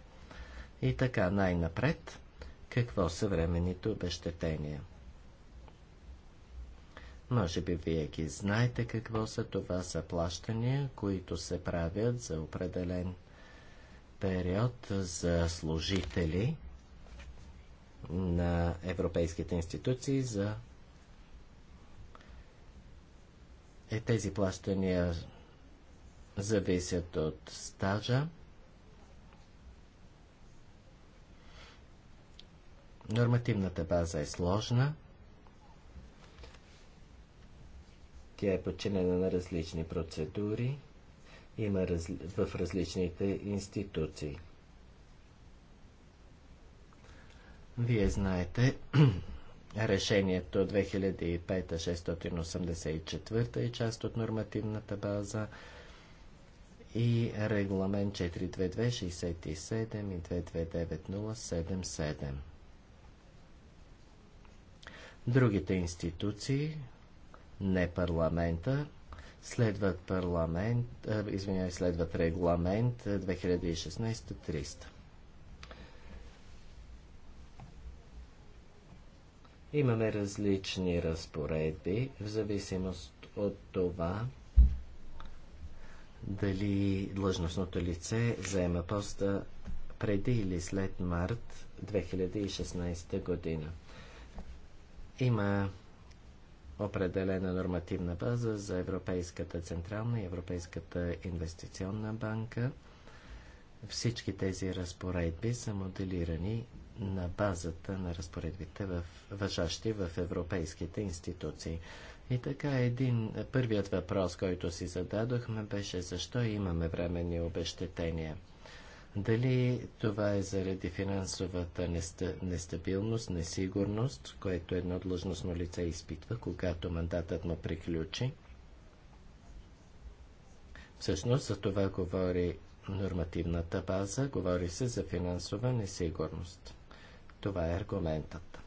И така, най-напред, какво са времените обещетения? Може би вие ги знаете какво са това са плащания, които се правят за определен период за служители на европейските институции за е, тези плащания зависят от стажа Нормативната база е сложна. Тя е подчинена на различни процедури. Има в различните институции. Вие знаете решението 2005-684 е част от нормативната база и регламент 422-67 и 229077. Другите институции, не парламента, следват парламент, извиня, следват регламент 2016-300. Имаме различни разпоредби в зависимост от това дали длъжностното лице заема поста преди или след март 2016 година. Има определена нормативна база за Европейската централна и Европейската инвестиционна банка. Всички тези разпоредби са моделирани на базата на разпоредбите в, въжащи в европейските институции. И така, един, първият въпрос, който си зададохме, беше защо имаме временни обещетения – дали това е заради финансовата нестабилност, несигурност, което едно длъжностно лице изпитва, когато мандатът му приключи? Всъщност за това говори нормативната база, говори се за финансова несигурност. Това е аргументът.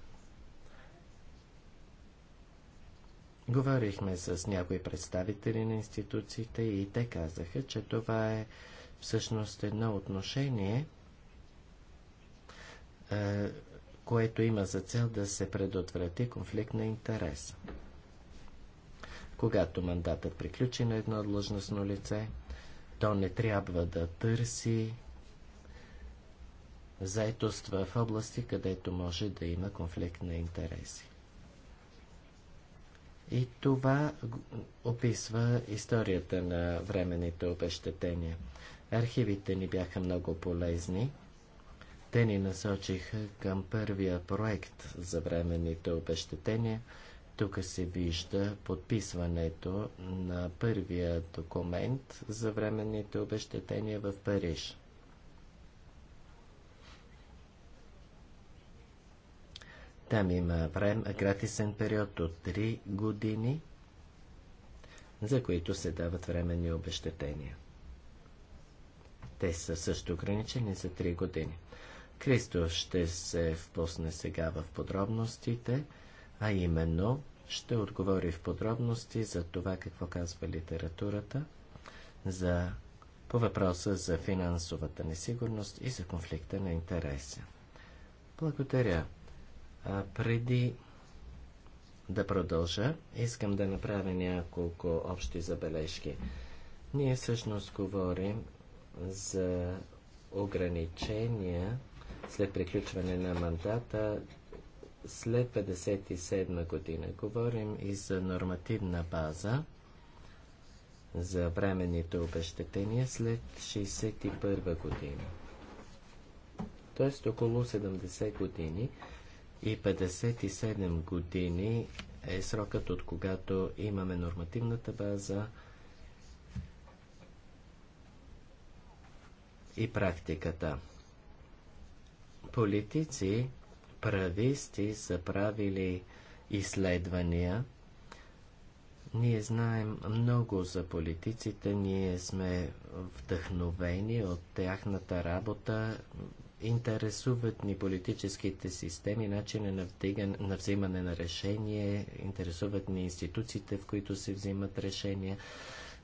Говорихме с някои представители на институциите и те казаха, че това е всъщност едно отношение, е, което има за цел да се предотврати конфликт на интерес. Когато мандатът приключи на едно длъжностно лице, то не трябва да търси заетост в области, където може да има конфликт на интереси. И това описва историята на временните обещетения. Архивите ни бяха много полезни. Те ни насочиха към първия проект за временните обещетения. Тук се вижда подписването на първия документ за временните обещетения в Париж. Там има врем, гратисен период от 3 години, за които се дават временни обещетения. Те са също ограничени за три години. Кристо ще се впусне сега в подробностите, а именно ще отговори в подробности за това какво казва литературата, за, по въпроса за финансовата несигурност и за конфликта на интереси. Благодаря. А преди да продължа, искам да направя няколко общи забележки. Ние всъщност говорим за ограничения след приключване на мандата след 57 година. Говорим и за нормативна база за временните обещетения след 61 година. Тоест около 70 години и 57 години е срокът от когато имаме нормативната база и практиката. Политици, прависти са правили изследвания. Ние знаем много за политиците, ние сме вдъхновени от тяхната работа, интересуват ни политическите системи, начина на, вдигане, на взимане на решение, интересуват ни институциите, в които се взимат решения.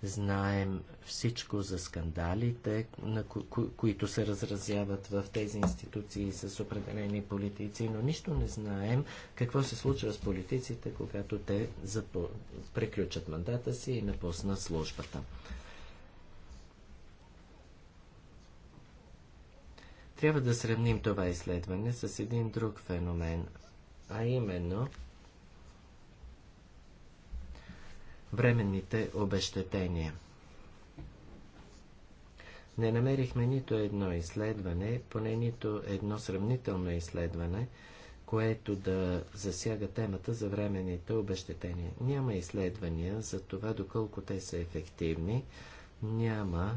Знаем всичко за скандалите, на ко- ко- които се разразяват в тези институции с определени политици, но нищо не знаем какво се случва с политиците, когато те запо- приключат мандата си и напуснат службата. Трябва да сравним това изследване с един друг феномен, а именно – временните обещетения. Не намерихме нито едно изследване, поне нито едно сравнително изследване, което да засяга темата за временните обещетения. Няма изследвания за това доколко те са ефективни, няма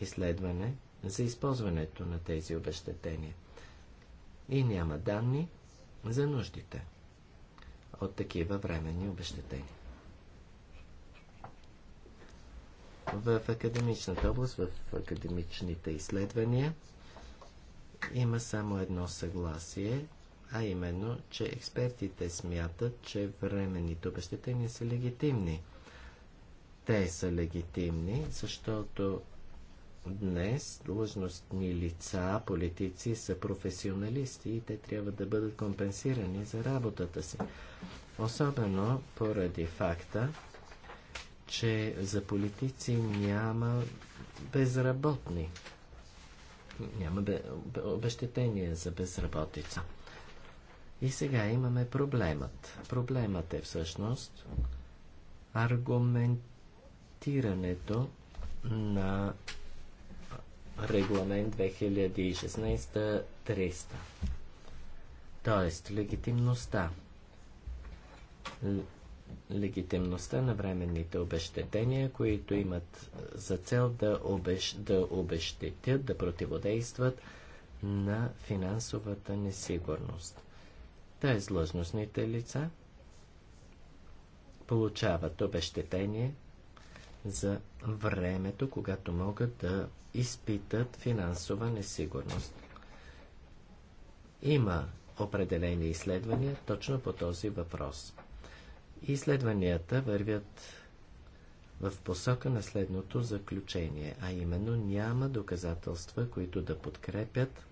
изследване за използването на тези обещетения и няма данни за нуждите от такива временни обещетения. в академичната област, в академичните изследвания има само едно съгласие, а именно, че експертите смятат, че временните обещетения са легитимни. Те са легитимни, защото днес длъжностни лица, политици са професионалисти и те трябва да бъдат компенсирани за работата си. Особено поради факта, че за политици няма безработни. Няма обещетение за безработица. И сега имаме проблемът. Проблемът е всъщност аргументирането на регламент 2016-300. Тоест, легитимността легитимността на временните обещетения, които имат за цел да, обещ... да обещетят, да противодействат на финансовата несигурност. Т.е. длъжностните лица получават обещетение за времето, когато могат да изпитат финансова несигурност. Има определени изследвания точно по този въпрос – Изследванията вървят в посока на следното заключение, а именно няма доказателства, които да подкрепят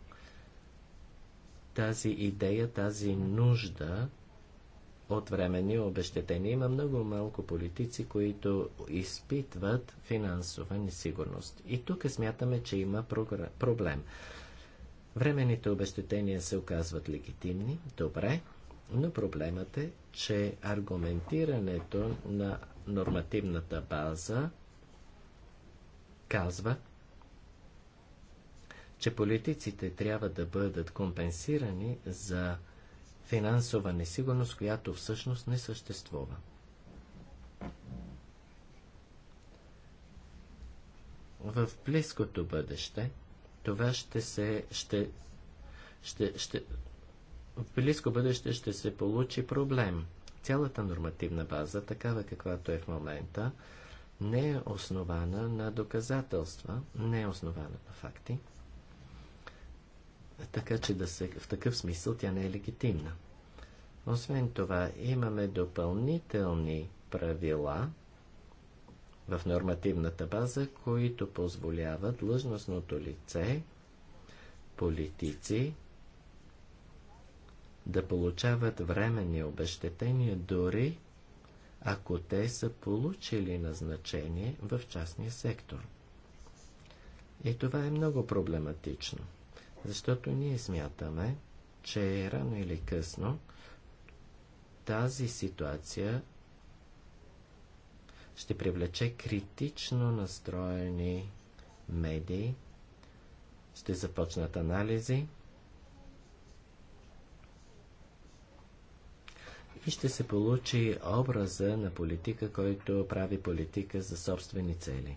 тази идея, тази нужда от времени обещетения. Има много малко политици, които изпитват финансова несигурност. И тук смятаме, че има проблем. Временните обещетения се оказват легитимни, добре, но проблемът е, че аргументирането на нормативната база казва, че политиците трябва да бъдат компенсирани за финансова несигурност, която всъщност не съществува. В близкото бъдеще това ще се ще, ще, ще, в близко бъдеще ще се получи проблем. Цялата нормативна база, такава каквато е в момента, не е основана на доказателства, не е основана на факти, така че да се, в такъв смисъл тя не е легитимна. Освен това, имаме допълнителни правила в нормативната база, които позволяват длъжностното лице, политици, да получават временни обещетения, дори ако те са получили назначение в частния сектор. И това е много проблематично, защото ние смятаме, че е рано или късно тази ситуация ще привлече критично настроени медии, ще започнат анализи и ще се получи образа на политика, който прави политика за собствени цели.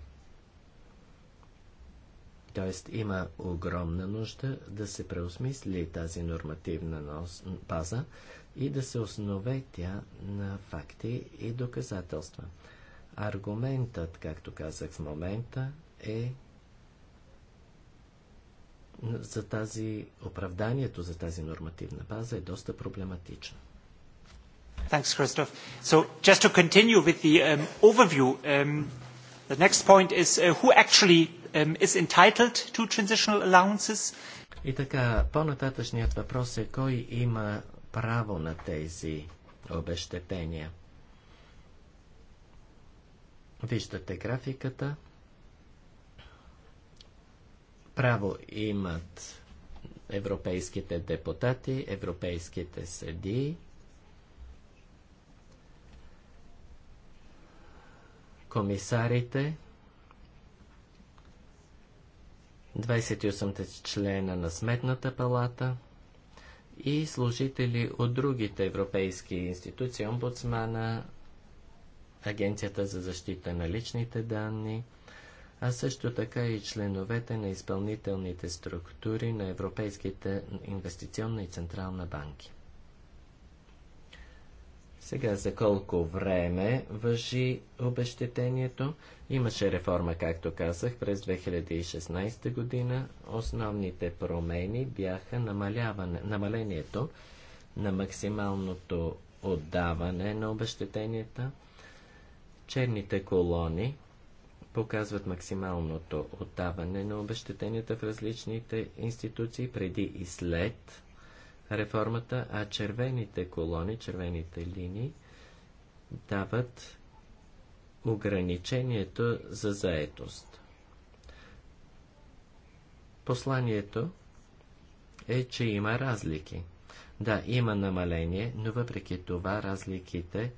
Тоест има огромна нужда да се преосмисли тази нормативна база и да се основе тя на факти и доказателства. Аргументът, както казах в момента, е за тази оправданието за тази нормативна база е доста проблематично. Thanks, Christoph. So just to continue with the um, overview, um, the next point is uh, who actually um, is entitled to transitional allowances. И така, по-нататъчният въпрос е кой има право на тези обещетения. Виждате графиката. Право имат европейските депутати, европейските съдии, комисарите, 28-те члена на Сметната палата и служители от другите европейски институции, омбудсмана, Агенцията за защита на личните данни, а също така и членовете на изпълнителните структури на Европейските инвестиционна и централна банки. Сега за колко време въжи обещетението? Имаше реформа, както казах, през 2016 година. Основните промени бяха намалението на максималното отдаване на обещетенията. Черните колони показват максималното отдаване на обещетенията в различните институции преди и след реформата, а червените колони, червените линии дават ограничението за заетост. Посланието е, че има разлики. Да, има намаление, но въпреки това разликите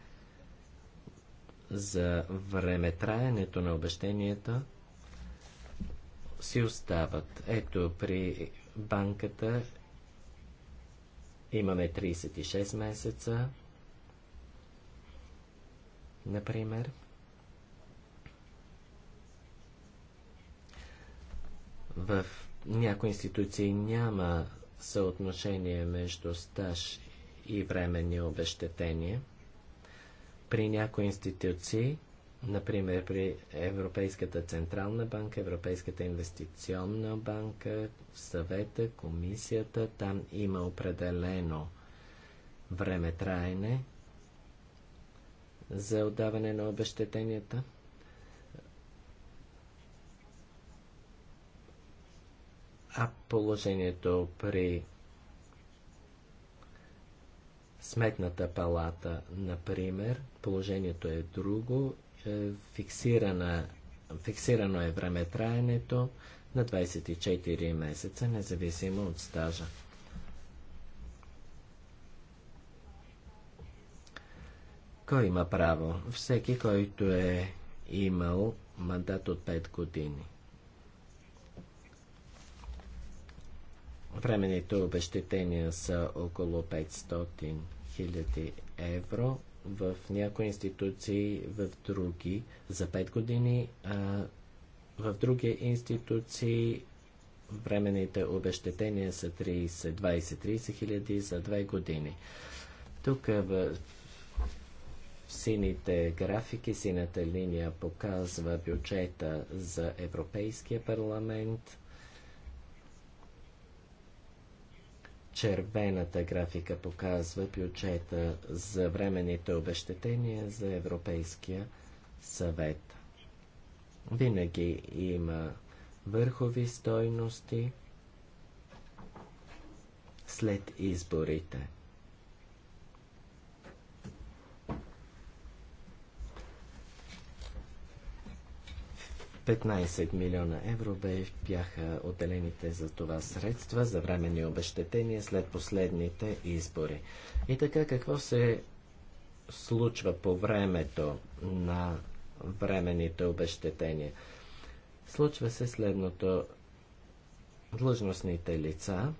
за времетраенето на обещенията си остават. Ето, при банката Имаме 36 месеца, например. В някои институции няма съотношение между стаж и временни обещетения. При някои институции Например, при Европейската Централна банка, Европейската инвестиционна банка, съвета, комисията, там има определено време траене за отдаване на обещетенията. А положението при Сметната палата, например, положението е друго е, фиксирана, фиксирано е време траенето на 24 месеца, независимо от стажа. Кой има право? Всеки, който е имал мандат от 5 години. Временните обещетения са около 500 000 евро в някои институции, в други за 5 години, а в други институции временните обещетения са 20-30 хиляди за 2 години. Тук е в сините графики, сината линия показва бюджета за Европейския парламент червената графика показва бюджета за временните обещетения за Европейския съвет. Винаги има върхови стойности след изборите. 15 милиона евро бяха отделените за това средства за временни обещетения след последните избори. И така, какво се случва по времето на временните обещетения? Случва се следното. Длъжностните лица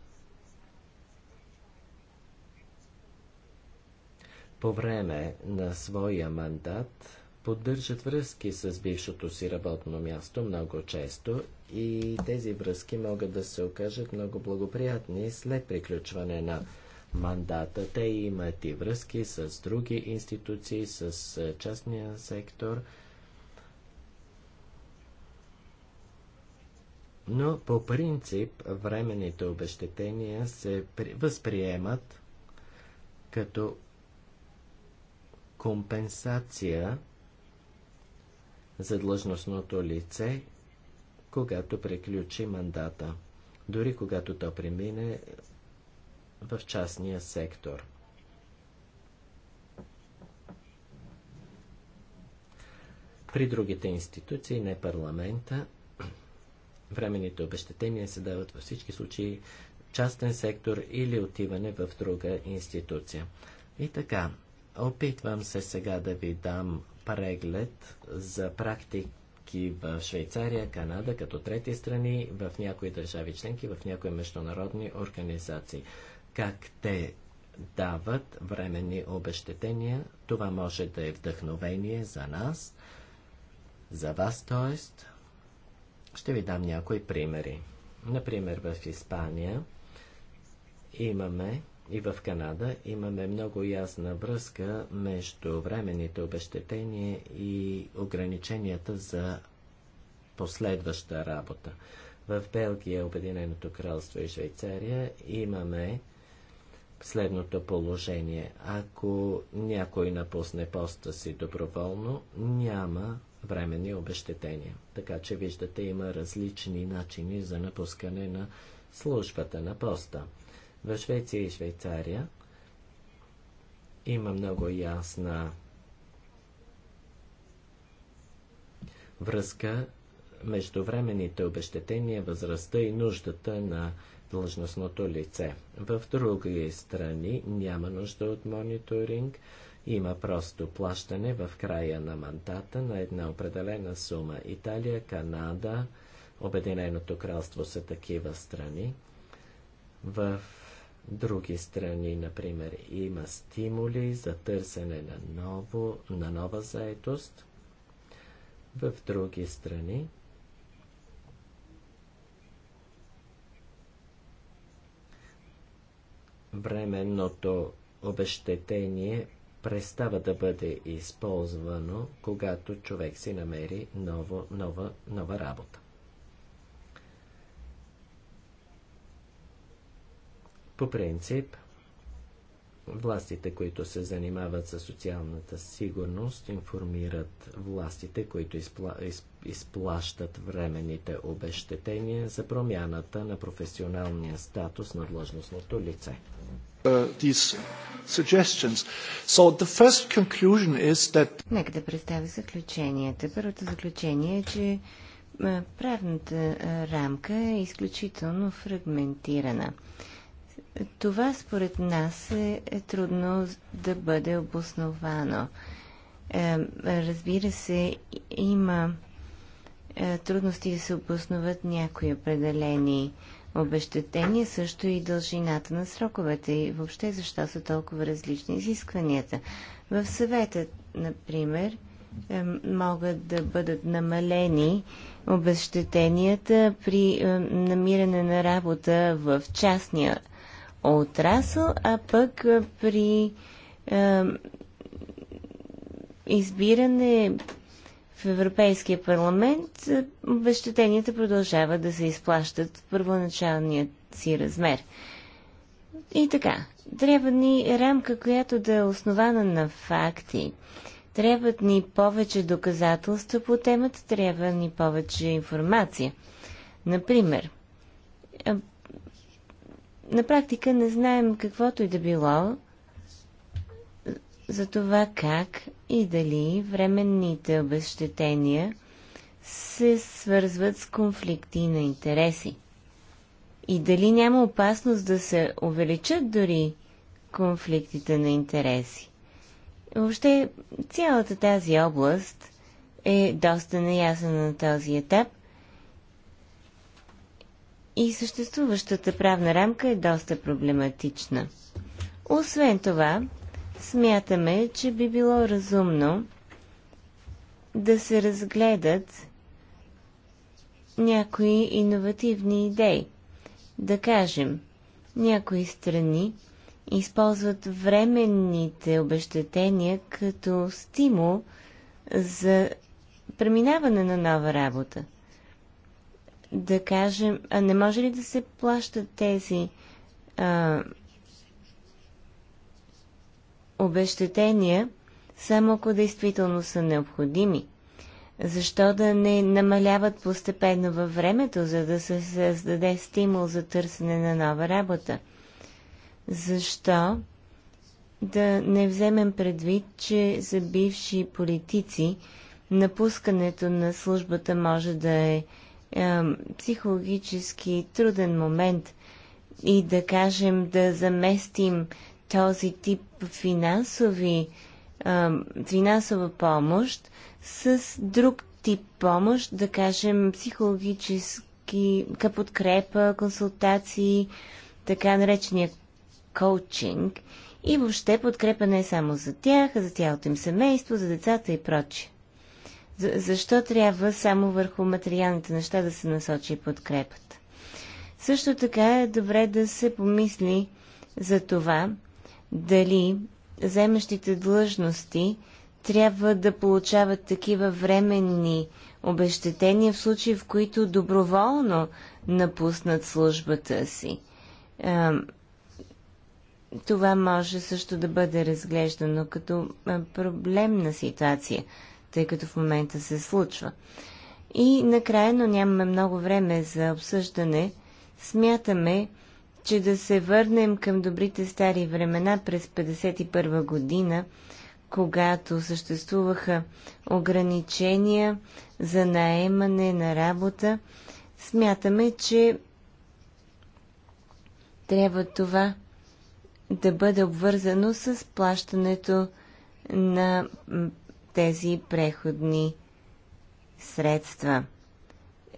по време на своя мандат поддържат връзки с бившото си работно място много често и тези връзки могат да се окажат много благоприятни след приключване на мандата. Те имат и връзки с други институции, с частния сектор. Но по принцип временните обещетения се възприемат като компенсация за длъжностното лице, когато приключи мандата, дори когато то премине в частния сектор. При другите институции, не парламента, временните обещетения се дават във всички случаи частен сектор или отиване в друга институция. И така, опитвам се сега да ви дам преглед за практики в Швейцария, Канада, като трети страни, в някои държави членки, в някои международни организации. Как те дават временни обещетения, това може да е вдъхновение за нас, за вас, т.е. ще ви дам някои примери. Например, в Испания имаме и в Канада имаме много ясна връзка между временните обещетения и ограниченията за последваща работа. В Белгия, Обединеното кралство и Швейцария имаме следното положение. Ако някой напусне поста си доброволно, няма временни обещетения. Така че виждате, има различни начини за напускане на службата на поста. В Швеция и Швейцария има много ясна връзка между временните обещетения, възрастта и нуждата на длъжностното лице. В други страни няма нужда от мониторинг, има просто плащане в края на мандата на една определена сума. Италия, Канада, Обединеното кралство са такива страни. В други страни, например, има стимули за търсене на, ново, на нова заетост. В други страни временното обещетение престава да бъде използвано, когато човек си намери ново, нова, нова работа. По принцип, властите, които се занимават с социалната сигурност, информират властите, които изпла... из... изплащат временните обещетения за промяната на професионалния статус на длъжностното лице. Uh, Нека да представя заключенията. Първото заключение е, че правната рамка е изключително фрагментирана. Това според нас е, е трудно да бъде обосновано. Е, разбира се, има е, трудности да се обосноват някои определени обещетения, също и дължината на сроковете и въобще защо са толкова различни изискванията. В съвета, например, е, могат да бъдат намалени обещетенията при е, намиране на работа в частния отрасъл, а пък при е, избиране в Европейския парламент обещетенията продължават да се изплащат в първоначалният си размер. И така, трябва ни рамка, която да е основана на факти. Трябват ни повече доказателства по темата, трябва ни повече информация. Например, на практика не знаем каквото и да било за това как и дали временните обещетения се свързват с конфликти на интереси. И дали няма опасност да се увеличат дори конфликтите на интереси. Въобще цялата тази област е доста неясна на този етап – и съществуващата правна рамка е доста проблематична. Освен това, смятаме, че би било разумно да се разгледат някои иновативни идеи. Да кажем, някои страни използват временните обещетения като стимул за преминаване на нова работа да кажем, а не може ли да се плащат тези а, обещетения, само ако действително са необходими? Защо да не намаляват постепенно във времето, за да се създаде стимул за търсене на нова работа? Защо да не вземем предвид, че за бивши политици напускането на службата може да е е, психологически труден момент и да кажем да заместим този тип финансови, е, финансова помощ с друг тип помощ, да кажем психологически подкрепа, консултации, така наречения коучинг и въобще подкрепа не само за тях, а за цялото им семейство, за децата и прочие. Защо трябва само върху материалните неща да се насочи подкрепата? Също така е добре да се помисли за това, дали заемащите длъжности трябва да получават такива временни обещетения в случаи, в които доброволно напуснат службата си. Това може също да бъде разглеждано като проблемна ситуация тъй като в момента се случва. И накрая, но нямаме много време за обсъждане, смятаме, че да се върнем към добрите стари времена през 1951 година, когато съществуваха ограничения за наемане на работа, смятаме, че трябва това да бъде обвързано с плащането на тези преходни средства.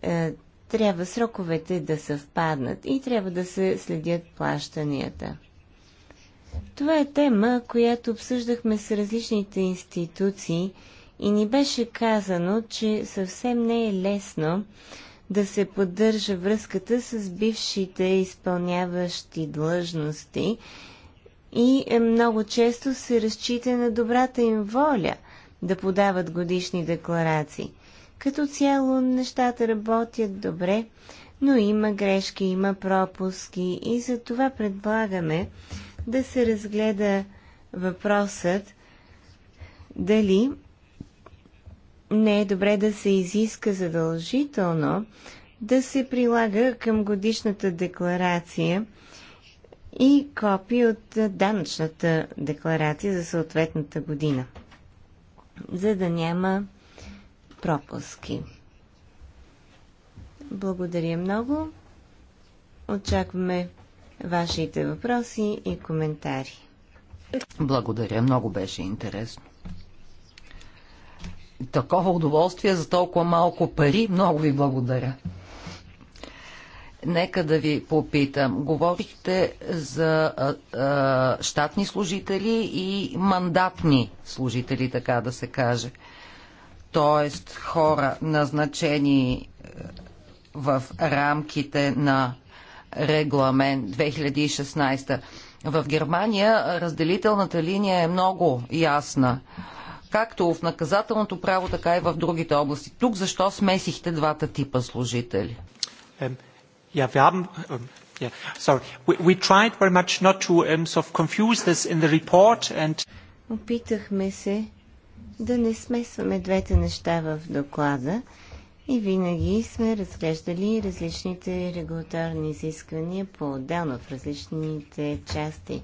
Е, трябва сроковете да съвпаднат и трябва да се следят плащанията. Това е тема, която обсъждахме с различните институции и ни беше казано, че съвсем не е лесно да се поддържа връзката с бившите изпълняващи длъжности и е, много често се разчита на добрата им воля – да подават годишни декларации. Като цяло нещата работят добре, но има грешки, има пропуски и за това предлагаме да се разгледа въпросът дали не е добре да се изиска задължително да се прилага към годишната декларация и копия от данъчната декларация за съответната година за да няма пропуски. Благодаря много. Очакваме вашите въпроси и коментари. Благодаря, много беше интересно. Такова удоволствие за толкова малко пари. Много ви благодаря. Нека да ви попитам. Говорихте за а, а, щатни служители и мандатни служители, така да се каже. Тоест хора назначени е, в рамките на регламент 2016. В Германия разделителната линия е много ясна. Както в наказателното право, така и в другите области. Тук защо смесихте двата типа служители? Yeah, we haben, um, yeah, sorry. We, we tried very much not to um, sort of confuse this in the report and... Опитахме се да не смесваме двете неща в доклада и винаги сме разглеждали различните регулаторни изисквания по-отделно в различните части.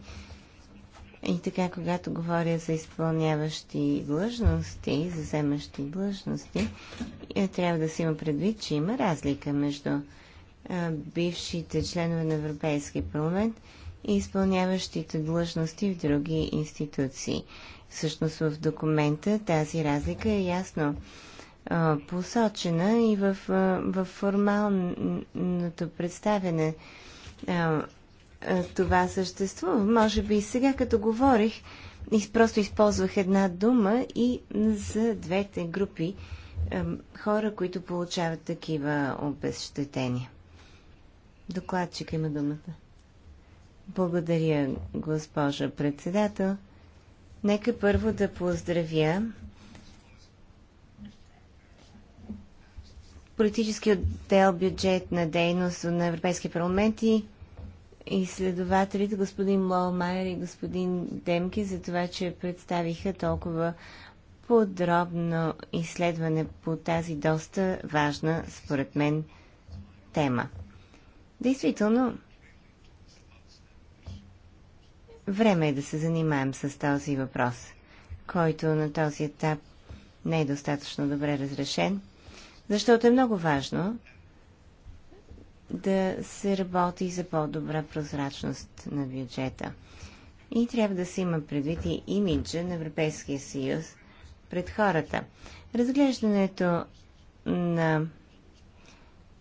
И така, когато говоря за изпълняващи длъжности, за вземащи длъжности, е, трябва да се има предвид, че има разлика между бившите членове на Европейския парламент и изпълняващите длъжности в други институции. Всъщност в документа тази разлика е ясно посочена и в, в формалното представяне това съществува. Може би и сега, като говорих, просто използвах една дума и за двете групи хора, които получават такива обезщетения. Докладчик има думата. Благодаря, госпожа председател. Нека първо да поздравя политическия отдел бюджет на дейност на Европейския парламент и изследователите господин Майер и господин Демки за това, че представиха толкова подробно изследване по тази доста важна, според мен, тема. Действително, време е да се занимаем с този въпрос, който на този етап не е достатъчно добре разрешен, защото е много важно да се работи за по-добра прозрачност на бюджета. И трябва да се има предвид и имиджа на Европейския съюз пред хората. Разглеждането на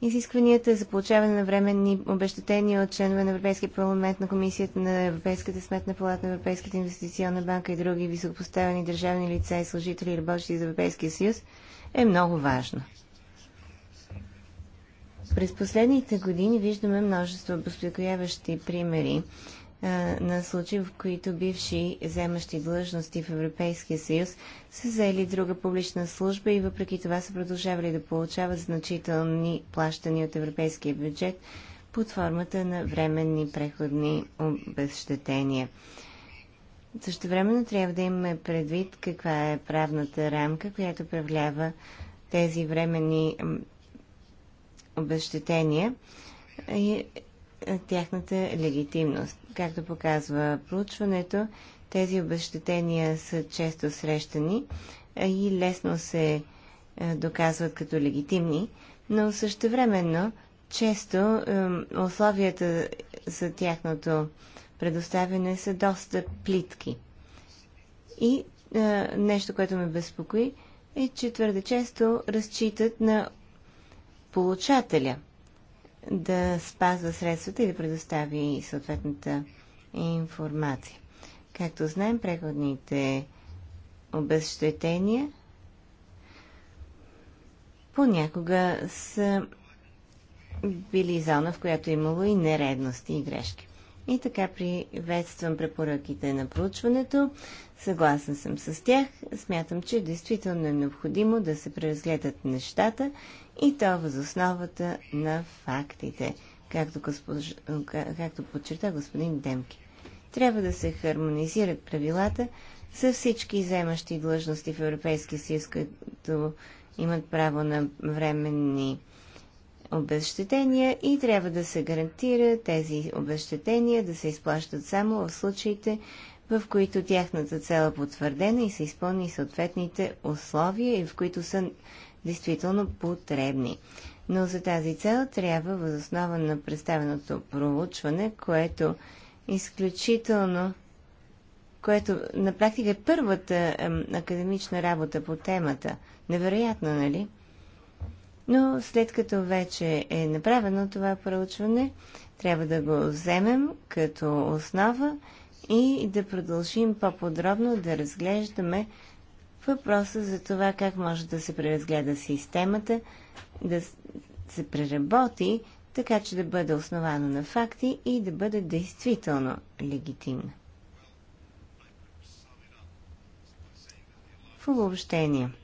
Изискванията за получаване на временни обещатения от членове на Европейския парламент, на Комисията на Европейската сметна палата, на Европейската инвестиционна банка и други високопоставени държавни лица и служители, работещи за Европейския съюз, е много важно. През последните години виждаме множество обезпокояващи примери на случаи, в които бивши вземащи длъжности в Европейския съюз са взели друга публична служба и въпреки това са продължавали да получават значителни плащания от европейския бюджет под формата на временни преходни обещетения. Също времено трябва да имаме предвид каква е правната рамка, която управлява тези временни обещетения тяхната легитимност. Както показва проучването, тези обещетения са често срещани и лесно се доказват като легитимни, но същевременно често условията за тяхното предоставяне са доста плитки. И нещо, което ме безпокои, е, че твърде често разчитат на получателя – да спазва средствата и да предостави съответната информация. Както знаем, преходните обезщетения понякога са били зона, в която е имало и нередности и грешки. И така приветствам препоръките на проучването. Съгласна съм с тях. Смятам, че действително е необходимо да се преразгледат нещата и то въз основата на фактите, както, госпож... както подчерта господин Демки. Трябва да се хармонизират правилата с всички заемащи длъжности в Европейския съюз, като имат право на временни обещетения и трябва да се гарантира тези обещетения да се изплащат само в случаите, в които тяхната цел е потвърдена и се изпълни съответните условия и в които са действително потребни. Но за тази цел трябва възоснова на представеното проучване, което изключително което на практика е първата академична работа по темата. Невероятно, нали? Но след като вече е направено това проучване, трябва да го вземем като основа и да продължим по-подробно да разглеждаме въпроса за това как може да се преразгледа системата, да се преработи, така че да бъде основано на факти и да бъде действително легитимна. В обобщение –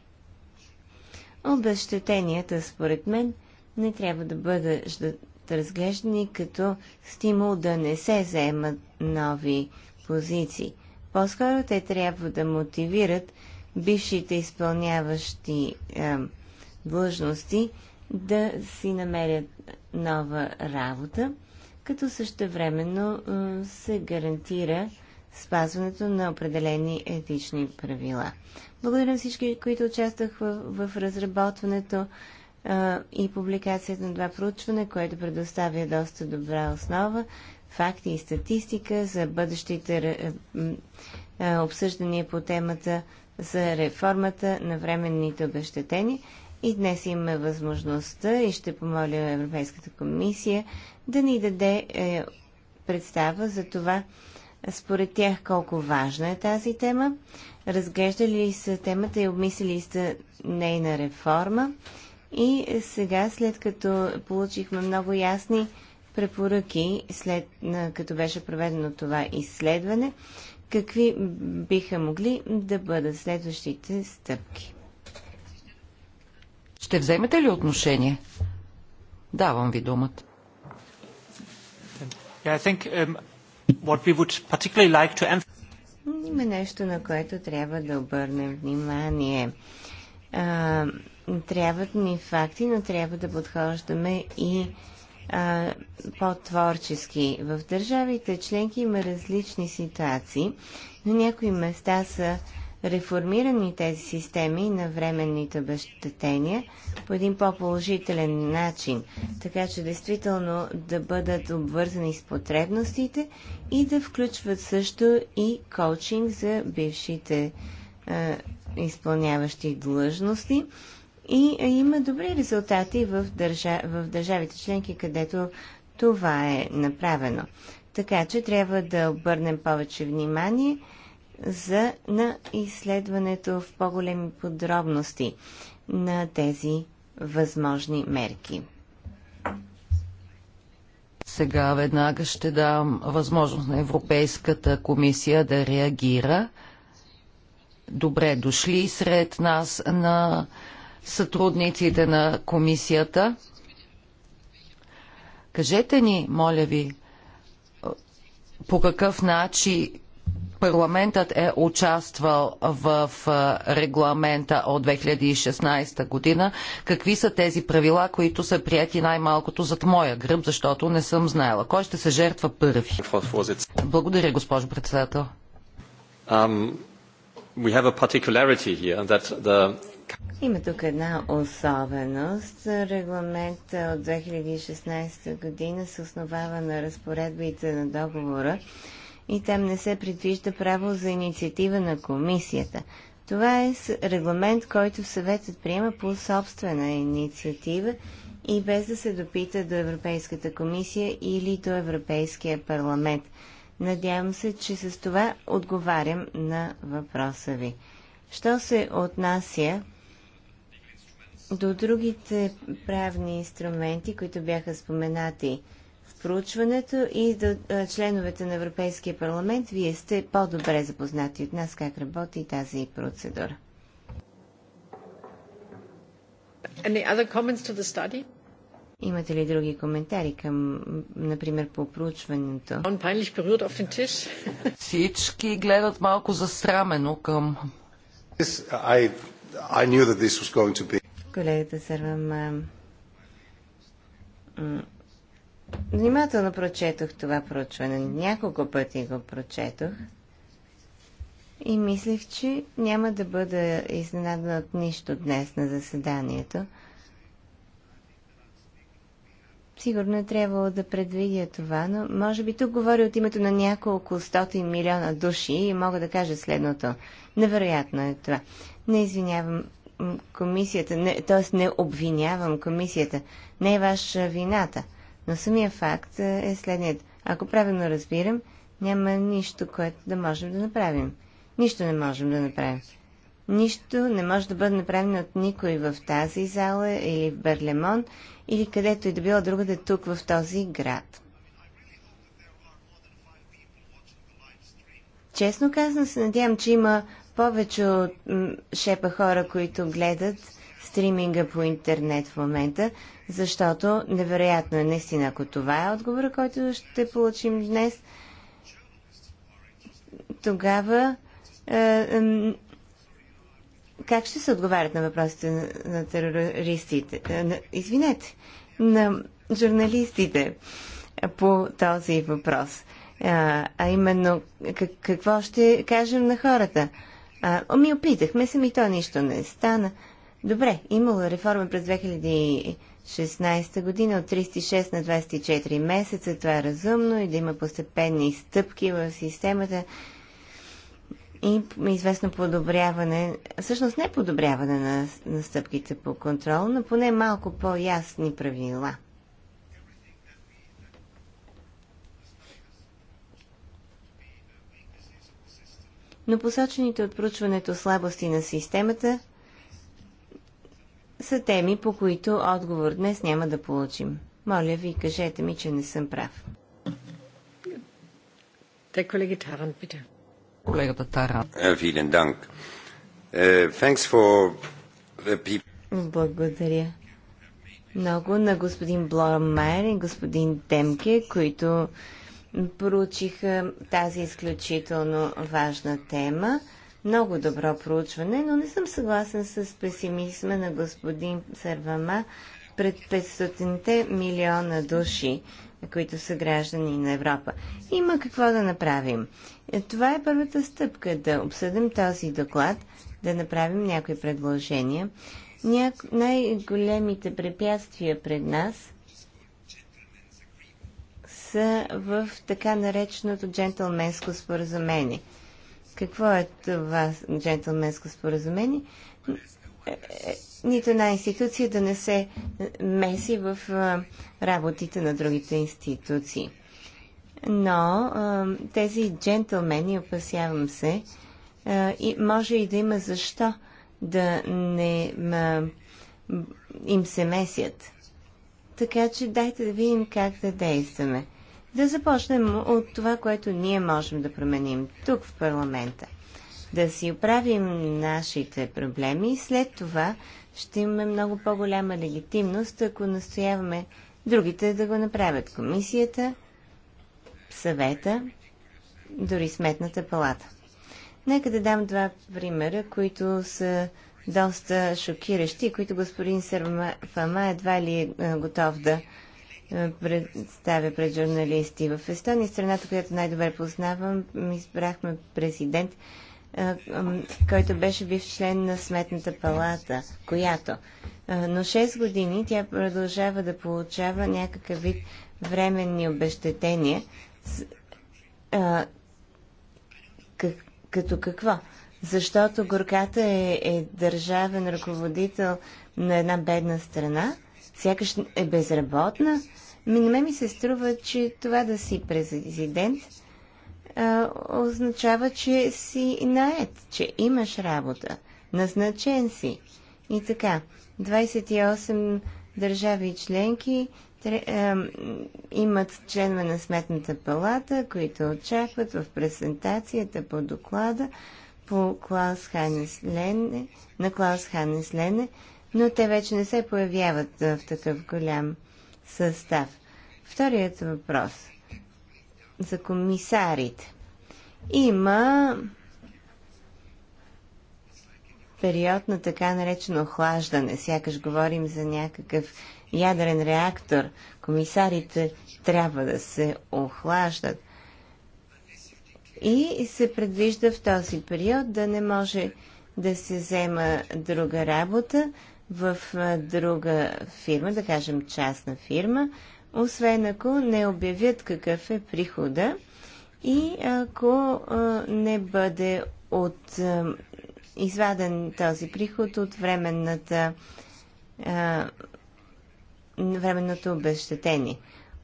обещетенията, според мен, не трябва да бъдат разглеждани като стимул да не се заемат нови позиции. По-скоро те трябва да мотивират бившите изпълняващи е, длъжности да си намерят нова работа, като същевременно е, се гарантира спазването на определени етични правила. Благодаря всички, които участвах в, в разработването а, и публикацията на това проучване, което предоставя доста добра основа, факти и статистика за бъдещите а, обсъждания по темата за реформата на временните обещатени. И днес имаме възможността и ще помоля Европейската комисия да ни даде е, представа за това, според тях колко важна е тази тема, разглеждали ли са темата и обмислили са нейна реформа. И сега, след като получихме много ясни препоръки, след като беше проведено това изследване, какви биха могли да бъдат следващите стъпки? Ще вземете ли отношение? Давам ви думата. Yeah, I think, um, има нещо, на което трябва да обърнем внимание. А, трябват ни факти, но трябва да подхождаме и а, по-творчески. В държавите членки има различни ситуации. но някои места са реформирани тези системи на временните обещатения по един по-положителен начин, така че действително да бъдат обвързани с потребностите и да включват също и коучинг за бившите е, изпълняващи длъжности. И има добри резултати в, държа... в държавите членки, където това е направено. Така че трябва да обърнем повече внимание – за, на изследването в по-големи подробности на тези възможни мерки. Сега веднага ще дам възможност на Европейската комисия да реагира. Добре дошли сред нас на сътрудниците на комисията. Кажете ни, моля ви, по какъв начин Парламентът е участвал в регламента от 2016 година. Какви са тези правила, които са прияти най-малкото зад моя гръб, защото не съм знаела. Кой ще се жертва първи? Благодаря, госпожо председател. Um, the... Има тук една особеност. Регламент от 2016 година се основава на разпоредбите на договора и там не се предвижда право за инициатива на комисията. Това е регламент, който съветът приема по собствена инициатива и без да се допита до Европейската комисия или до Европейския парламент. Надявам се, че с това отговарям на въпроса ви. Що се отнася до другите правни инструменти, които бяха споменати проучването и до членовете на Европейския парламент, вие сте по-добре запознати от нас как работи тази процедура. Имате ли други коментари към, например, по проучването? Всички гледат малко засрамено към... Колегата Сървам Внимателно прочетох това проучване. Няколко пъти го прочетох. И мислех, че няма да бъда изненадана от нищо днес на заседанието. Сигурно е трябвало да предвидя това, но може би тук говоря от името на няколко стоти милиона души и мога да кажа следното. Невероятно е това. Не извинявам комисията, т.е. не обвинявам комисията. Не е ваша вината. Но самия факт е следният. Ако правилно разбирам, няма нищо, което да можем да направим. Нищо не можем да направим. Нищо не може да бъде направено от никой в тази зала или в Берлемон или където и да било другаде тук в този град. Честно казано се надявам, че има повече от шепа хора, които гледат стриминга по интернет в момента, защото невероятно е наистина, ако това е отговора, който ще получим днес, тогава е, как ще се отговарят на въпросите на, на терористите, е, на, извинете, на журналистите по този въпрос? А, е, а именно, как, какво ще кажем на хората? А, ми опитахме се, ми то нищо не стана. Добре, имало е реформа през 2016 година от 36 на 24 месеца. Това е разумно и да има постепенни стъпки в системата и известно подобряване, всъщност не подобряване на, на стъпките по контрол, но поне малко по-ясни правила. Но посочените от проучването слабости на системата – са теми, по които отговор днес няма да получим. Моля ви, кажете ми, че не съм прав. Таран, Колегата Таран. Е, е, Благодаря. Много на господин Бломайер и господин Демке, които проучиха тази изключително важна тема много добро проучване, но не съм съгласен с песимизма на господин Сервама пред 500-те милиона души, които са граждани на Европа. Има какво да направим. Е, това е първата стъпка да обсъдим този доклад, да направим някои предложения. Ня... Най-големите препятствия пред нас са в така нареченото джентълменско споразумение – какво е това джентлменско споразумение? Е, е, нито една институция да не се меси в работите на другите институции. Но тези джентлмени, опасявам се, и може и да има защо да не им се месят. Така че дайте да видим как да действаме. Да започнем от това, което ние можем да променим тук в парламента. Да си оправим нашите проблеми и след това ще имаме много по-голяма легитимност, ако настояваме другите да го направят. Комисията, съвета, дори сметната палата. Нека да дам два примера, които са доста шокиращи, които господин Фама едва ли е, е готов да е, представя пред журналисти. В Естония, е страната, която най-добре познавам, избрахме президент, е, който беше бив член на Сметната палата, която. Но 6 години тя продължава да получава някакъв вид временни обещетения. Като какво? Защото горката е, е държавен ръководител на една бедна страна, сякаш е безработна, ми не ми се струва, че това да си президент а, означава, че си наед, че имаш работа, назначен си. И така, 28 държави и членки тре, а, имат членове на Сметната палата, които очакват в презентацията по доклада по Клаус Ханес Лене, на Клаус Ханес Лене, но те вече не се появяват в такъв голям състав. Вторият въпрос за комисарите. Има период на така наречено охлаждане. Сякаш говорим за някакъв ядрен реактор. Комисарите трябва да се охлаждат. И се предвижда в този период да не може да се взема друга работа, в друга фирма, да кажем частна фирма, освен ако не обявят какъв е прихода и ако не бъде от изваден този приход от временната временното обещетение.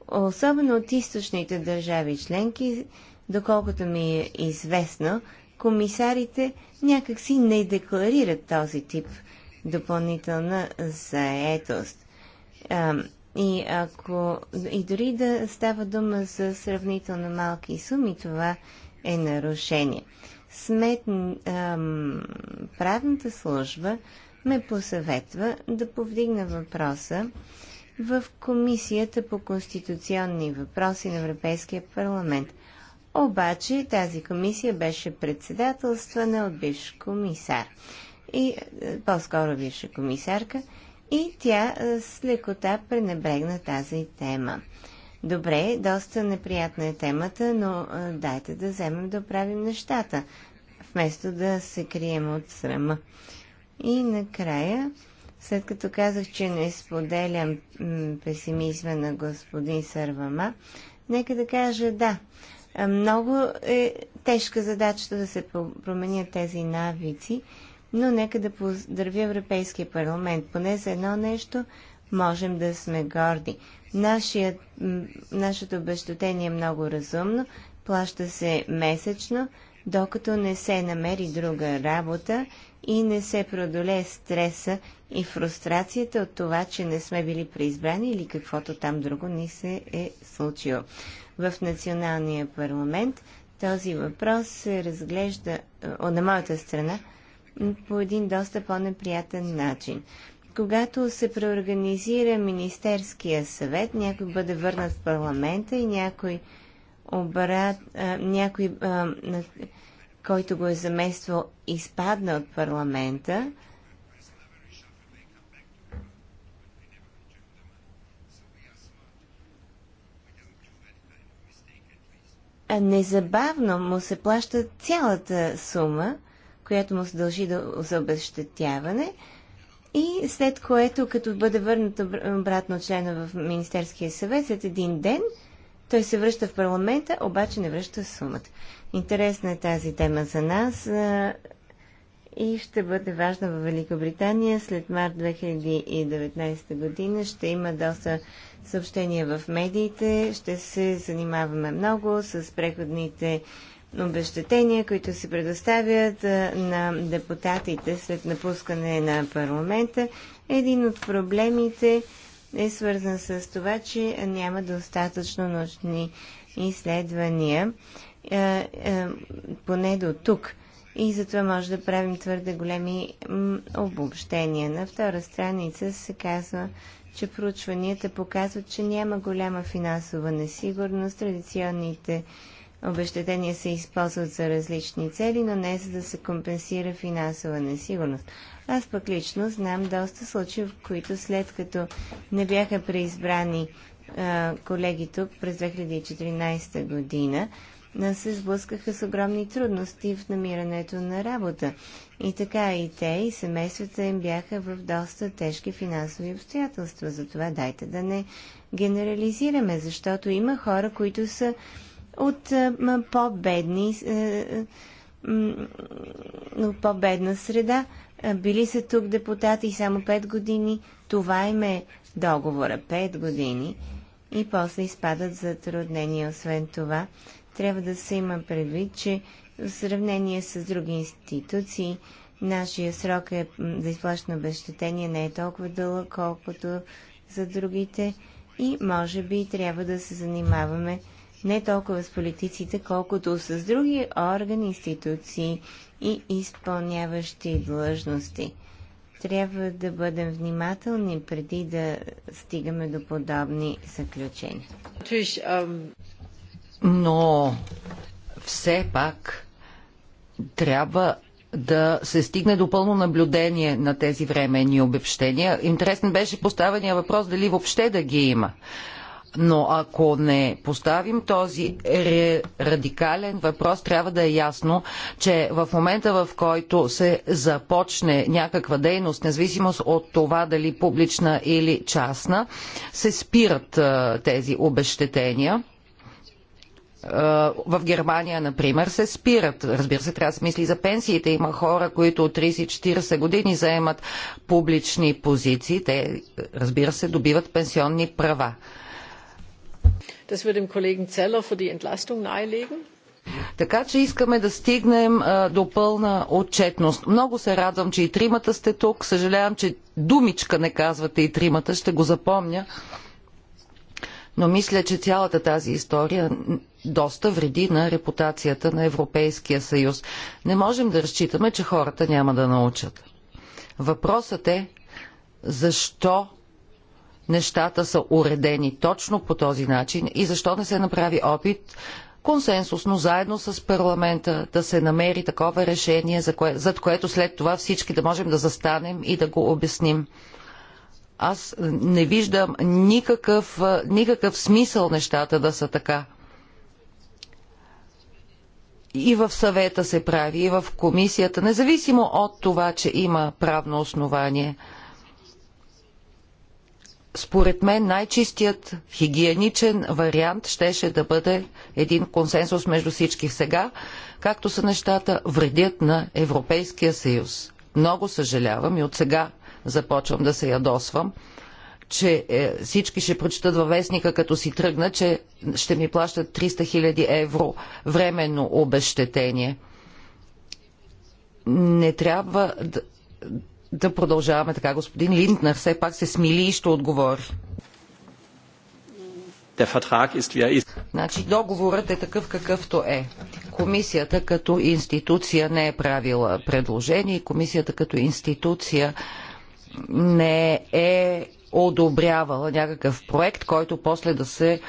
Особено от източните държави членки, доколкото ми е известно, комисарите някакси не декларират този тип допълнителна заетост. И, ако, и дори да става дума за сравнително малки суми, това е нарушение. Смет, ам, правната служба ме посъветва да повдигна въпроса в Комисията по конституционни въпроси на Европейския парламент. Обаче тази комисия беше председателствана от бивш комисар и е, по-скоро бивша комисарка, и тя е, с лекота пренебрегна тази тема. Добре, доста неприятна е темата, но е, дайте да вземем да правим нещата, вместо да се крием от срама. И накрая, след като казах, че не споделям песимизма на господин Сървама, нека да кажа да. Много е тежка задача да се променят тези навици но нека да поздравя Европейския парламент. Поне за едно нещо можем да сме горди. Нашият, нашето обещотение е много разумно, плаща се месечно, докато не се намери друга работа и не се продолее стреса и фрустрацията от това, че не сме били преизбрани или каквото там друго ни се е случило. В националния парламент този въпрос се разглежда е, на моята страна по един доста по-неприятен начин. Когато се преорганизира Министерския съвет, някой бъде върнат в парламента и някой, обрат, а, някой а, който го е замествал, изпадна от парламента, незабавно му се плаща цялата сума – която му се дължи за обещетяване и след което, като бъде върнат обратно члена в Министерския съвет след един ден, той се връща в парламента, обаче не връща сумата. Интересна е тази тема за нас а, и ще бъде важна в Великобритания. След март 2019 година ще има доста съобщения в медиите. Ще се занимаваме много с преходните обещетения, които се предоставят на депутатите след напускане на парламента. Един от проблемите е свързан с това, че няма достатъчно научни изследвания, поне до тук. И затова може да правим твърде големи обобщения. На втора страница се казва, че проучванията показват, че няма голяма финансова несигурност. Традиционните обещетения се използват за различни цели, но не за да се компенсира финансова несигурност. Аз пък лично знам доста случаи, в които след като не бяха преизбрани а, колеги тук през 2014 година, се сблъскаха с огромни трудности в намирането на работа. И така и те, и семействата им бяха в доста тежки финансови обстоятелства. Затова дайте да не генерализираме, защото има хора, които са от е, по-бедни е, е, от по-бедна среда. Били са тук депутати само 5 години. Това им е договора 5 години. И после изпадат затруднения. Освен това, трябва да се има предвид, че в сравнение с други институции, нашия срок е да изплащане обещетение не е толкова дълъг, колкото за другите. И може би трябва да се занимаваме не толкова с политиците, колкото с други органи, институции и изпълняващи длъжности. Трябва да бъдем внимателни преди да стигаме до подобни заключения. Но все пак трябва да се стигне до пълно наблюдение на тези временни обобщения. Интересен беше поставения въпрос дали въобще да ги има. Но ако не поставим този радикален въпрос, трябва да е ясно, че в момента в който се започне някаква дейност, независимост от това дали публична или частна, се спират тези обещетения в Германия, например, се спират. Разбира се, трябва да се мисли за пенсиите. Има хора, които от 30-40 години заемат публични позиции. Те, разбира се, добиват пенсионни права. Das wir dem Kollegen Zeller für die Entlastung nahelegen. Така че искаме да стигнем а, до пълна отчетност. Много се радвам, че и тримата сте тук. Съжалявам, че думичка не казвате и тримата. Ще го запомня. Но мисля, че цялата тази история доста вреди на репутацията на Европейския съюз. Не можем да разчитаме, че хората няма да научат. Въпросът е защо нещата са уредени точно по този начин и защо не се направи опит консенсусно, заедно с парламента, да се намери такова решение, за кое, зад което след това всички да можем да застанем и да го обясним. Аз не виждам никакъв, никакъв смисъл нещата да са така. И в съвета се прави, и в комисията, независимо от това, че има правно основание – според мен най-чистият хигиеничен вариант щеше да бъде един консенсус между всички. Сега, както са нещата, вредят на Европейския съюз. Много съжалявам и от сега започвам да се ядосвам, че е, всички ще прочитат във вестника, като си тръгна, че ще ми плащат 300 000 евро временно обещетение. Не трябва да, да продължаваме така. Господин Линднер все пак се смили и ще отговори. Er значи договорът е такъв какъвто е. Комисията като институция не е правила предложение и комисията като институция не е одобрявала някакъв проект, който после да се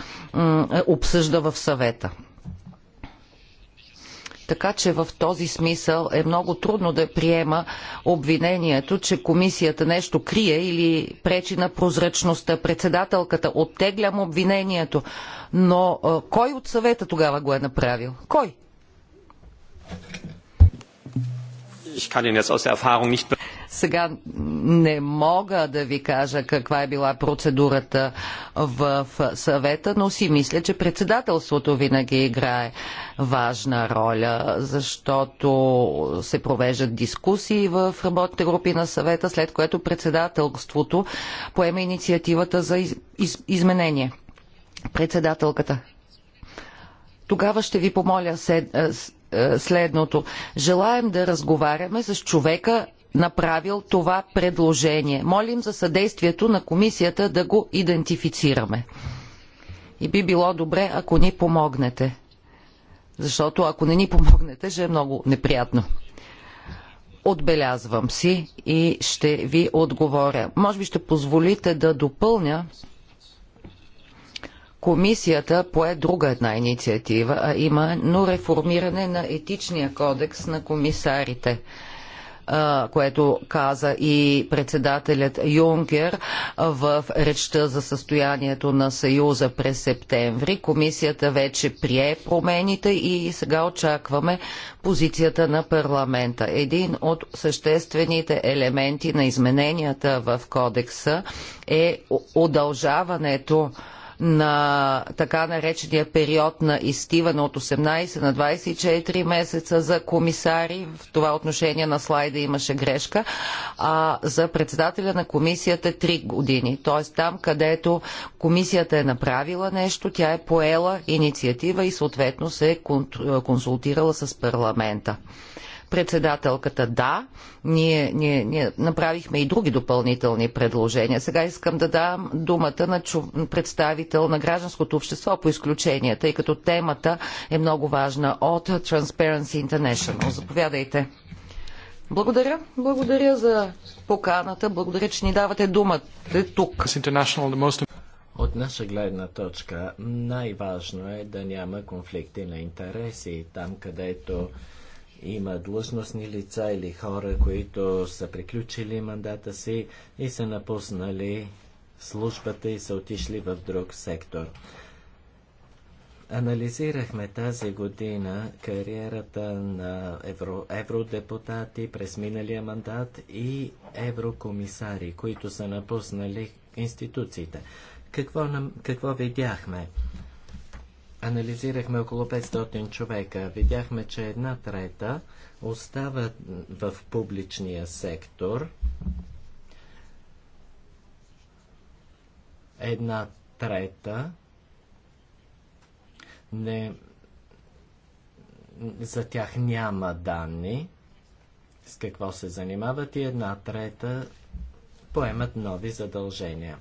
обсъжда в съвета. Така че в този смисъл е много трудно да приема обвинението, че комисията нещо крие или пречи на прозрачността. Председателката оттеглям обвинението, но е, кой от съвета тогава го е направил? Кой? ich kann jetzt aus der Erfahrung nicht сега не мога да ви кажа каква е била процедурата в съвета, но си мисля, че председателството винаги играе важна роля, защото се провеждат дискусии в работните групи на съвета, след което председателството поема инициативата за из, из, изменение. Председателката. Тогава ще ви помоля се, е, е, следното. Желаем да разговаряме с човека, направил това предложение. Молим за съдействието на комисията да го идентифицираме. И би било добре, ако ни помогнете. Защото ако не ни помогнете, ще е много неприятно. Отбелязвам си и ще ви отговоря. Може би ще позволите да допълня Комисията пое друга една инициатива, а именно реформиране на етичния кодекс на комисарите което каза и председателят Юнкер в речта за състоянието на Съюза през септември. Комисията вече прие промените и сега очакваме позицията на парламента. Един от съществените елементи на измененията в кодекса е удължаването на така наречения период на изтиване от 18 на 24 месеца за комисари. В това отношение на слайда имаше грешка. А за председателя на комисията 3 години. Т.е. там, където комисията е направила нещо, тя е поела инициатива и съответно се е консултирала с парламента. Председателката да, ние, ние, ние направихме и други допълнителни предложения. Сега искам да дам думата на чу... представител на гражданското общество по изключение, тъй като темата е много важна от Transparency International. Заповядайте. Благодаря. Благодаря за поканата. Благодаря, че ни давате думата тук. От наша гледна точка най-важно е да няма конфликти на интереси там, където има длъжностни лица или хора, които са приключили мандата си и са напуснали службата и са отишли в друг сектор. Анализирахме тази година кариерата на евро, евродепутати през миналия мандат и еврокомисари, които са напуснали институциите. Какво, нам, какво видяхме? анализирахме около 500 човека. Видяхме, че една трета остава в публичния сектор. Една трета не, за тях няма данни с какво се занимават и една трета поемат нови задължения.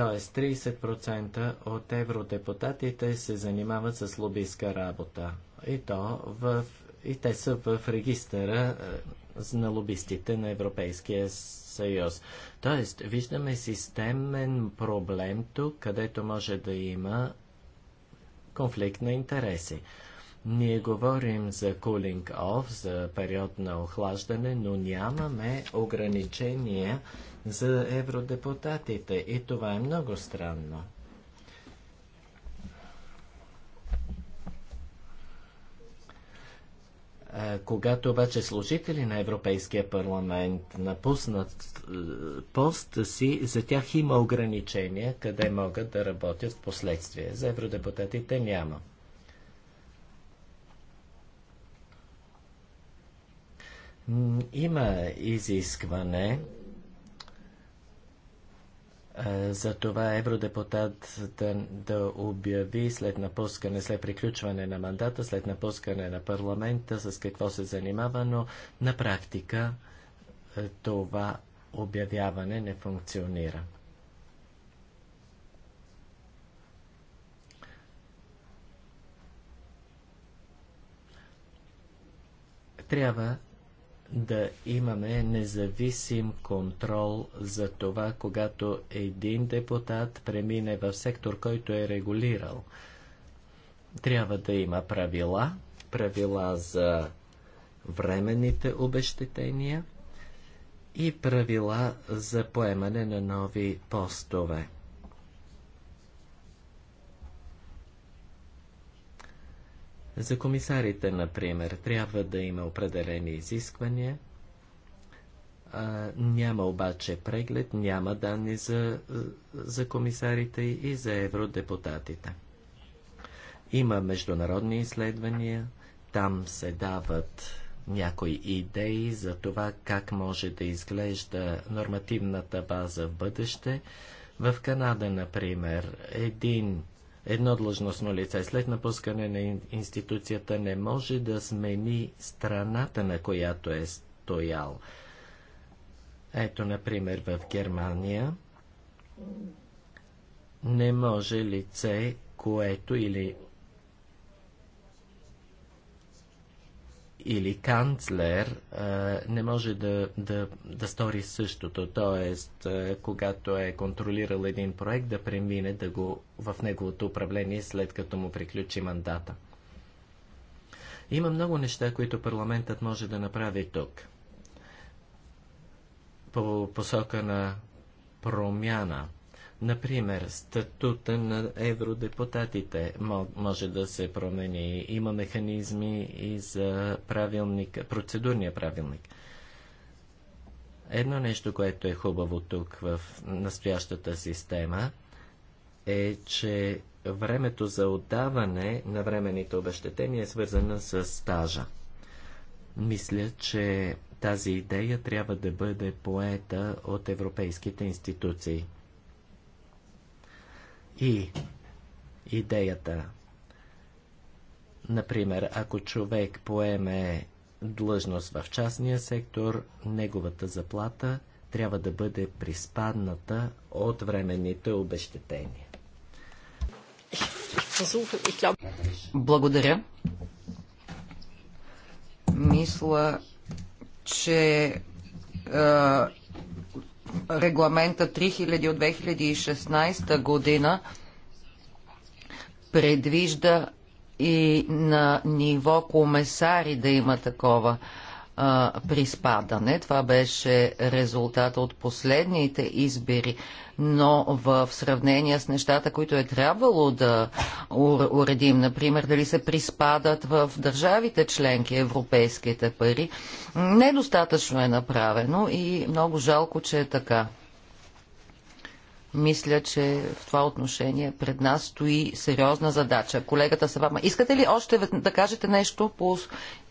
Тоест 30% от евродепутатите се занимават с лобистка работа. И, то в, и те са в регистъра е, на лобистите на Европейския съюз. Тоест, виждаме системен проблем тук, където може да има конфликт на интереси. Ние говорим за cooling off, за период на охлаждане, но нямаме ограничения за евродепутатите и това е много странно. Когато обаче служители на Европейския парламент напуснат е, поста си, за тях има ограничения къде могат да работят в последствие. За евродепутатите няма. Има изискване за това евродепутат да, да обяви след напускане, след приключване на мандата, след напускане на парламента, с какво се занимава, но на практика е, това обявяване не функционира. Трябва да имаме независим контрол за това, когато един депутат премине в сектор, който е регулирал. Трябва да има правила, правила за временните обещетения и правила за поемане на нови постове. За комисарите, например, трябва да има определени изисквания. А, няма обаче преглед, няма данни за, за комисарите и за евродепутатите. Има международни изследвания, там се дават някои идеи за това как може да изглежда нормативната база в бъдеще. В Канада, например, един едно длъжностно лице след напускане на институцията не може да смени страната, на която е стоял. Ето, например, в Германия не може лице, което или или канцлер не може да, да, да стори същото, т.е. когато е контролирал един проект, да премине да го, в неговото управление след като му приключи мандата. Има много неща, които парламентът може да направи тук. По посока на промяна – Например, статута на евродепутатите може да се промени. Има механизми и за правилник, процедурния правилник. Едно нещо, което е хубаво тук в настоящата система, е, че времето за отдаване на временните обещетения е свързано с стажа. Мисля, че тази идея трябва да бъде поета от европейските институции и идеята. Например, ако човек поеме длъжност в частния сектор, неговата заплата трябва да бъде приспадната от временните обещетения. Благодаря. Мисля, че регламента 3000 от 2016 година предвижда и на ниво комесари да има такова а, Това беше резултата от последните избери, но в сравнение с нещата, които е трябвало да уредим, например, дали се приспадат в държавите членки европейските пари, недостатъчно е направено и много жалко, че е така. Мисля, че в това отношение пред нас стои сериозна задача. Колегата Сабама, искате ли още да кажете нещо по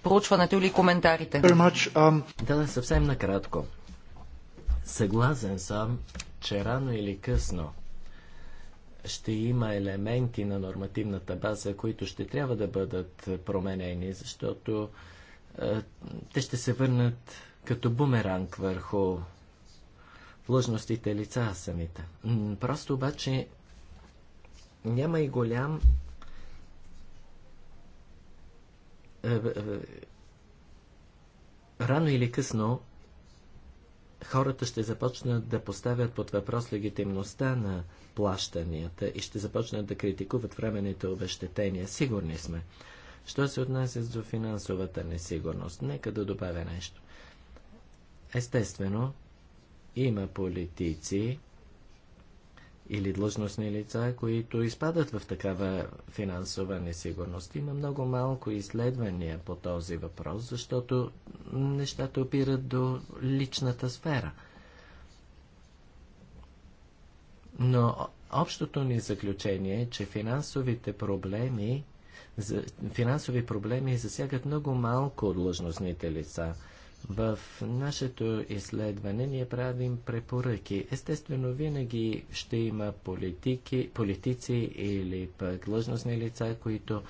проучването или коментарите? Um, да, съвсем накратко. Съгласен съм, че рано или късно ще има елементи на нормативната база, които ще трябва да бъдат променени, защото е, те ще се върнат като бумеранг върху длъжностите лица самите. Просто обаче няма и голям е, е, е, рано или късно хората ще започнат да поставят под въпрос легитимността на плащанията и ще започнат да критикуват временните обещетения. Сигурни сме. Що се отнася до финансовата несигурност? Нека да добавя нещо. Естествено, има политици или длъжностни лица, които изпадат в такава финансова несигурност. Има много малко изследвания по този въпрос, защото нещата опират до личната сфера. Но общото ни заключение е, че финансовите проблеми, финансови проблеми засягат много малко длъжностните лица – в нашето изследване ние правим препоръки. Естествено, винаги ще има политики, политици или пък длъжностни лица, които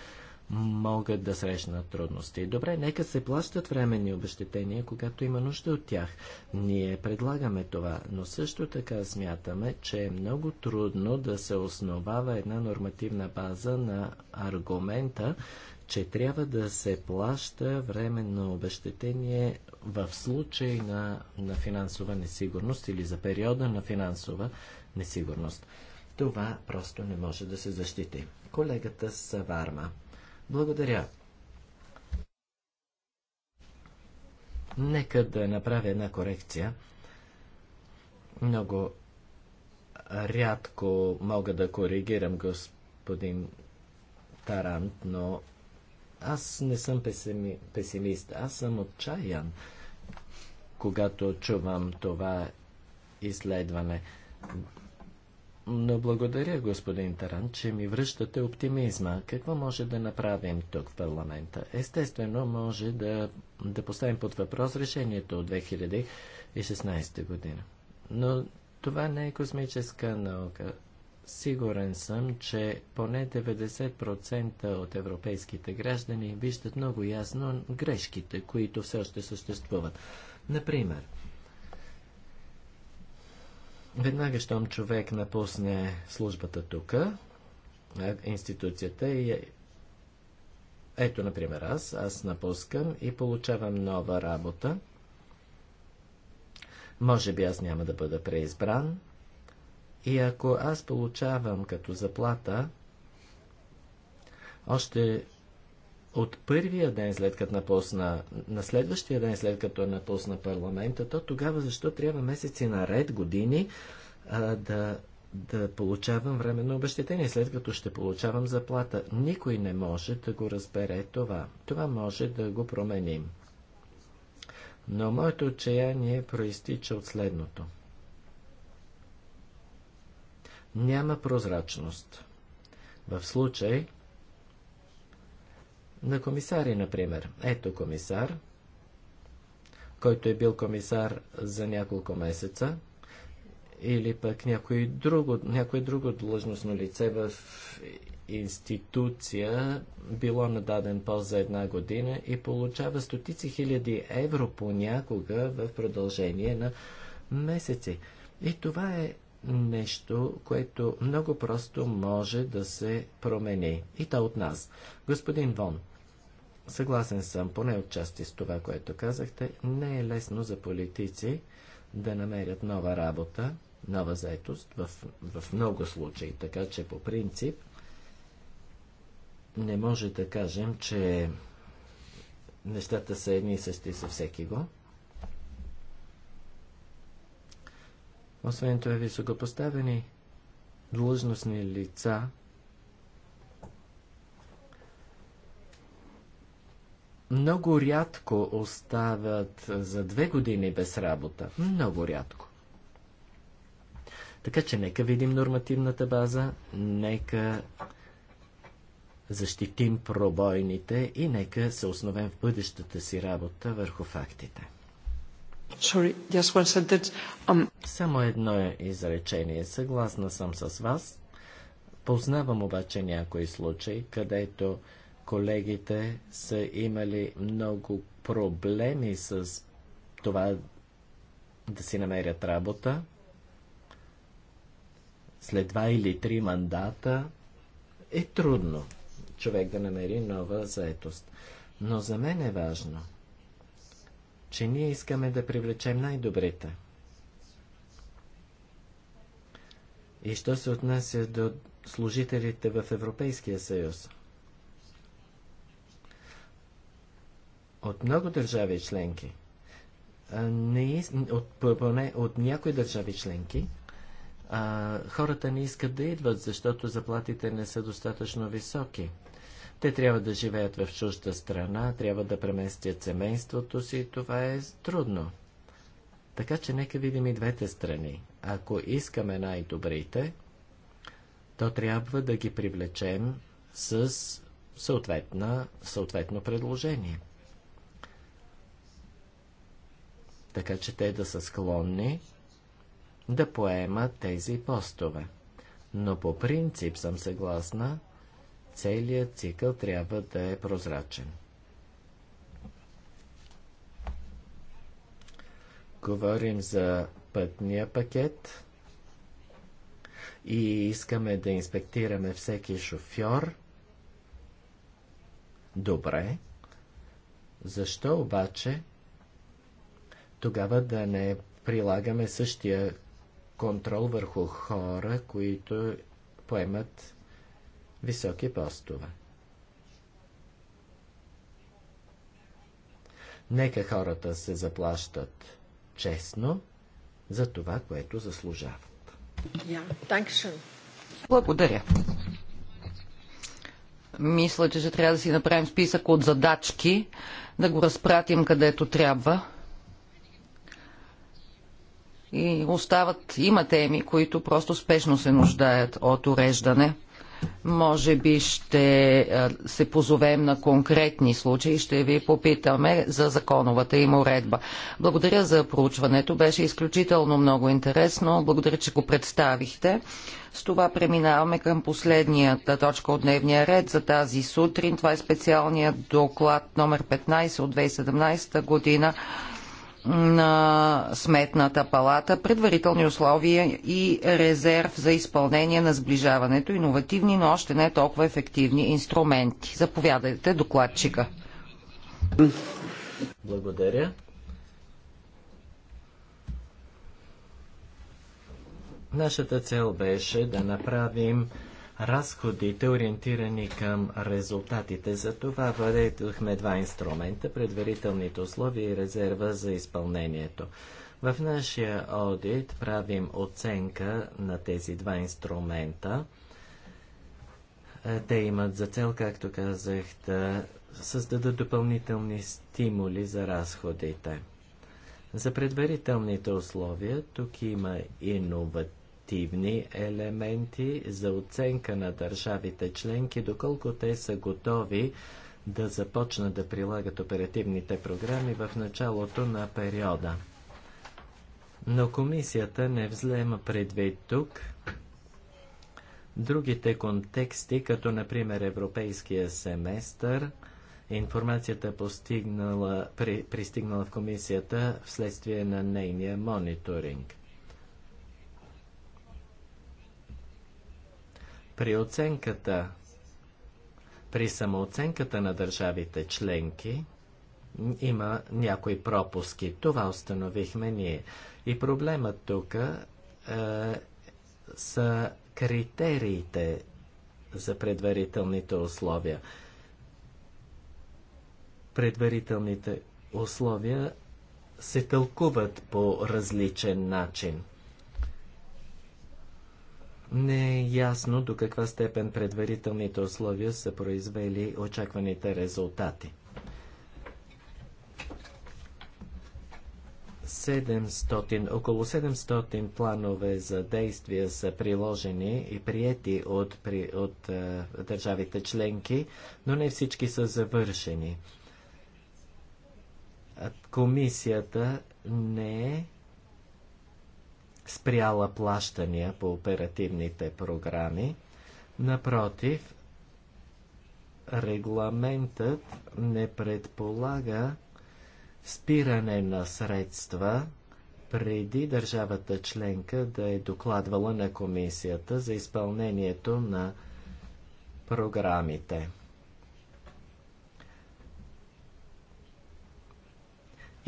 могат да срещнат трудности. Добре, нека се плащат временни обещетения, когато има нужда от тях. Ние предлагаме това, но също така смятаме, че е много трудно да се основава една нормативна база на аргумента, че трябва да се плаща временно обещетение в случай на, на финансова несигурност или за периода на финансова несигурност. Това просто не може да се защити. Колегата Саварма. Благодаря. Нека да направя една корекция. Много рядко мога да коригирам господин Тарант, но аз не съм песими, песимист, аз съм отчаян, когато чувам това изследване. Но благодаря, господин Таран, че ми връщате оптимизма. Какво може да направим тук в парламента? Естествено, може да, да поставим под въпрос решението от 2016 година. Но това не е космическа наука. Сигурен съм, че поне 90% от европейските граждани виждат много ясно грешките, които все още съществуват. Например, веднага, щом човек напусне службата тук, е, институцията и е- ето, например, аз, аз напускам и получавам нова работа. Може би аз няма да бъда преизбран, и ако аз получавам като заплата, още от първия ден след като напусна, на следващия ден след като е напусна парламента, то тогава защо трябва месеци наред, години а, да, да получавам временно обещетение, след като ще получавам заплата? Никой не може да го разбере това. Това може да го променим. Но моето отчаяние проистича от следното – няма прозрачност. В случай на комисари, например. Ето комисар, който е бил комисар за няколко месеца, или пък някой друго, някое друго длъжностно лице в институция било на даден пост за една година и получава стотици хиляди евро понякога в продължение на месеци. И това е нещо, което много просто може да се промени. И то от нас. Господин Вон, съгласен съм поне отчасти с това, което казахте. Не е лесно за политици да намерят нова работа, нова заетост в, в много случаи. Така че по принцип не може да кажем, че нещата са едни и същи за всеки го. Освен това, високопоставени длъжностни лица много рядко остават за две години без работа. Много рядко. Така че нека видим нормативната база, нека защитим пробойните и нека се основем в бъдещата си работа върху фактите. Sorry, just one sentence. Um... Само едно е изречение. Съгласна съм с вас. Познавам обаче някои случаи, където колегите са имали много проблеми с това да си намерят работа. След два или три мандата е трудно човек да намери нова заетост. Но за мен е важно – че ние искаме да привлечем най-добрите. И що се отнася до служителите в Европейския съюз? От много държави членки, не, от, поне от някои държави членки, а, хората не искат да идват, защото заплатите не са достатъчно високи. Те трябва да живеят в чужда страна, трябва да преместят семейството си и това е трудно. Така че нека видим и двете страни. Ако искаме най-добрите, то трябва да ги привлечем с съответно предложение. Така че те да са склонни да поемат тези постове. Но по принцип съм съгласна целият цикъл трябва да е прозрачен. Говорим за пътния пакет и искаме да инспектираме всеки шофьор. Добре. Защо обаче тогава да не прилагаме същия контрол върху хора, които поемат високи постове. Нека хората се заплащат честно за това, което заслужават. Yeah, Благодаря. Мисля, че ще трябва да си направим списък от задачки, да го разпратим където трябва. И остават, има теми, които просто спешно се нуждаят от уреждане. Може би ще се позовем на конкретни случаи и ще ви попитаме за законовата им уредба. Благодаря за проучването. Беше изключително много интересно. Благодаря, че го представихте. С това преминаваме към последнията точка от дневния ред за тази сутрин. Това е специалният доклад номер 15 от 2017 година на Сметната палата, предварителни условия и резерв за изпълнение на сближаването, иновативни, но още не толкова ефективни инструменти. Заповядайте, докладчика. Благодаря. Нашата цел беше да направим разходите, ориентирани към резултатите. За това въведохме два инструмента – предварителните условия и резерва за изпълнението. В нашия аудит правим оценка на тези два инструмента. Е, те имат за цел, както казах, да създадат допълнителни стимули за разходите. За предварителните условия тук има иновативност корективни елементи за оценка на държавите членки, доколко те са готови да започнат да прилагат оперативните програми в началото на периода. Но комисията не взема предвид тук другите контексти, като например европейския семестър, информацията постигнала, при, пристигнала в комисията вследствие на нейния мониторинг. При оценката, при самооценката на държавите членки, има някои пропуски. Това установихме ние. И проблемът тук е, са критериите за предварителните условия. Предварителните условия се тълкуват по различен начин. Не е ясно до каква степен предварителните условия са произвели очакваните резултати. 700, около 700 планове за действия са приложени и приети от, при, от е, държавите членки, но не всички са завършени. Комисията не е спряла плащания по оперативните програми. Напротив, регламентът не предполага спиране на средства преди държавата членка да е докладвала на комисията за изпълнението на програмите.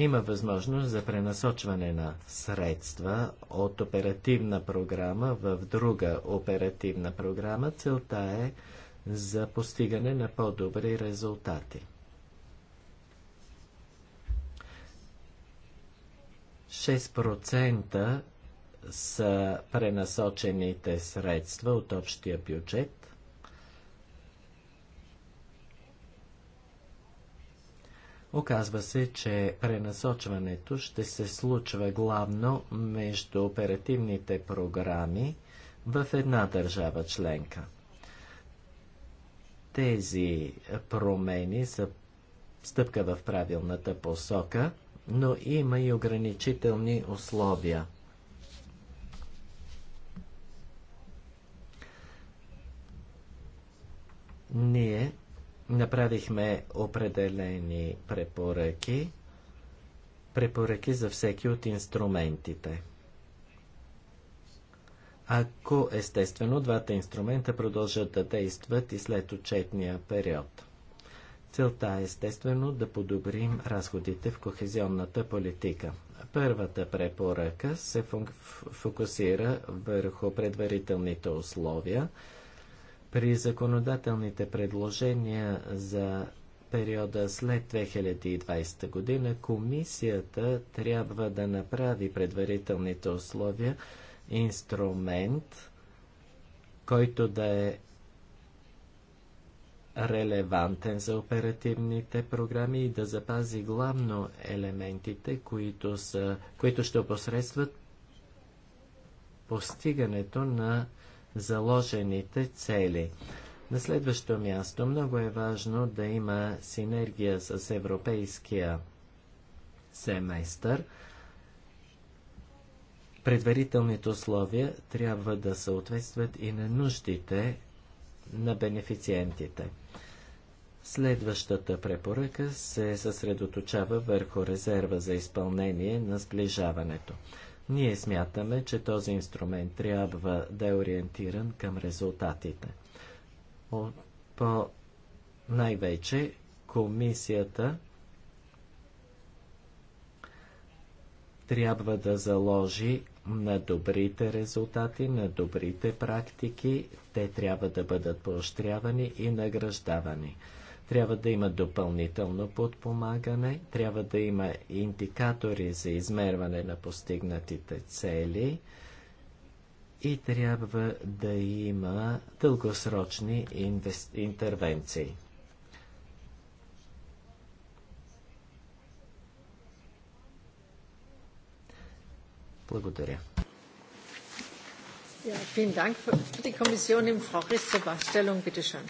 има възможност за пренасочване на средства от оперативна програма в друга оперативна програма. Целта е за постигане на по-добри резултати. Шест процента са пренасочените средства от общия бюджет Оказва се, че пренасочването ще се случва главно между оперативните програми в една държава членка. Тези промени са стъпка в правилната посока, но има и ограничителни условия. Ние Направихме определени препоръки, препоръки за всеки от инструментите. Ако естествено двата инструмента продължат да действат и след отчетния период. Целта е естествено да подобрим разходите в кохезионната политика. Първата препоръка се фокусира върху предварителните условия, при законодателните предложения за периода след 2020 година комисията трябва да направи предварителните условия инструмент, който да е релевантен за оперативните програми и да запази главно елементите, които, са, които ще опосредстват постигането на заложените цели. На следващо място много е важно да има синергия с европейския семестър. Предварителните условия трябва да съответстват и на нуждите на бенефициентите. Следващата препоръка се съсредоточава върху резерва за изпълнение на сближаването. Ние смятаме, че този инструмент трябва да е ориентиран към резултатите. По най-вече комисията трябва да заложи на добрите резултати, на добрите практики. Те трябва да бъдат поощрявани и награждавани. Трябва да има допълнително подпомагане, трябва да има индикатори за измерване на постигнатите цели и трябва да има дългосрочни интервенции. Благодаря.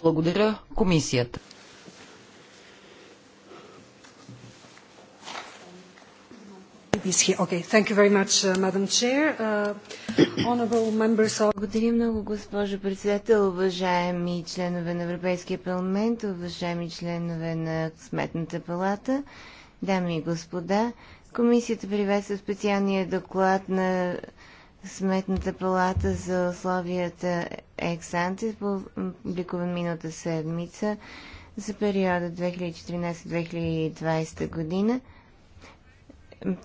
Благодаря комисията. Благодаря много, госпожо председател, уважаеми членове на Европейския парламент, уважаеми членове на Сметната палата, дами и господа. Комисията приветства специалния доклад на Сметната палата за условията ексанте, публикуван миналата седмица за периода 2014-2020 година.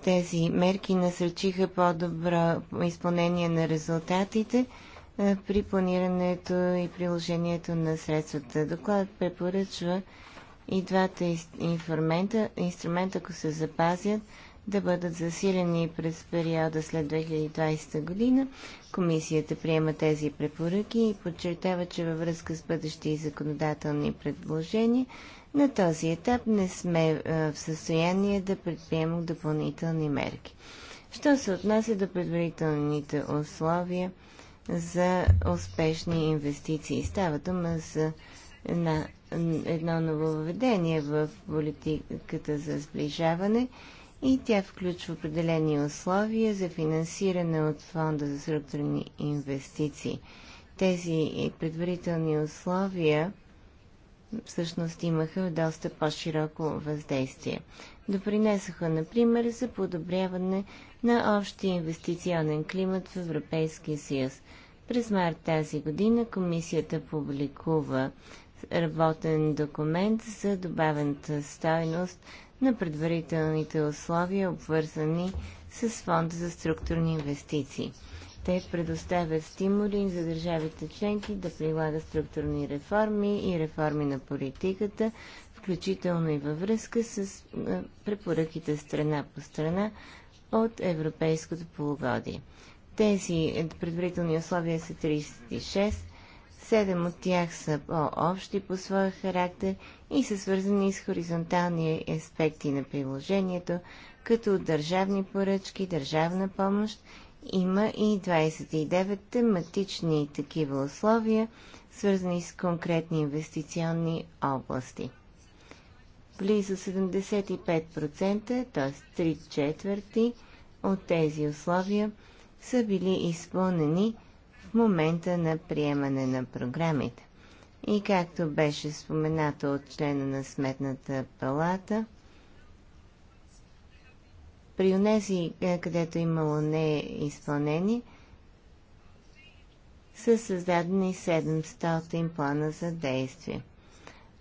Тези мерки насърчиха по-добро изпълнение на резултатите при планирането и приложението на средствата. Докладът препоръчва и двата инструмента, инструмента, ако се запазят, да бъдат засилени през периода след 2020 година. Комисията приема тези препоръки и подчертава, че във връзка с бъдещи законодателни предложения на този етап не сме е, в състояние да предприемем допълнителни мерки. Що се отнася до предварителните условия за успешни инвестиции? Става дума за една, едно нововведение в политиката за сближаване и тя включва определени условия за финансиране от Фонда за структурни инвестиции. Тези предварителни условия всъщност имаха доста по-широко въздействие. Допринесоха, например, за подобряване на общия инвестиционен климат в Европейския съюз. През март тази година комисията публикува работен документ за добавената стойност на предварителните условия, обвързани с фонда за структурни инвестиции те предоставят стимули за държавите членки да прилагат структурни реформи и реформи на политиката, включително и във връзка с препоръките страна по страна от Европейското полугодие. Тези предварителни условия са 36, 7 от тях са по-общи по своя характер и са свързани с хоризонтални аспекти на приложението, като държавни поръчки, държавна помощ има и 29 тематични такива условия, свързани с конкретни инвестиционни области. Близо 75%, т.е. 3 четвърти от тези условия са били изпълнени в момента на приемане на програмите. И както беше споменато от члена на Сметната палата – при онези, е, където е имало неизпълнени, са създадени 700 плана за действие.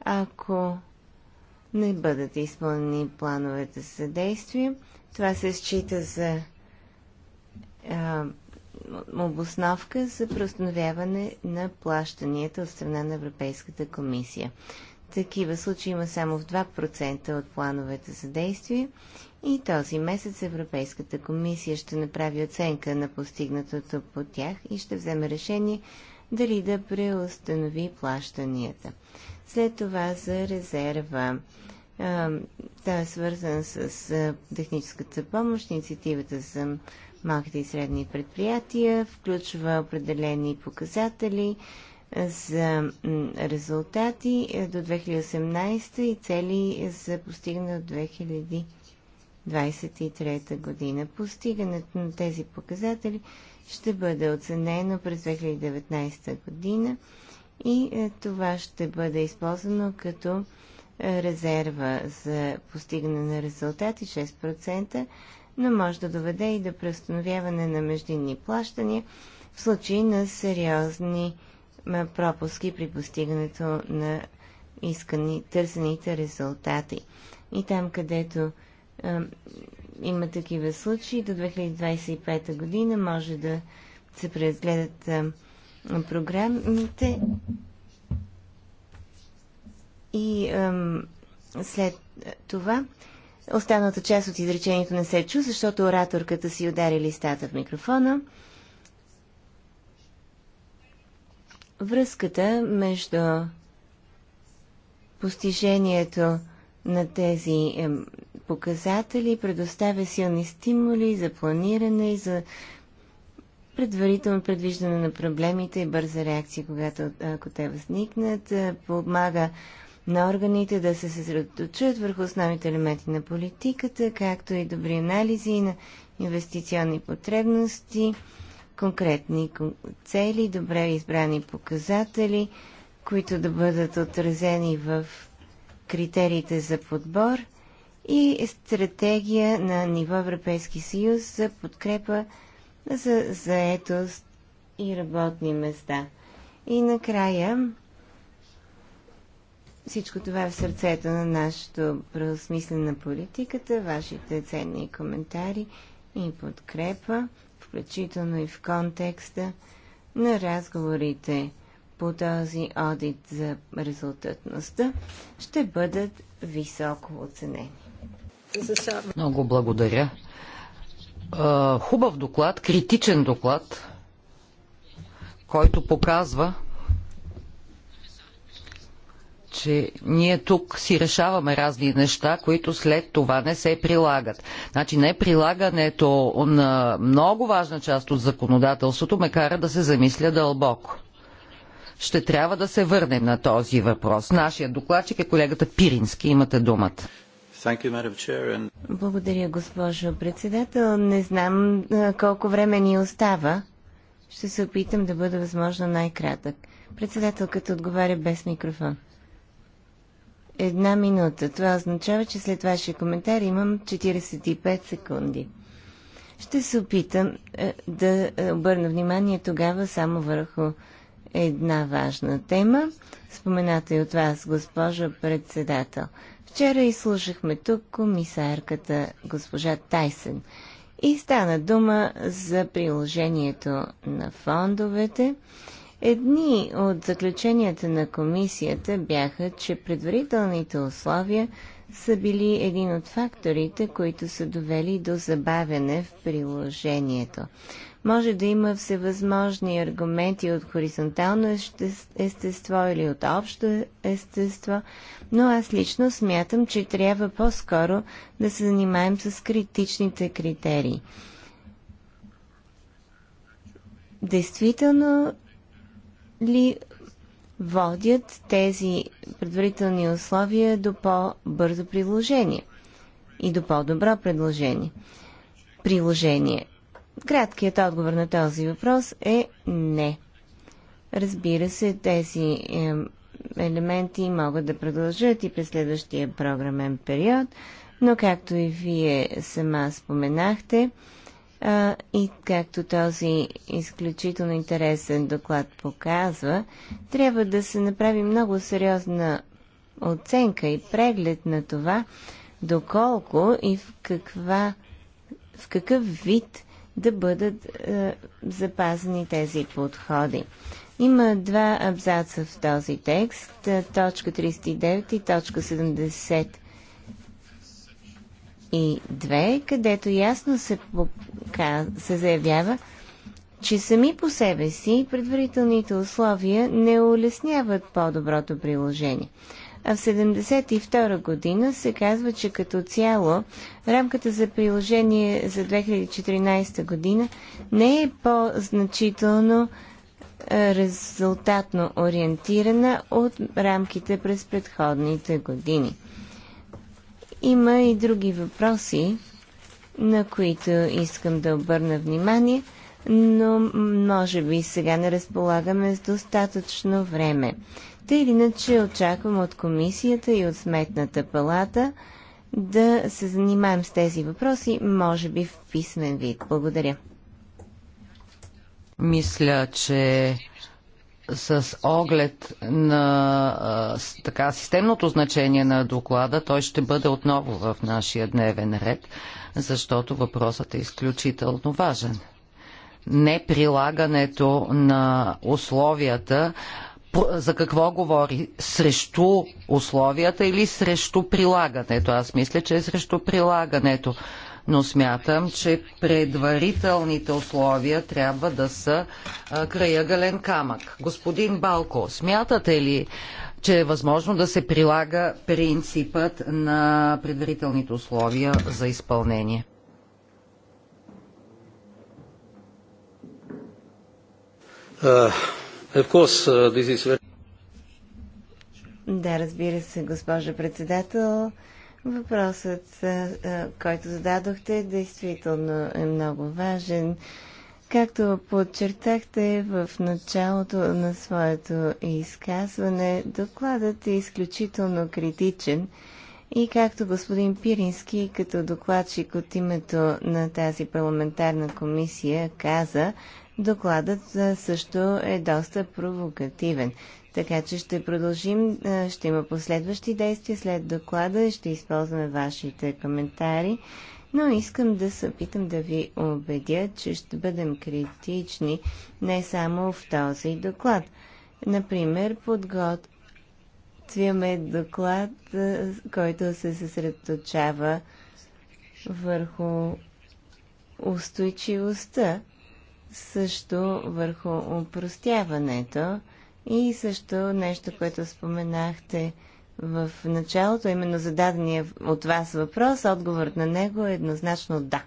Ако не бъдат изпълнени плановете за действие, това се счита за а, е, обосновка за преустановяване на плащанията от страна на Европейската комисия. Такива случаи има само в 2% от плановете за действие и този месец Европейската комисия ще направи оценка на постигнатото по тях и ще вземе решение дали да преустанови плащанията. След това за резерва. Та е свързан с техническата помощ, инициативата за малките и средни предприятия, включва определени показатели за резултати до 2018 и цели за постигна от 2000. 2023 година. Постигането на тези показатели ще бъде оценено през 2019 година и е, това ще бъде използвано като е, резерва за постигане на резултати 6%, но може да доведе и до преустановяване на междинни плащания в случай на сериозни е, пропуски при постигането на искани, търсените резултати. И там, където е, има такива случаи. До 2025 година може да се преразгледат е, програмите и е, след това останалата част от изречението не се чу, защото ораторката си удари листата в микрофона. Връзката между постижението на тези показатели, предоставя силни стимули за планиране и за предварително предвиждане на проблемите и бърза реакция, когато, ако те възникнат, е, помага на органите да се съсредоточат върху основните елементи на политиката, както и добри анализи на инвестиционни потребности, конкретни цели, добре избрани показатели, които да бъдат отразени в критериите за подбор и стратегия на ниво Европейски съюз за подкрепа за заетост и работни места. И накрая всичко това е в сърцето на нашето преосмислене на политиката, вашите ценни коментари и подкрепа, включително и в контекста на разговорите по този одит за резултатността, ще бъдат високо оценени. Много благодаря. Хубав доклад, критичен доклад, който показва, че ние тук си решаваме разни неща, които след това не се прилагат. Значи не прилагането на много важна част от законодателството ме кара да се замисля дълбоко. Ще трябва да се върнем на този въпрос. Нашия докладчик е колегата Пирински. Имате думата. Благодаря, госпожо председател. Не знам колко време ни остава. Ще се опитам да бъда възможно най-кратък. Председателката отговаря без микрофон. Една минута. Това означава, че след вашия коментар имам 45 секунди. Ще се опитам да обърна внимание тогава само върху една важна тема, спомената и от вас, госпожо председател – Вчера изслушахме тук комисарката госпожа Тайсен и стана дума за приложението на фондовете. Едни от заключенията на комисията бяха, че предварителните условия са били един от факторите, които са довели до забавяне в приложението. Може да има всевъзможни аргументи от хоризонтално естество или от общо естество, но аз лично смятам, че трябва по-скоро да се занимаем с критичните критерии. Действително ли водят тези предварителни условия до по-бързо приложение и до по-добро предложение. Приложение. Краткият отговор на този въпрос е не. Разбира се, тези е, елементи могат да продължат и през следващия програмен период, но както и вие сама споменахте, и както този изключително интересен доклад показва, трябва да се направи много сериозна оценка и преглед на това, доколко и в, каква, в какъв вид да бъдат е, запазени тези подходи. Има два абзаца в този текст, е, точка 39 и точка 70 и 2, където ясно се, показ... се заявява, че сами по себе си предварителните условия не улесняват по-доброто приложение. А в 1972 година се казва, че като цяло рамката за приложение за 2014 година не е по-значително резултатно ориентирана от рамките през предходните години. Има и други въпроси, на които искам да обърна внимание, но може би сега не разполагаме с достатъчно време. Те или иначе очакваме от комисията и от сметната палата да се занимаем с тези въпроси, може би в писмен вид. Благодаря. Мисля, че с оглед на така системното значение на доклада, той ще бъде отново в нашия дневен ред, защото въпросът е изключително важен неприлагането на условията за какво говори? Срещу условията или срещу прилагането? Аз мисля, че е срещу прилагането. Но смятам, че предварителните условия трябва да са а, краягален камък. Господин Балко, смятате ли, че е възможно да се прилага принципът на предварителните условия за изпълнение? Uh... Uh, да, разбира се, госпожа председател. Въпросът, който зададохте, действително е много важен. Както подчертахте в началото на своето изказване, докладът е изключително критичен и както господин Пирински, като докладчик от името на тази парламентарна комисия, каза, Докладът също е доста провокативен. Така че ще продължим, ще има последващи действия след доклада и ще използваме вашите коментари. Но искам да се опитам да ви убедя, че ще бъдем критични не само в този доклад. Например, подготвяме доклад, който се съсредоточава върху устойчивостта също върху упростяването и също нещо, което споменахте в началото, именно зададения от вас въпрос, отговорът на него е еднозначно да.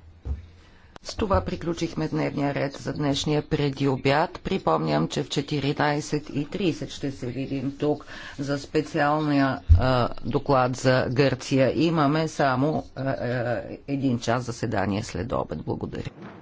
С това приключихме дневния ред за днешния преди обяд. Припомням, че в 14.30 ще се видим тук за специалния а, доклад за Гърция. Имаме само а, а, един час заседание след обед. Благодаря.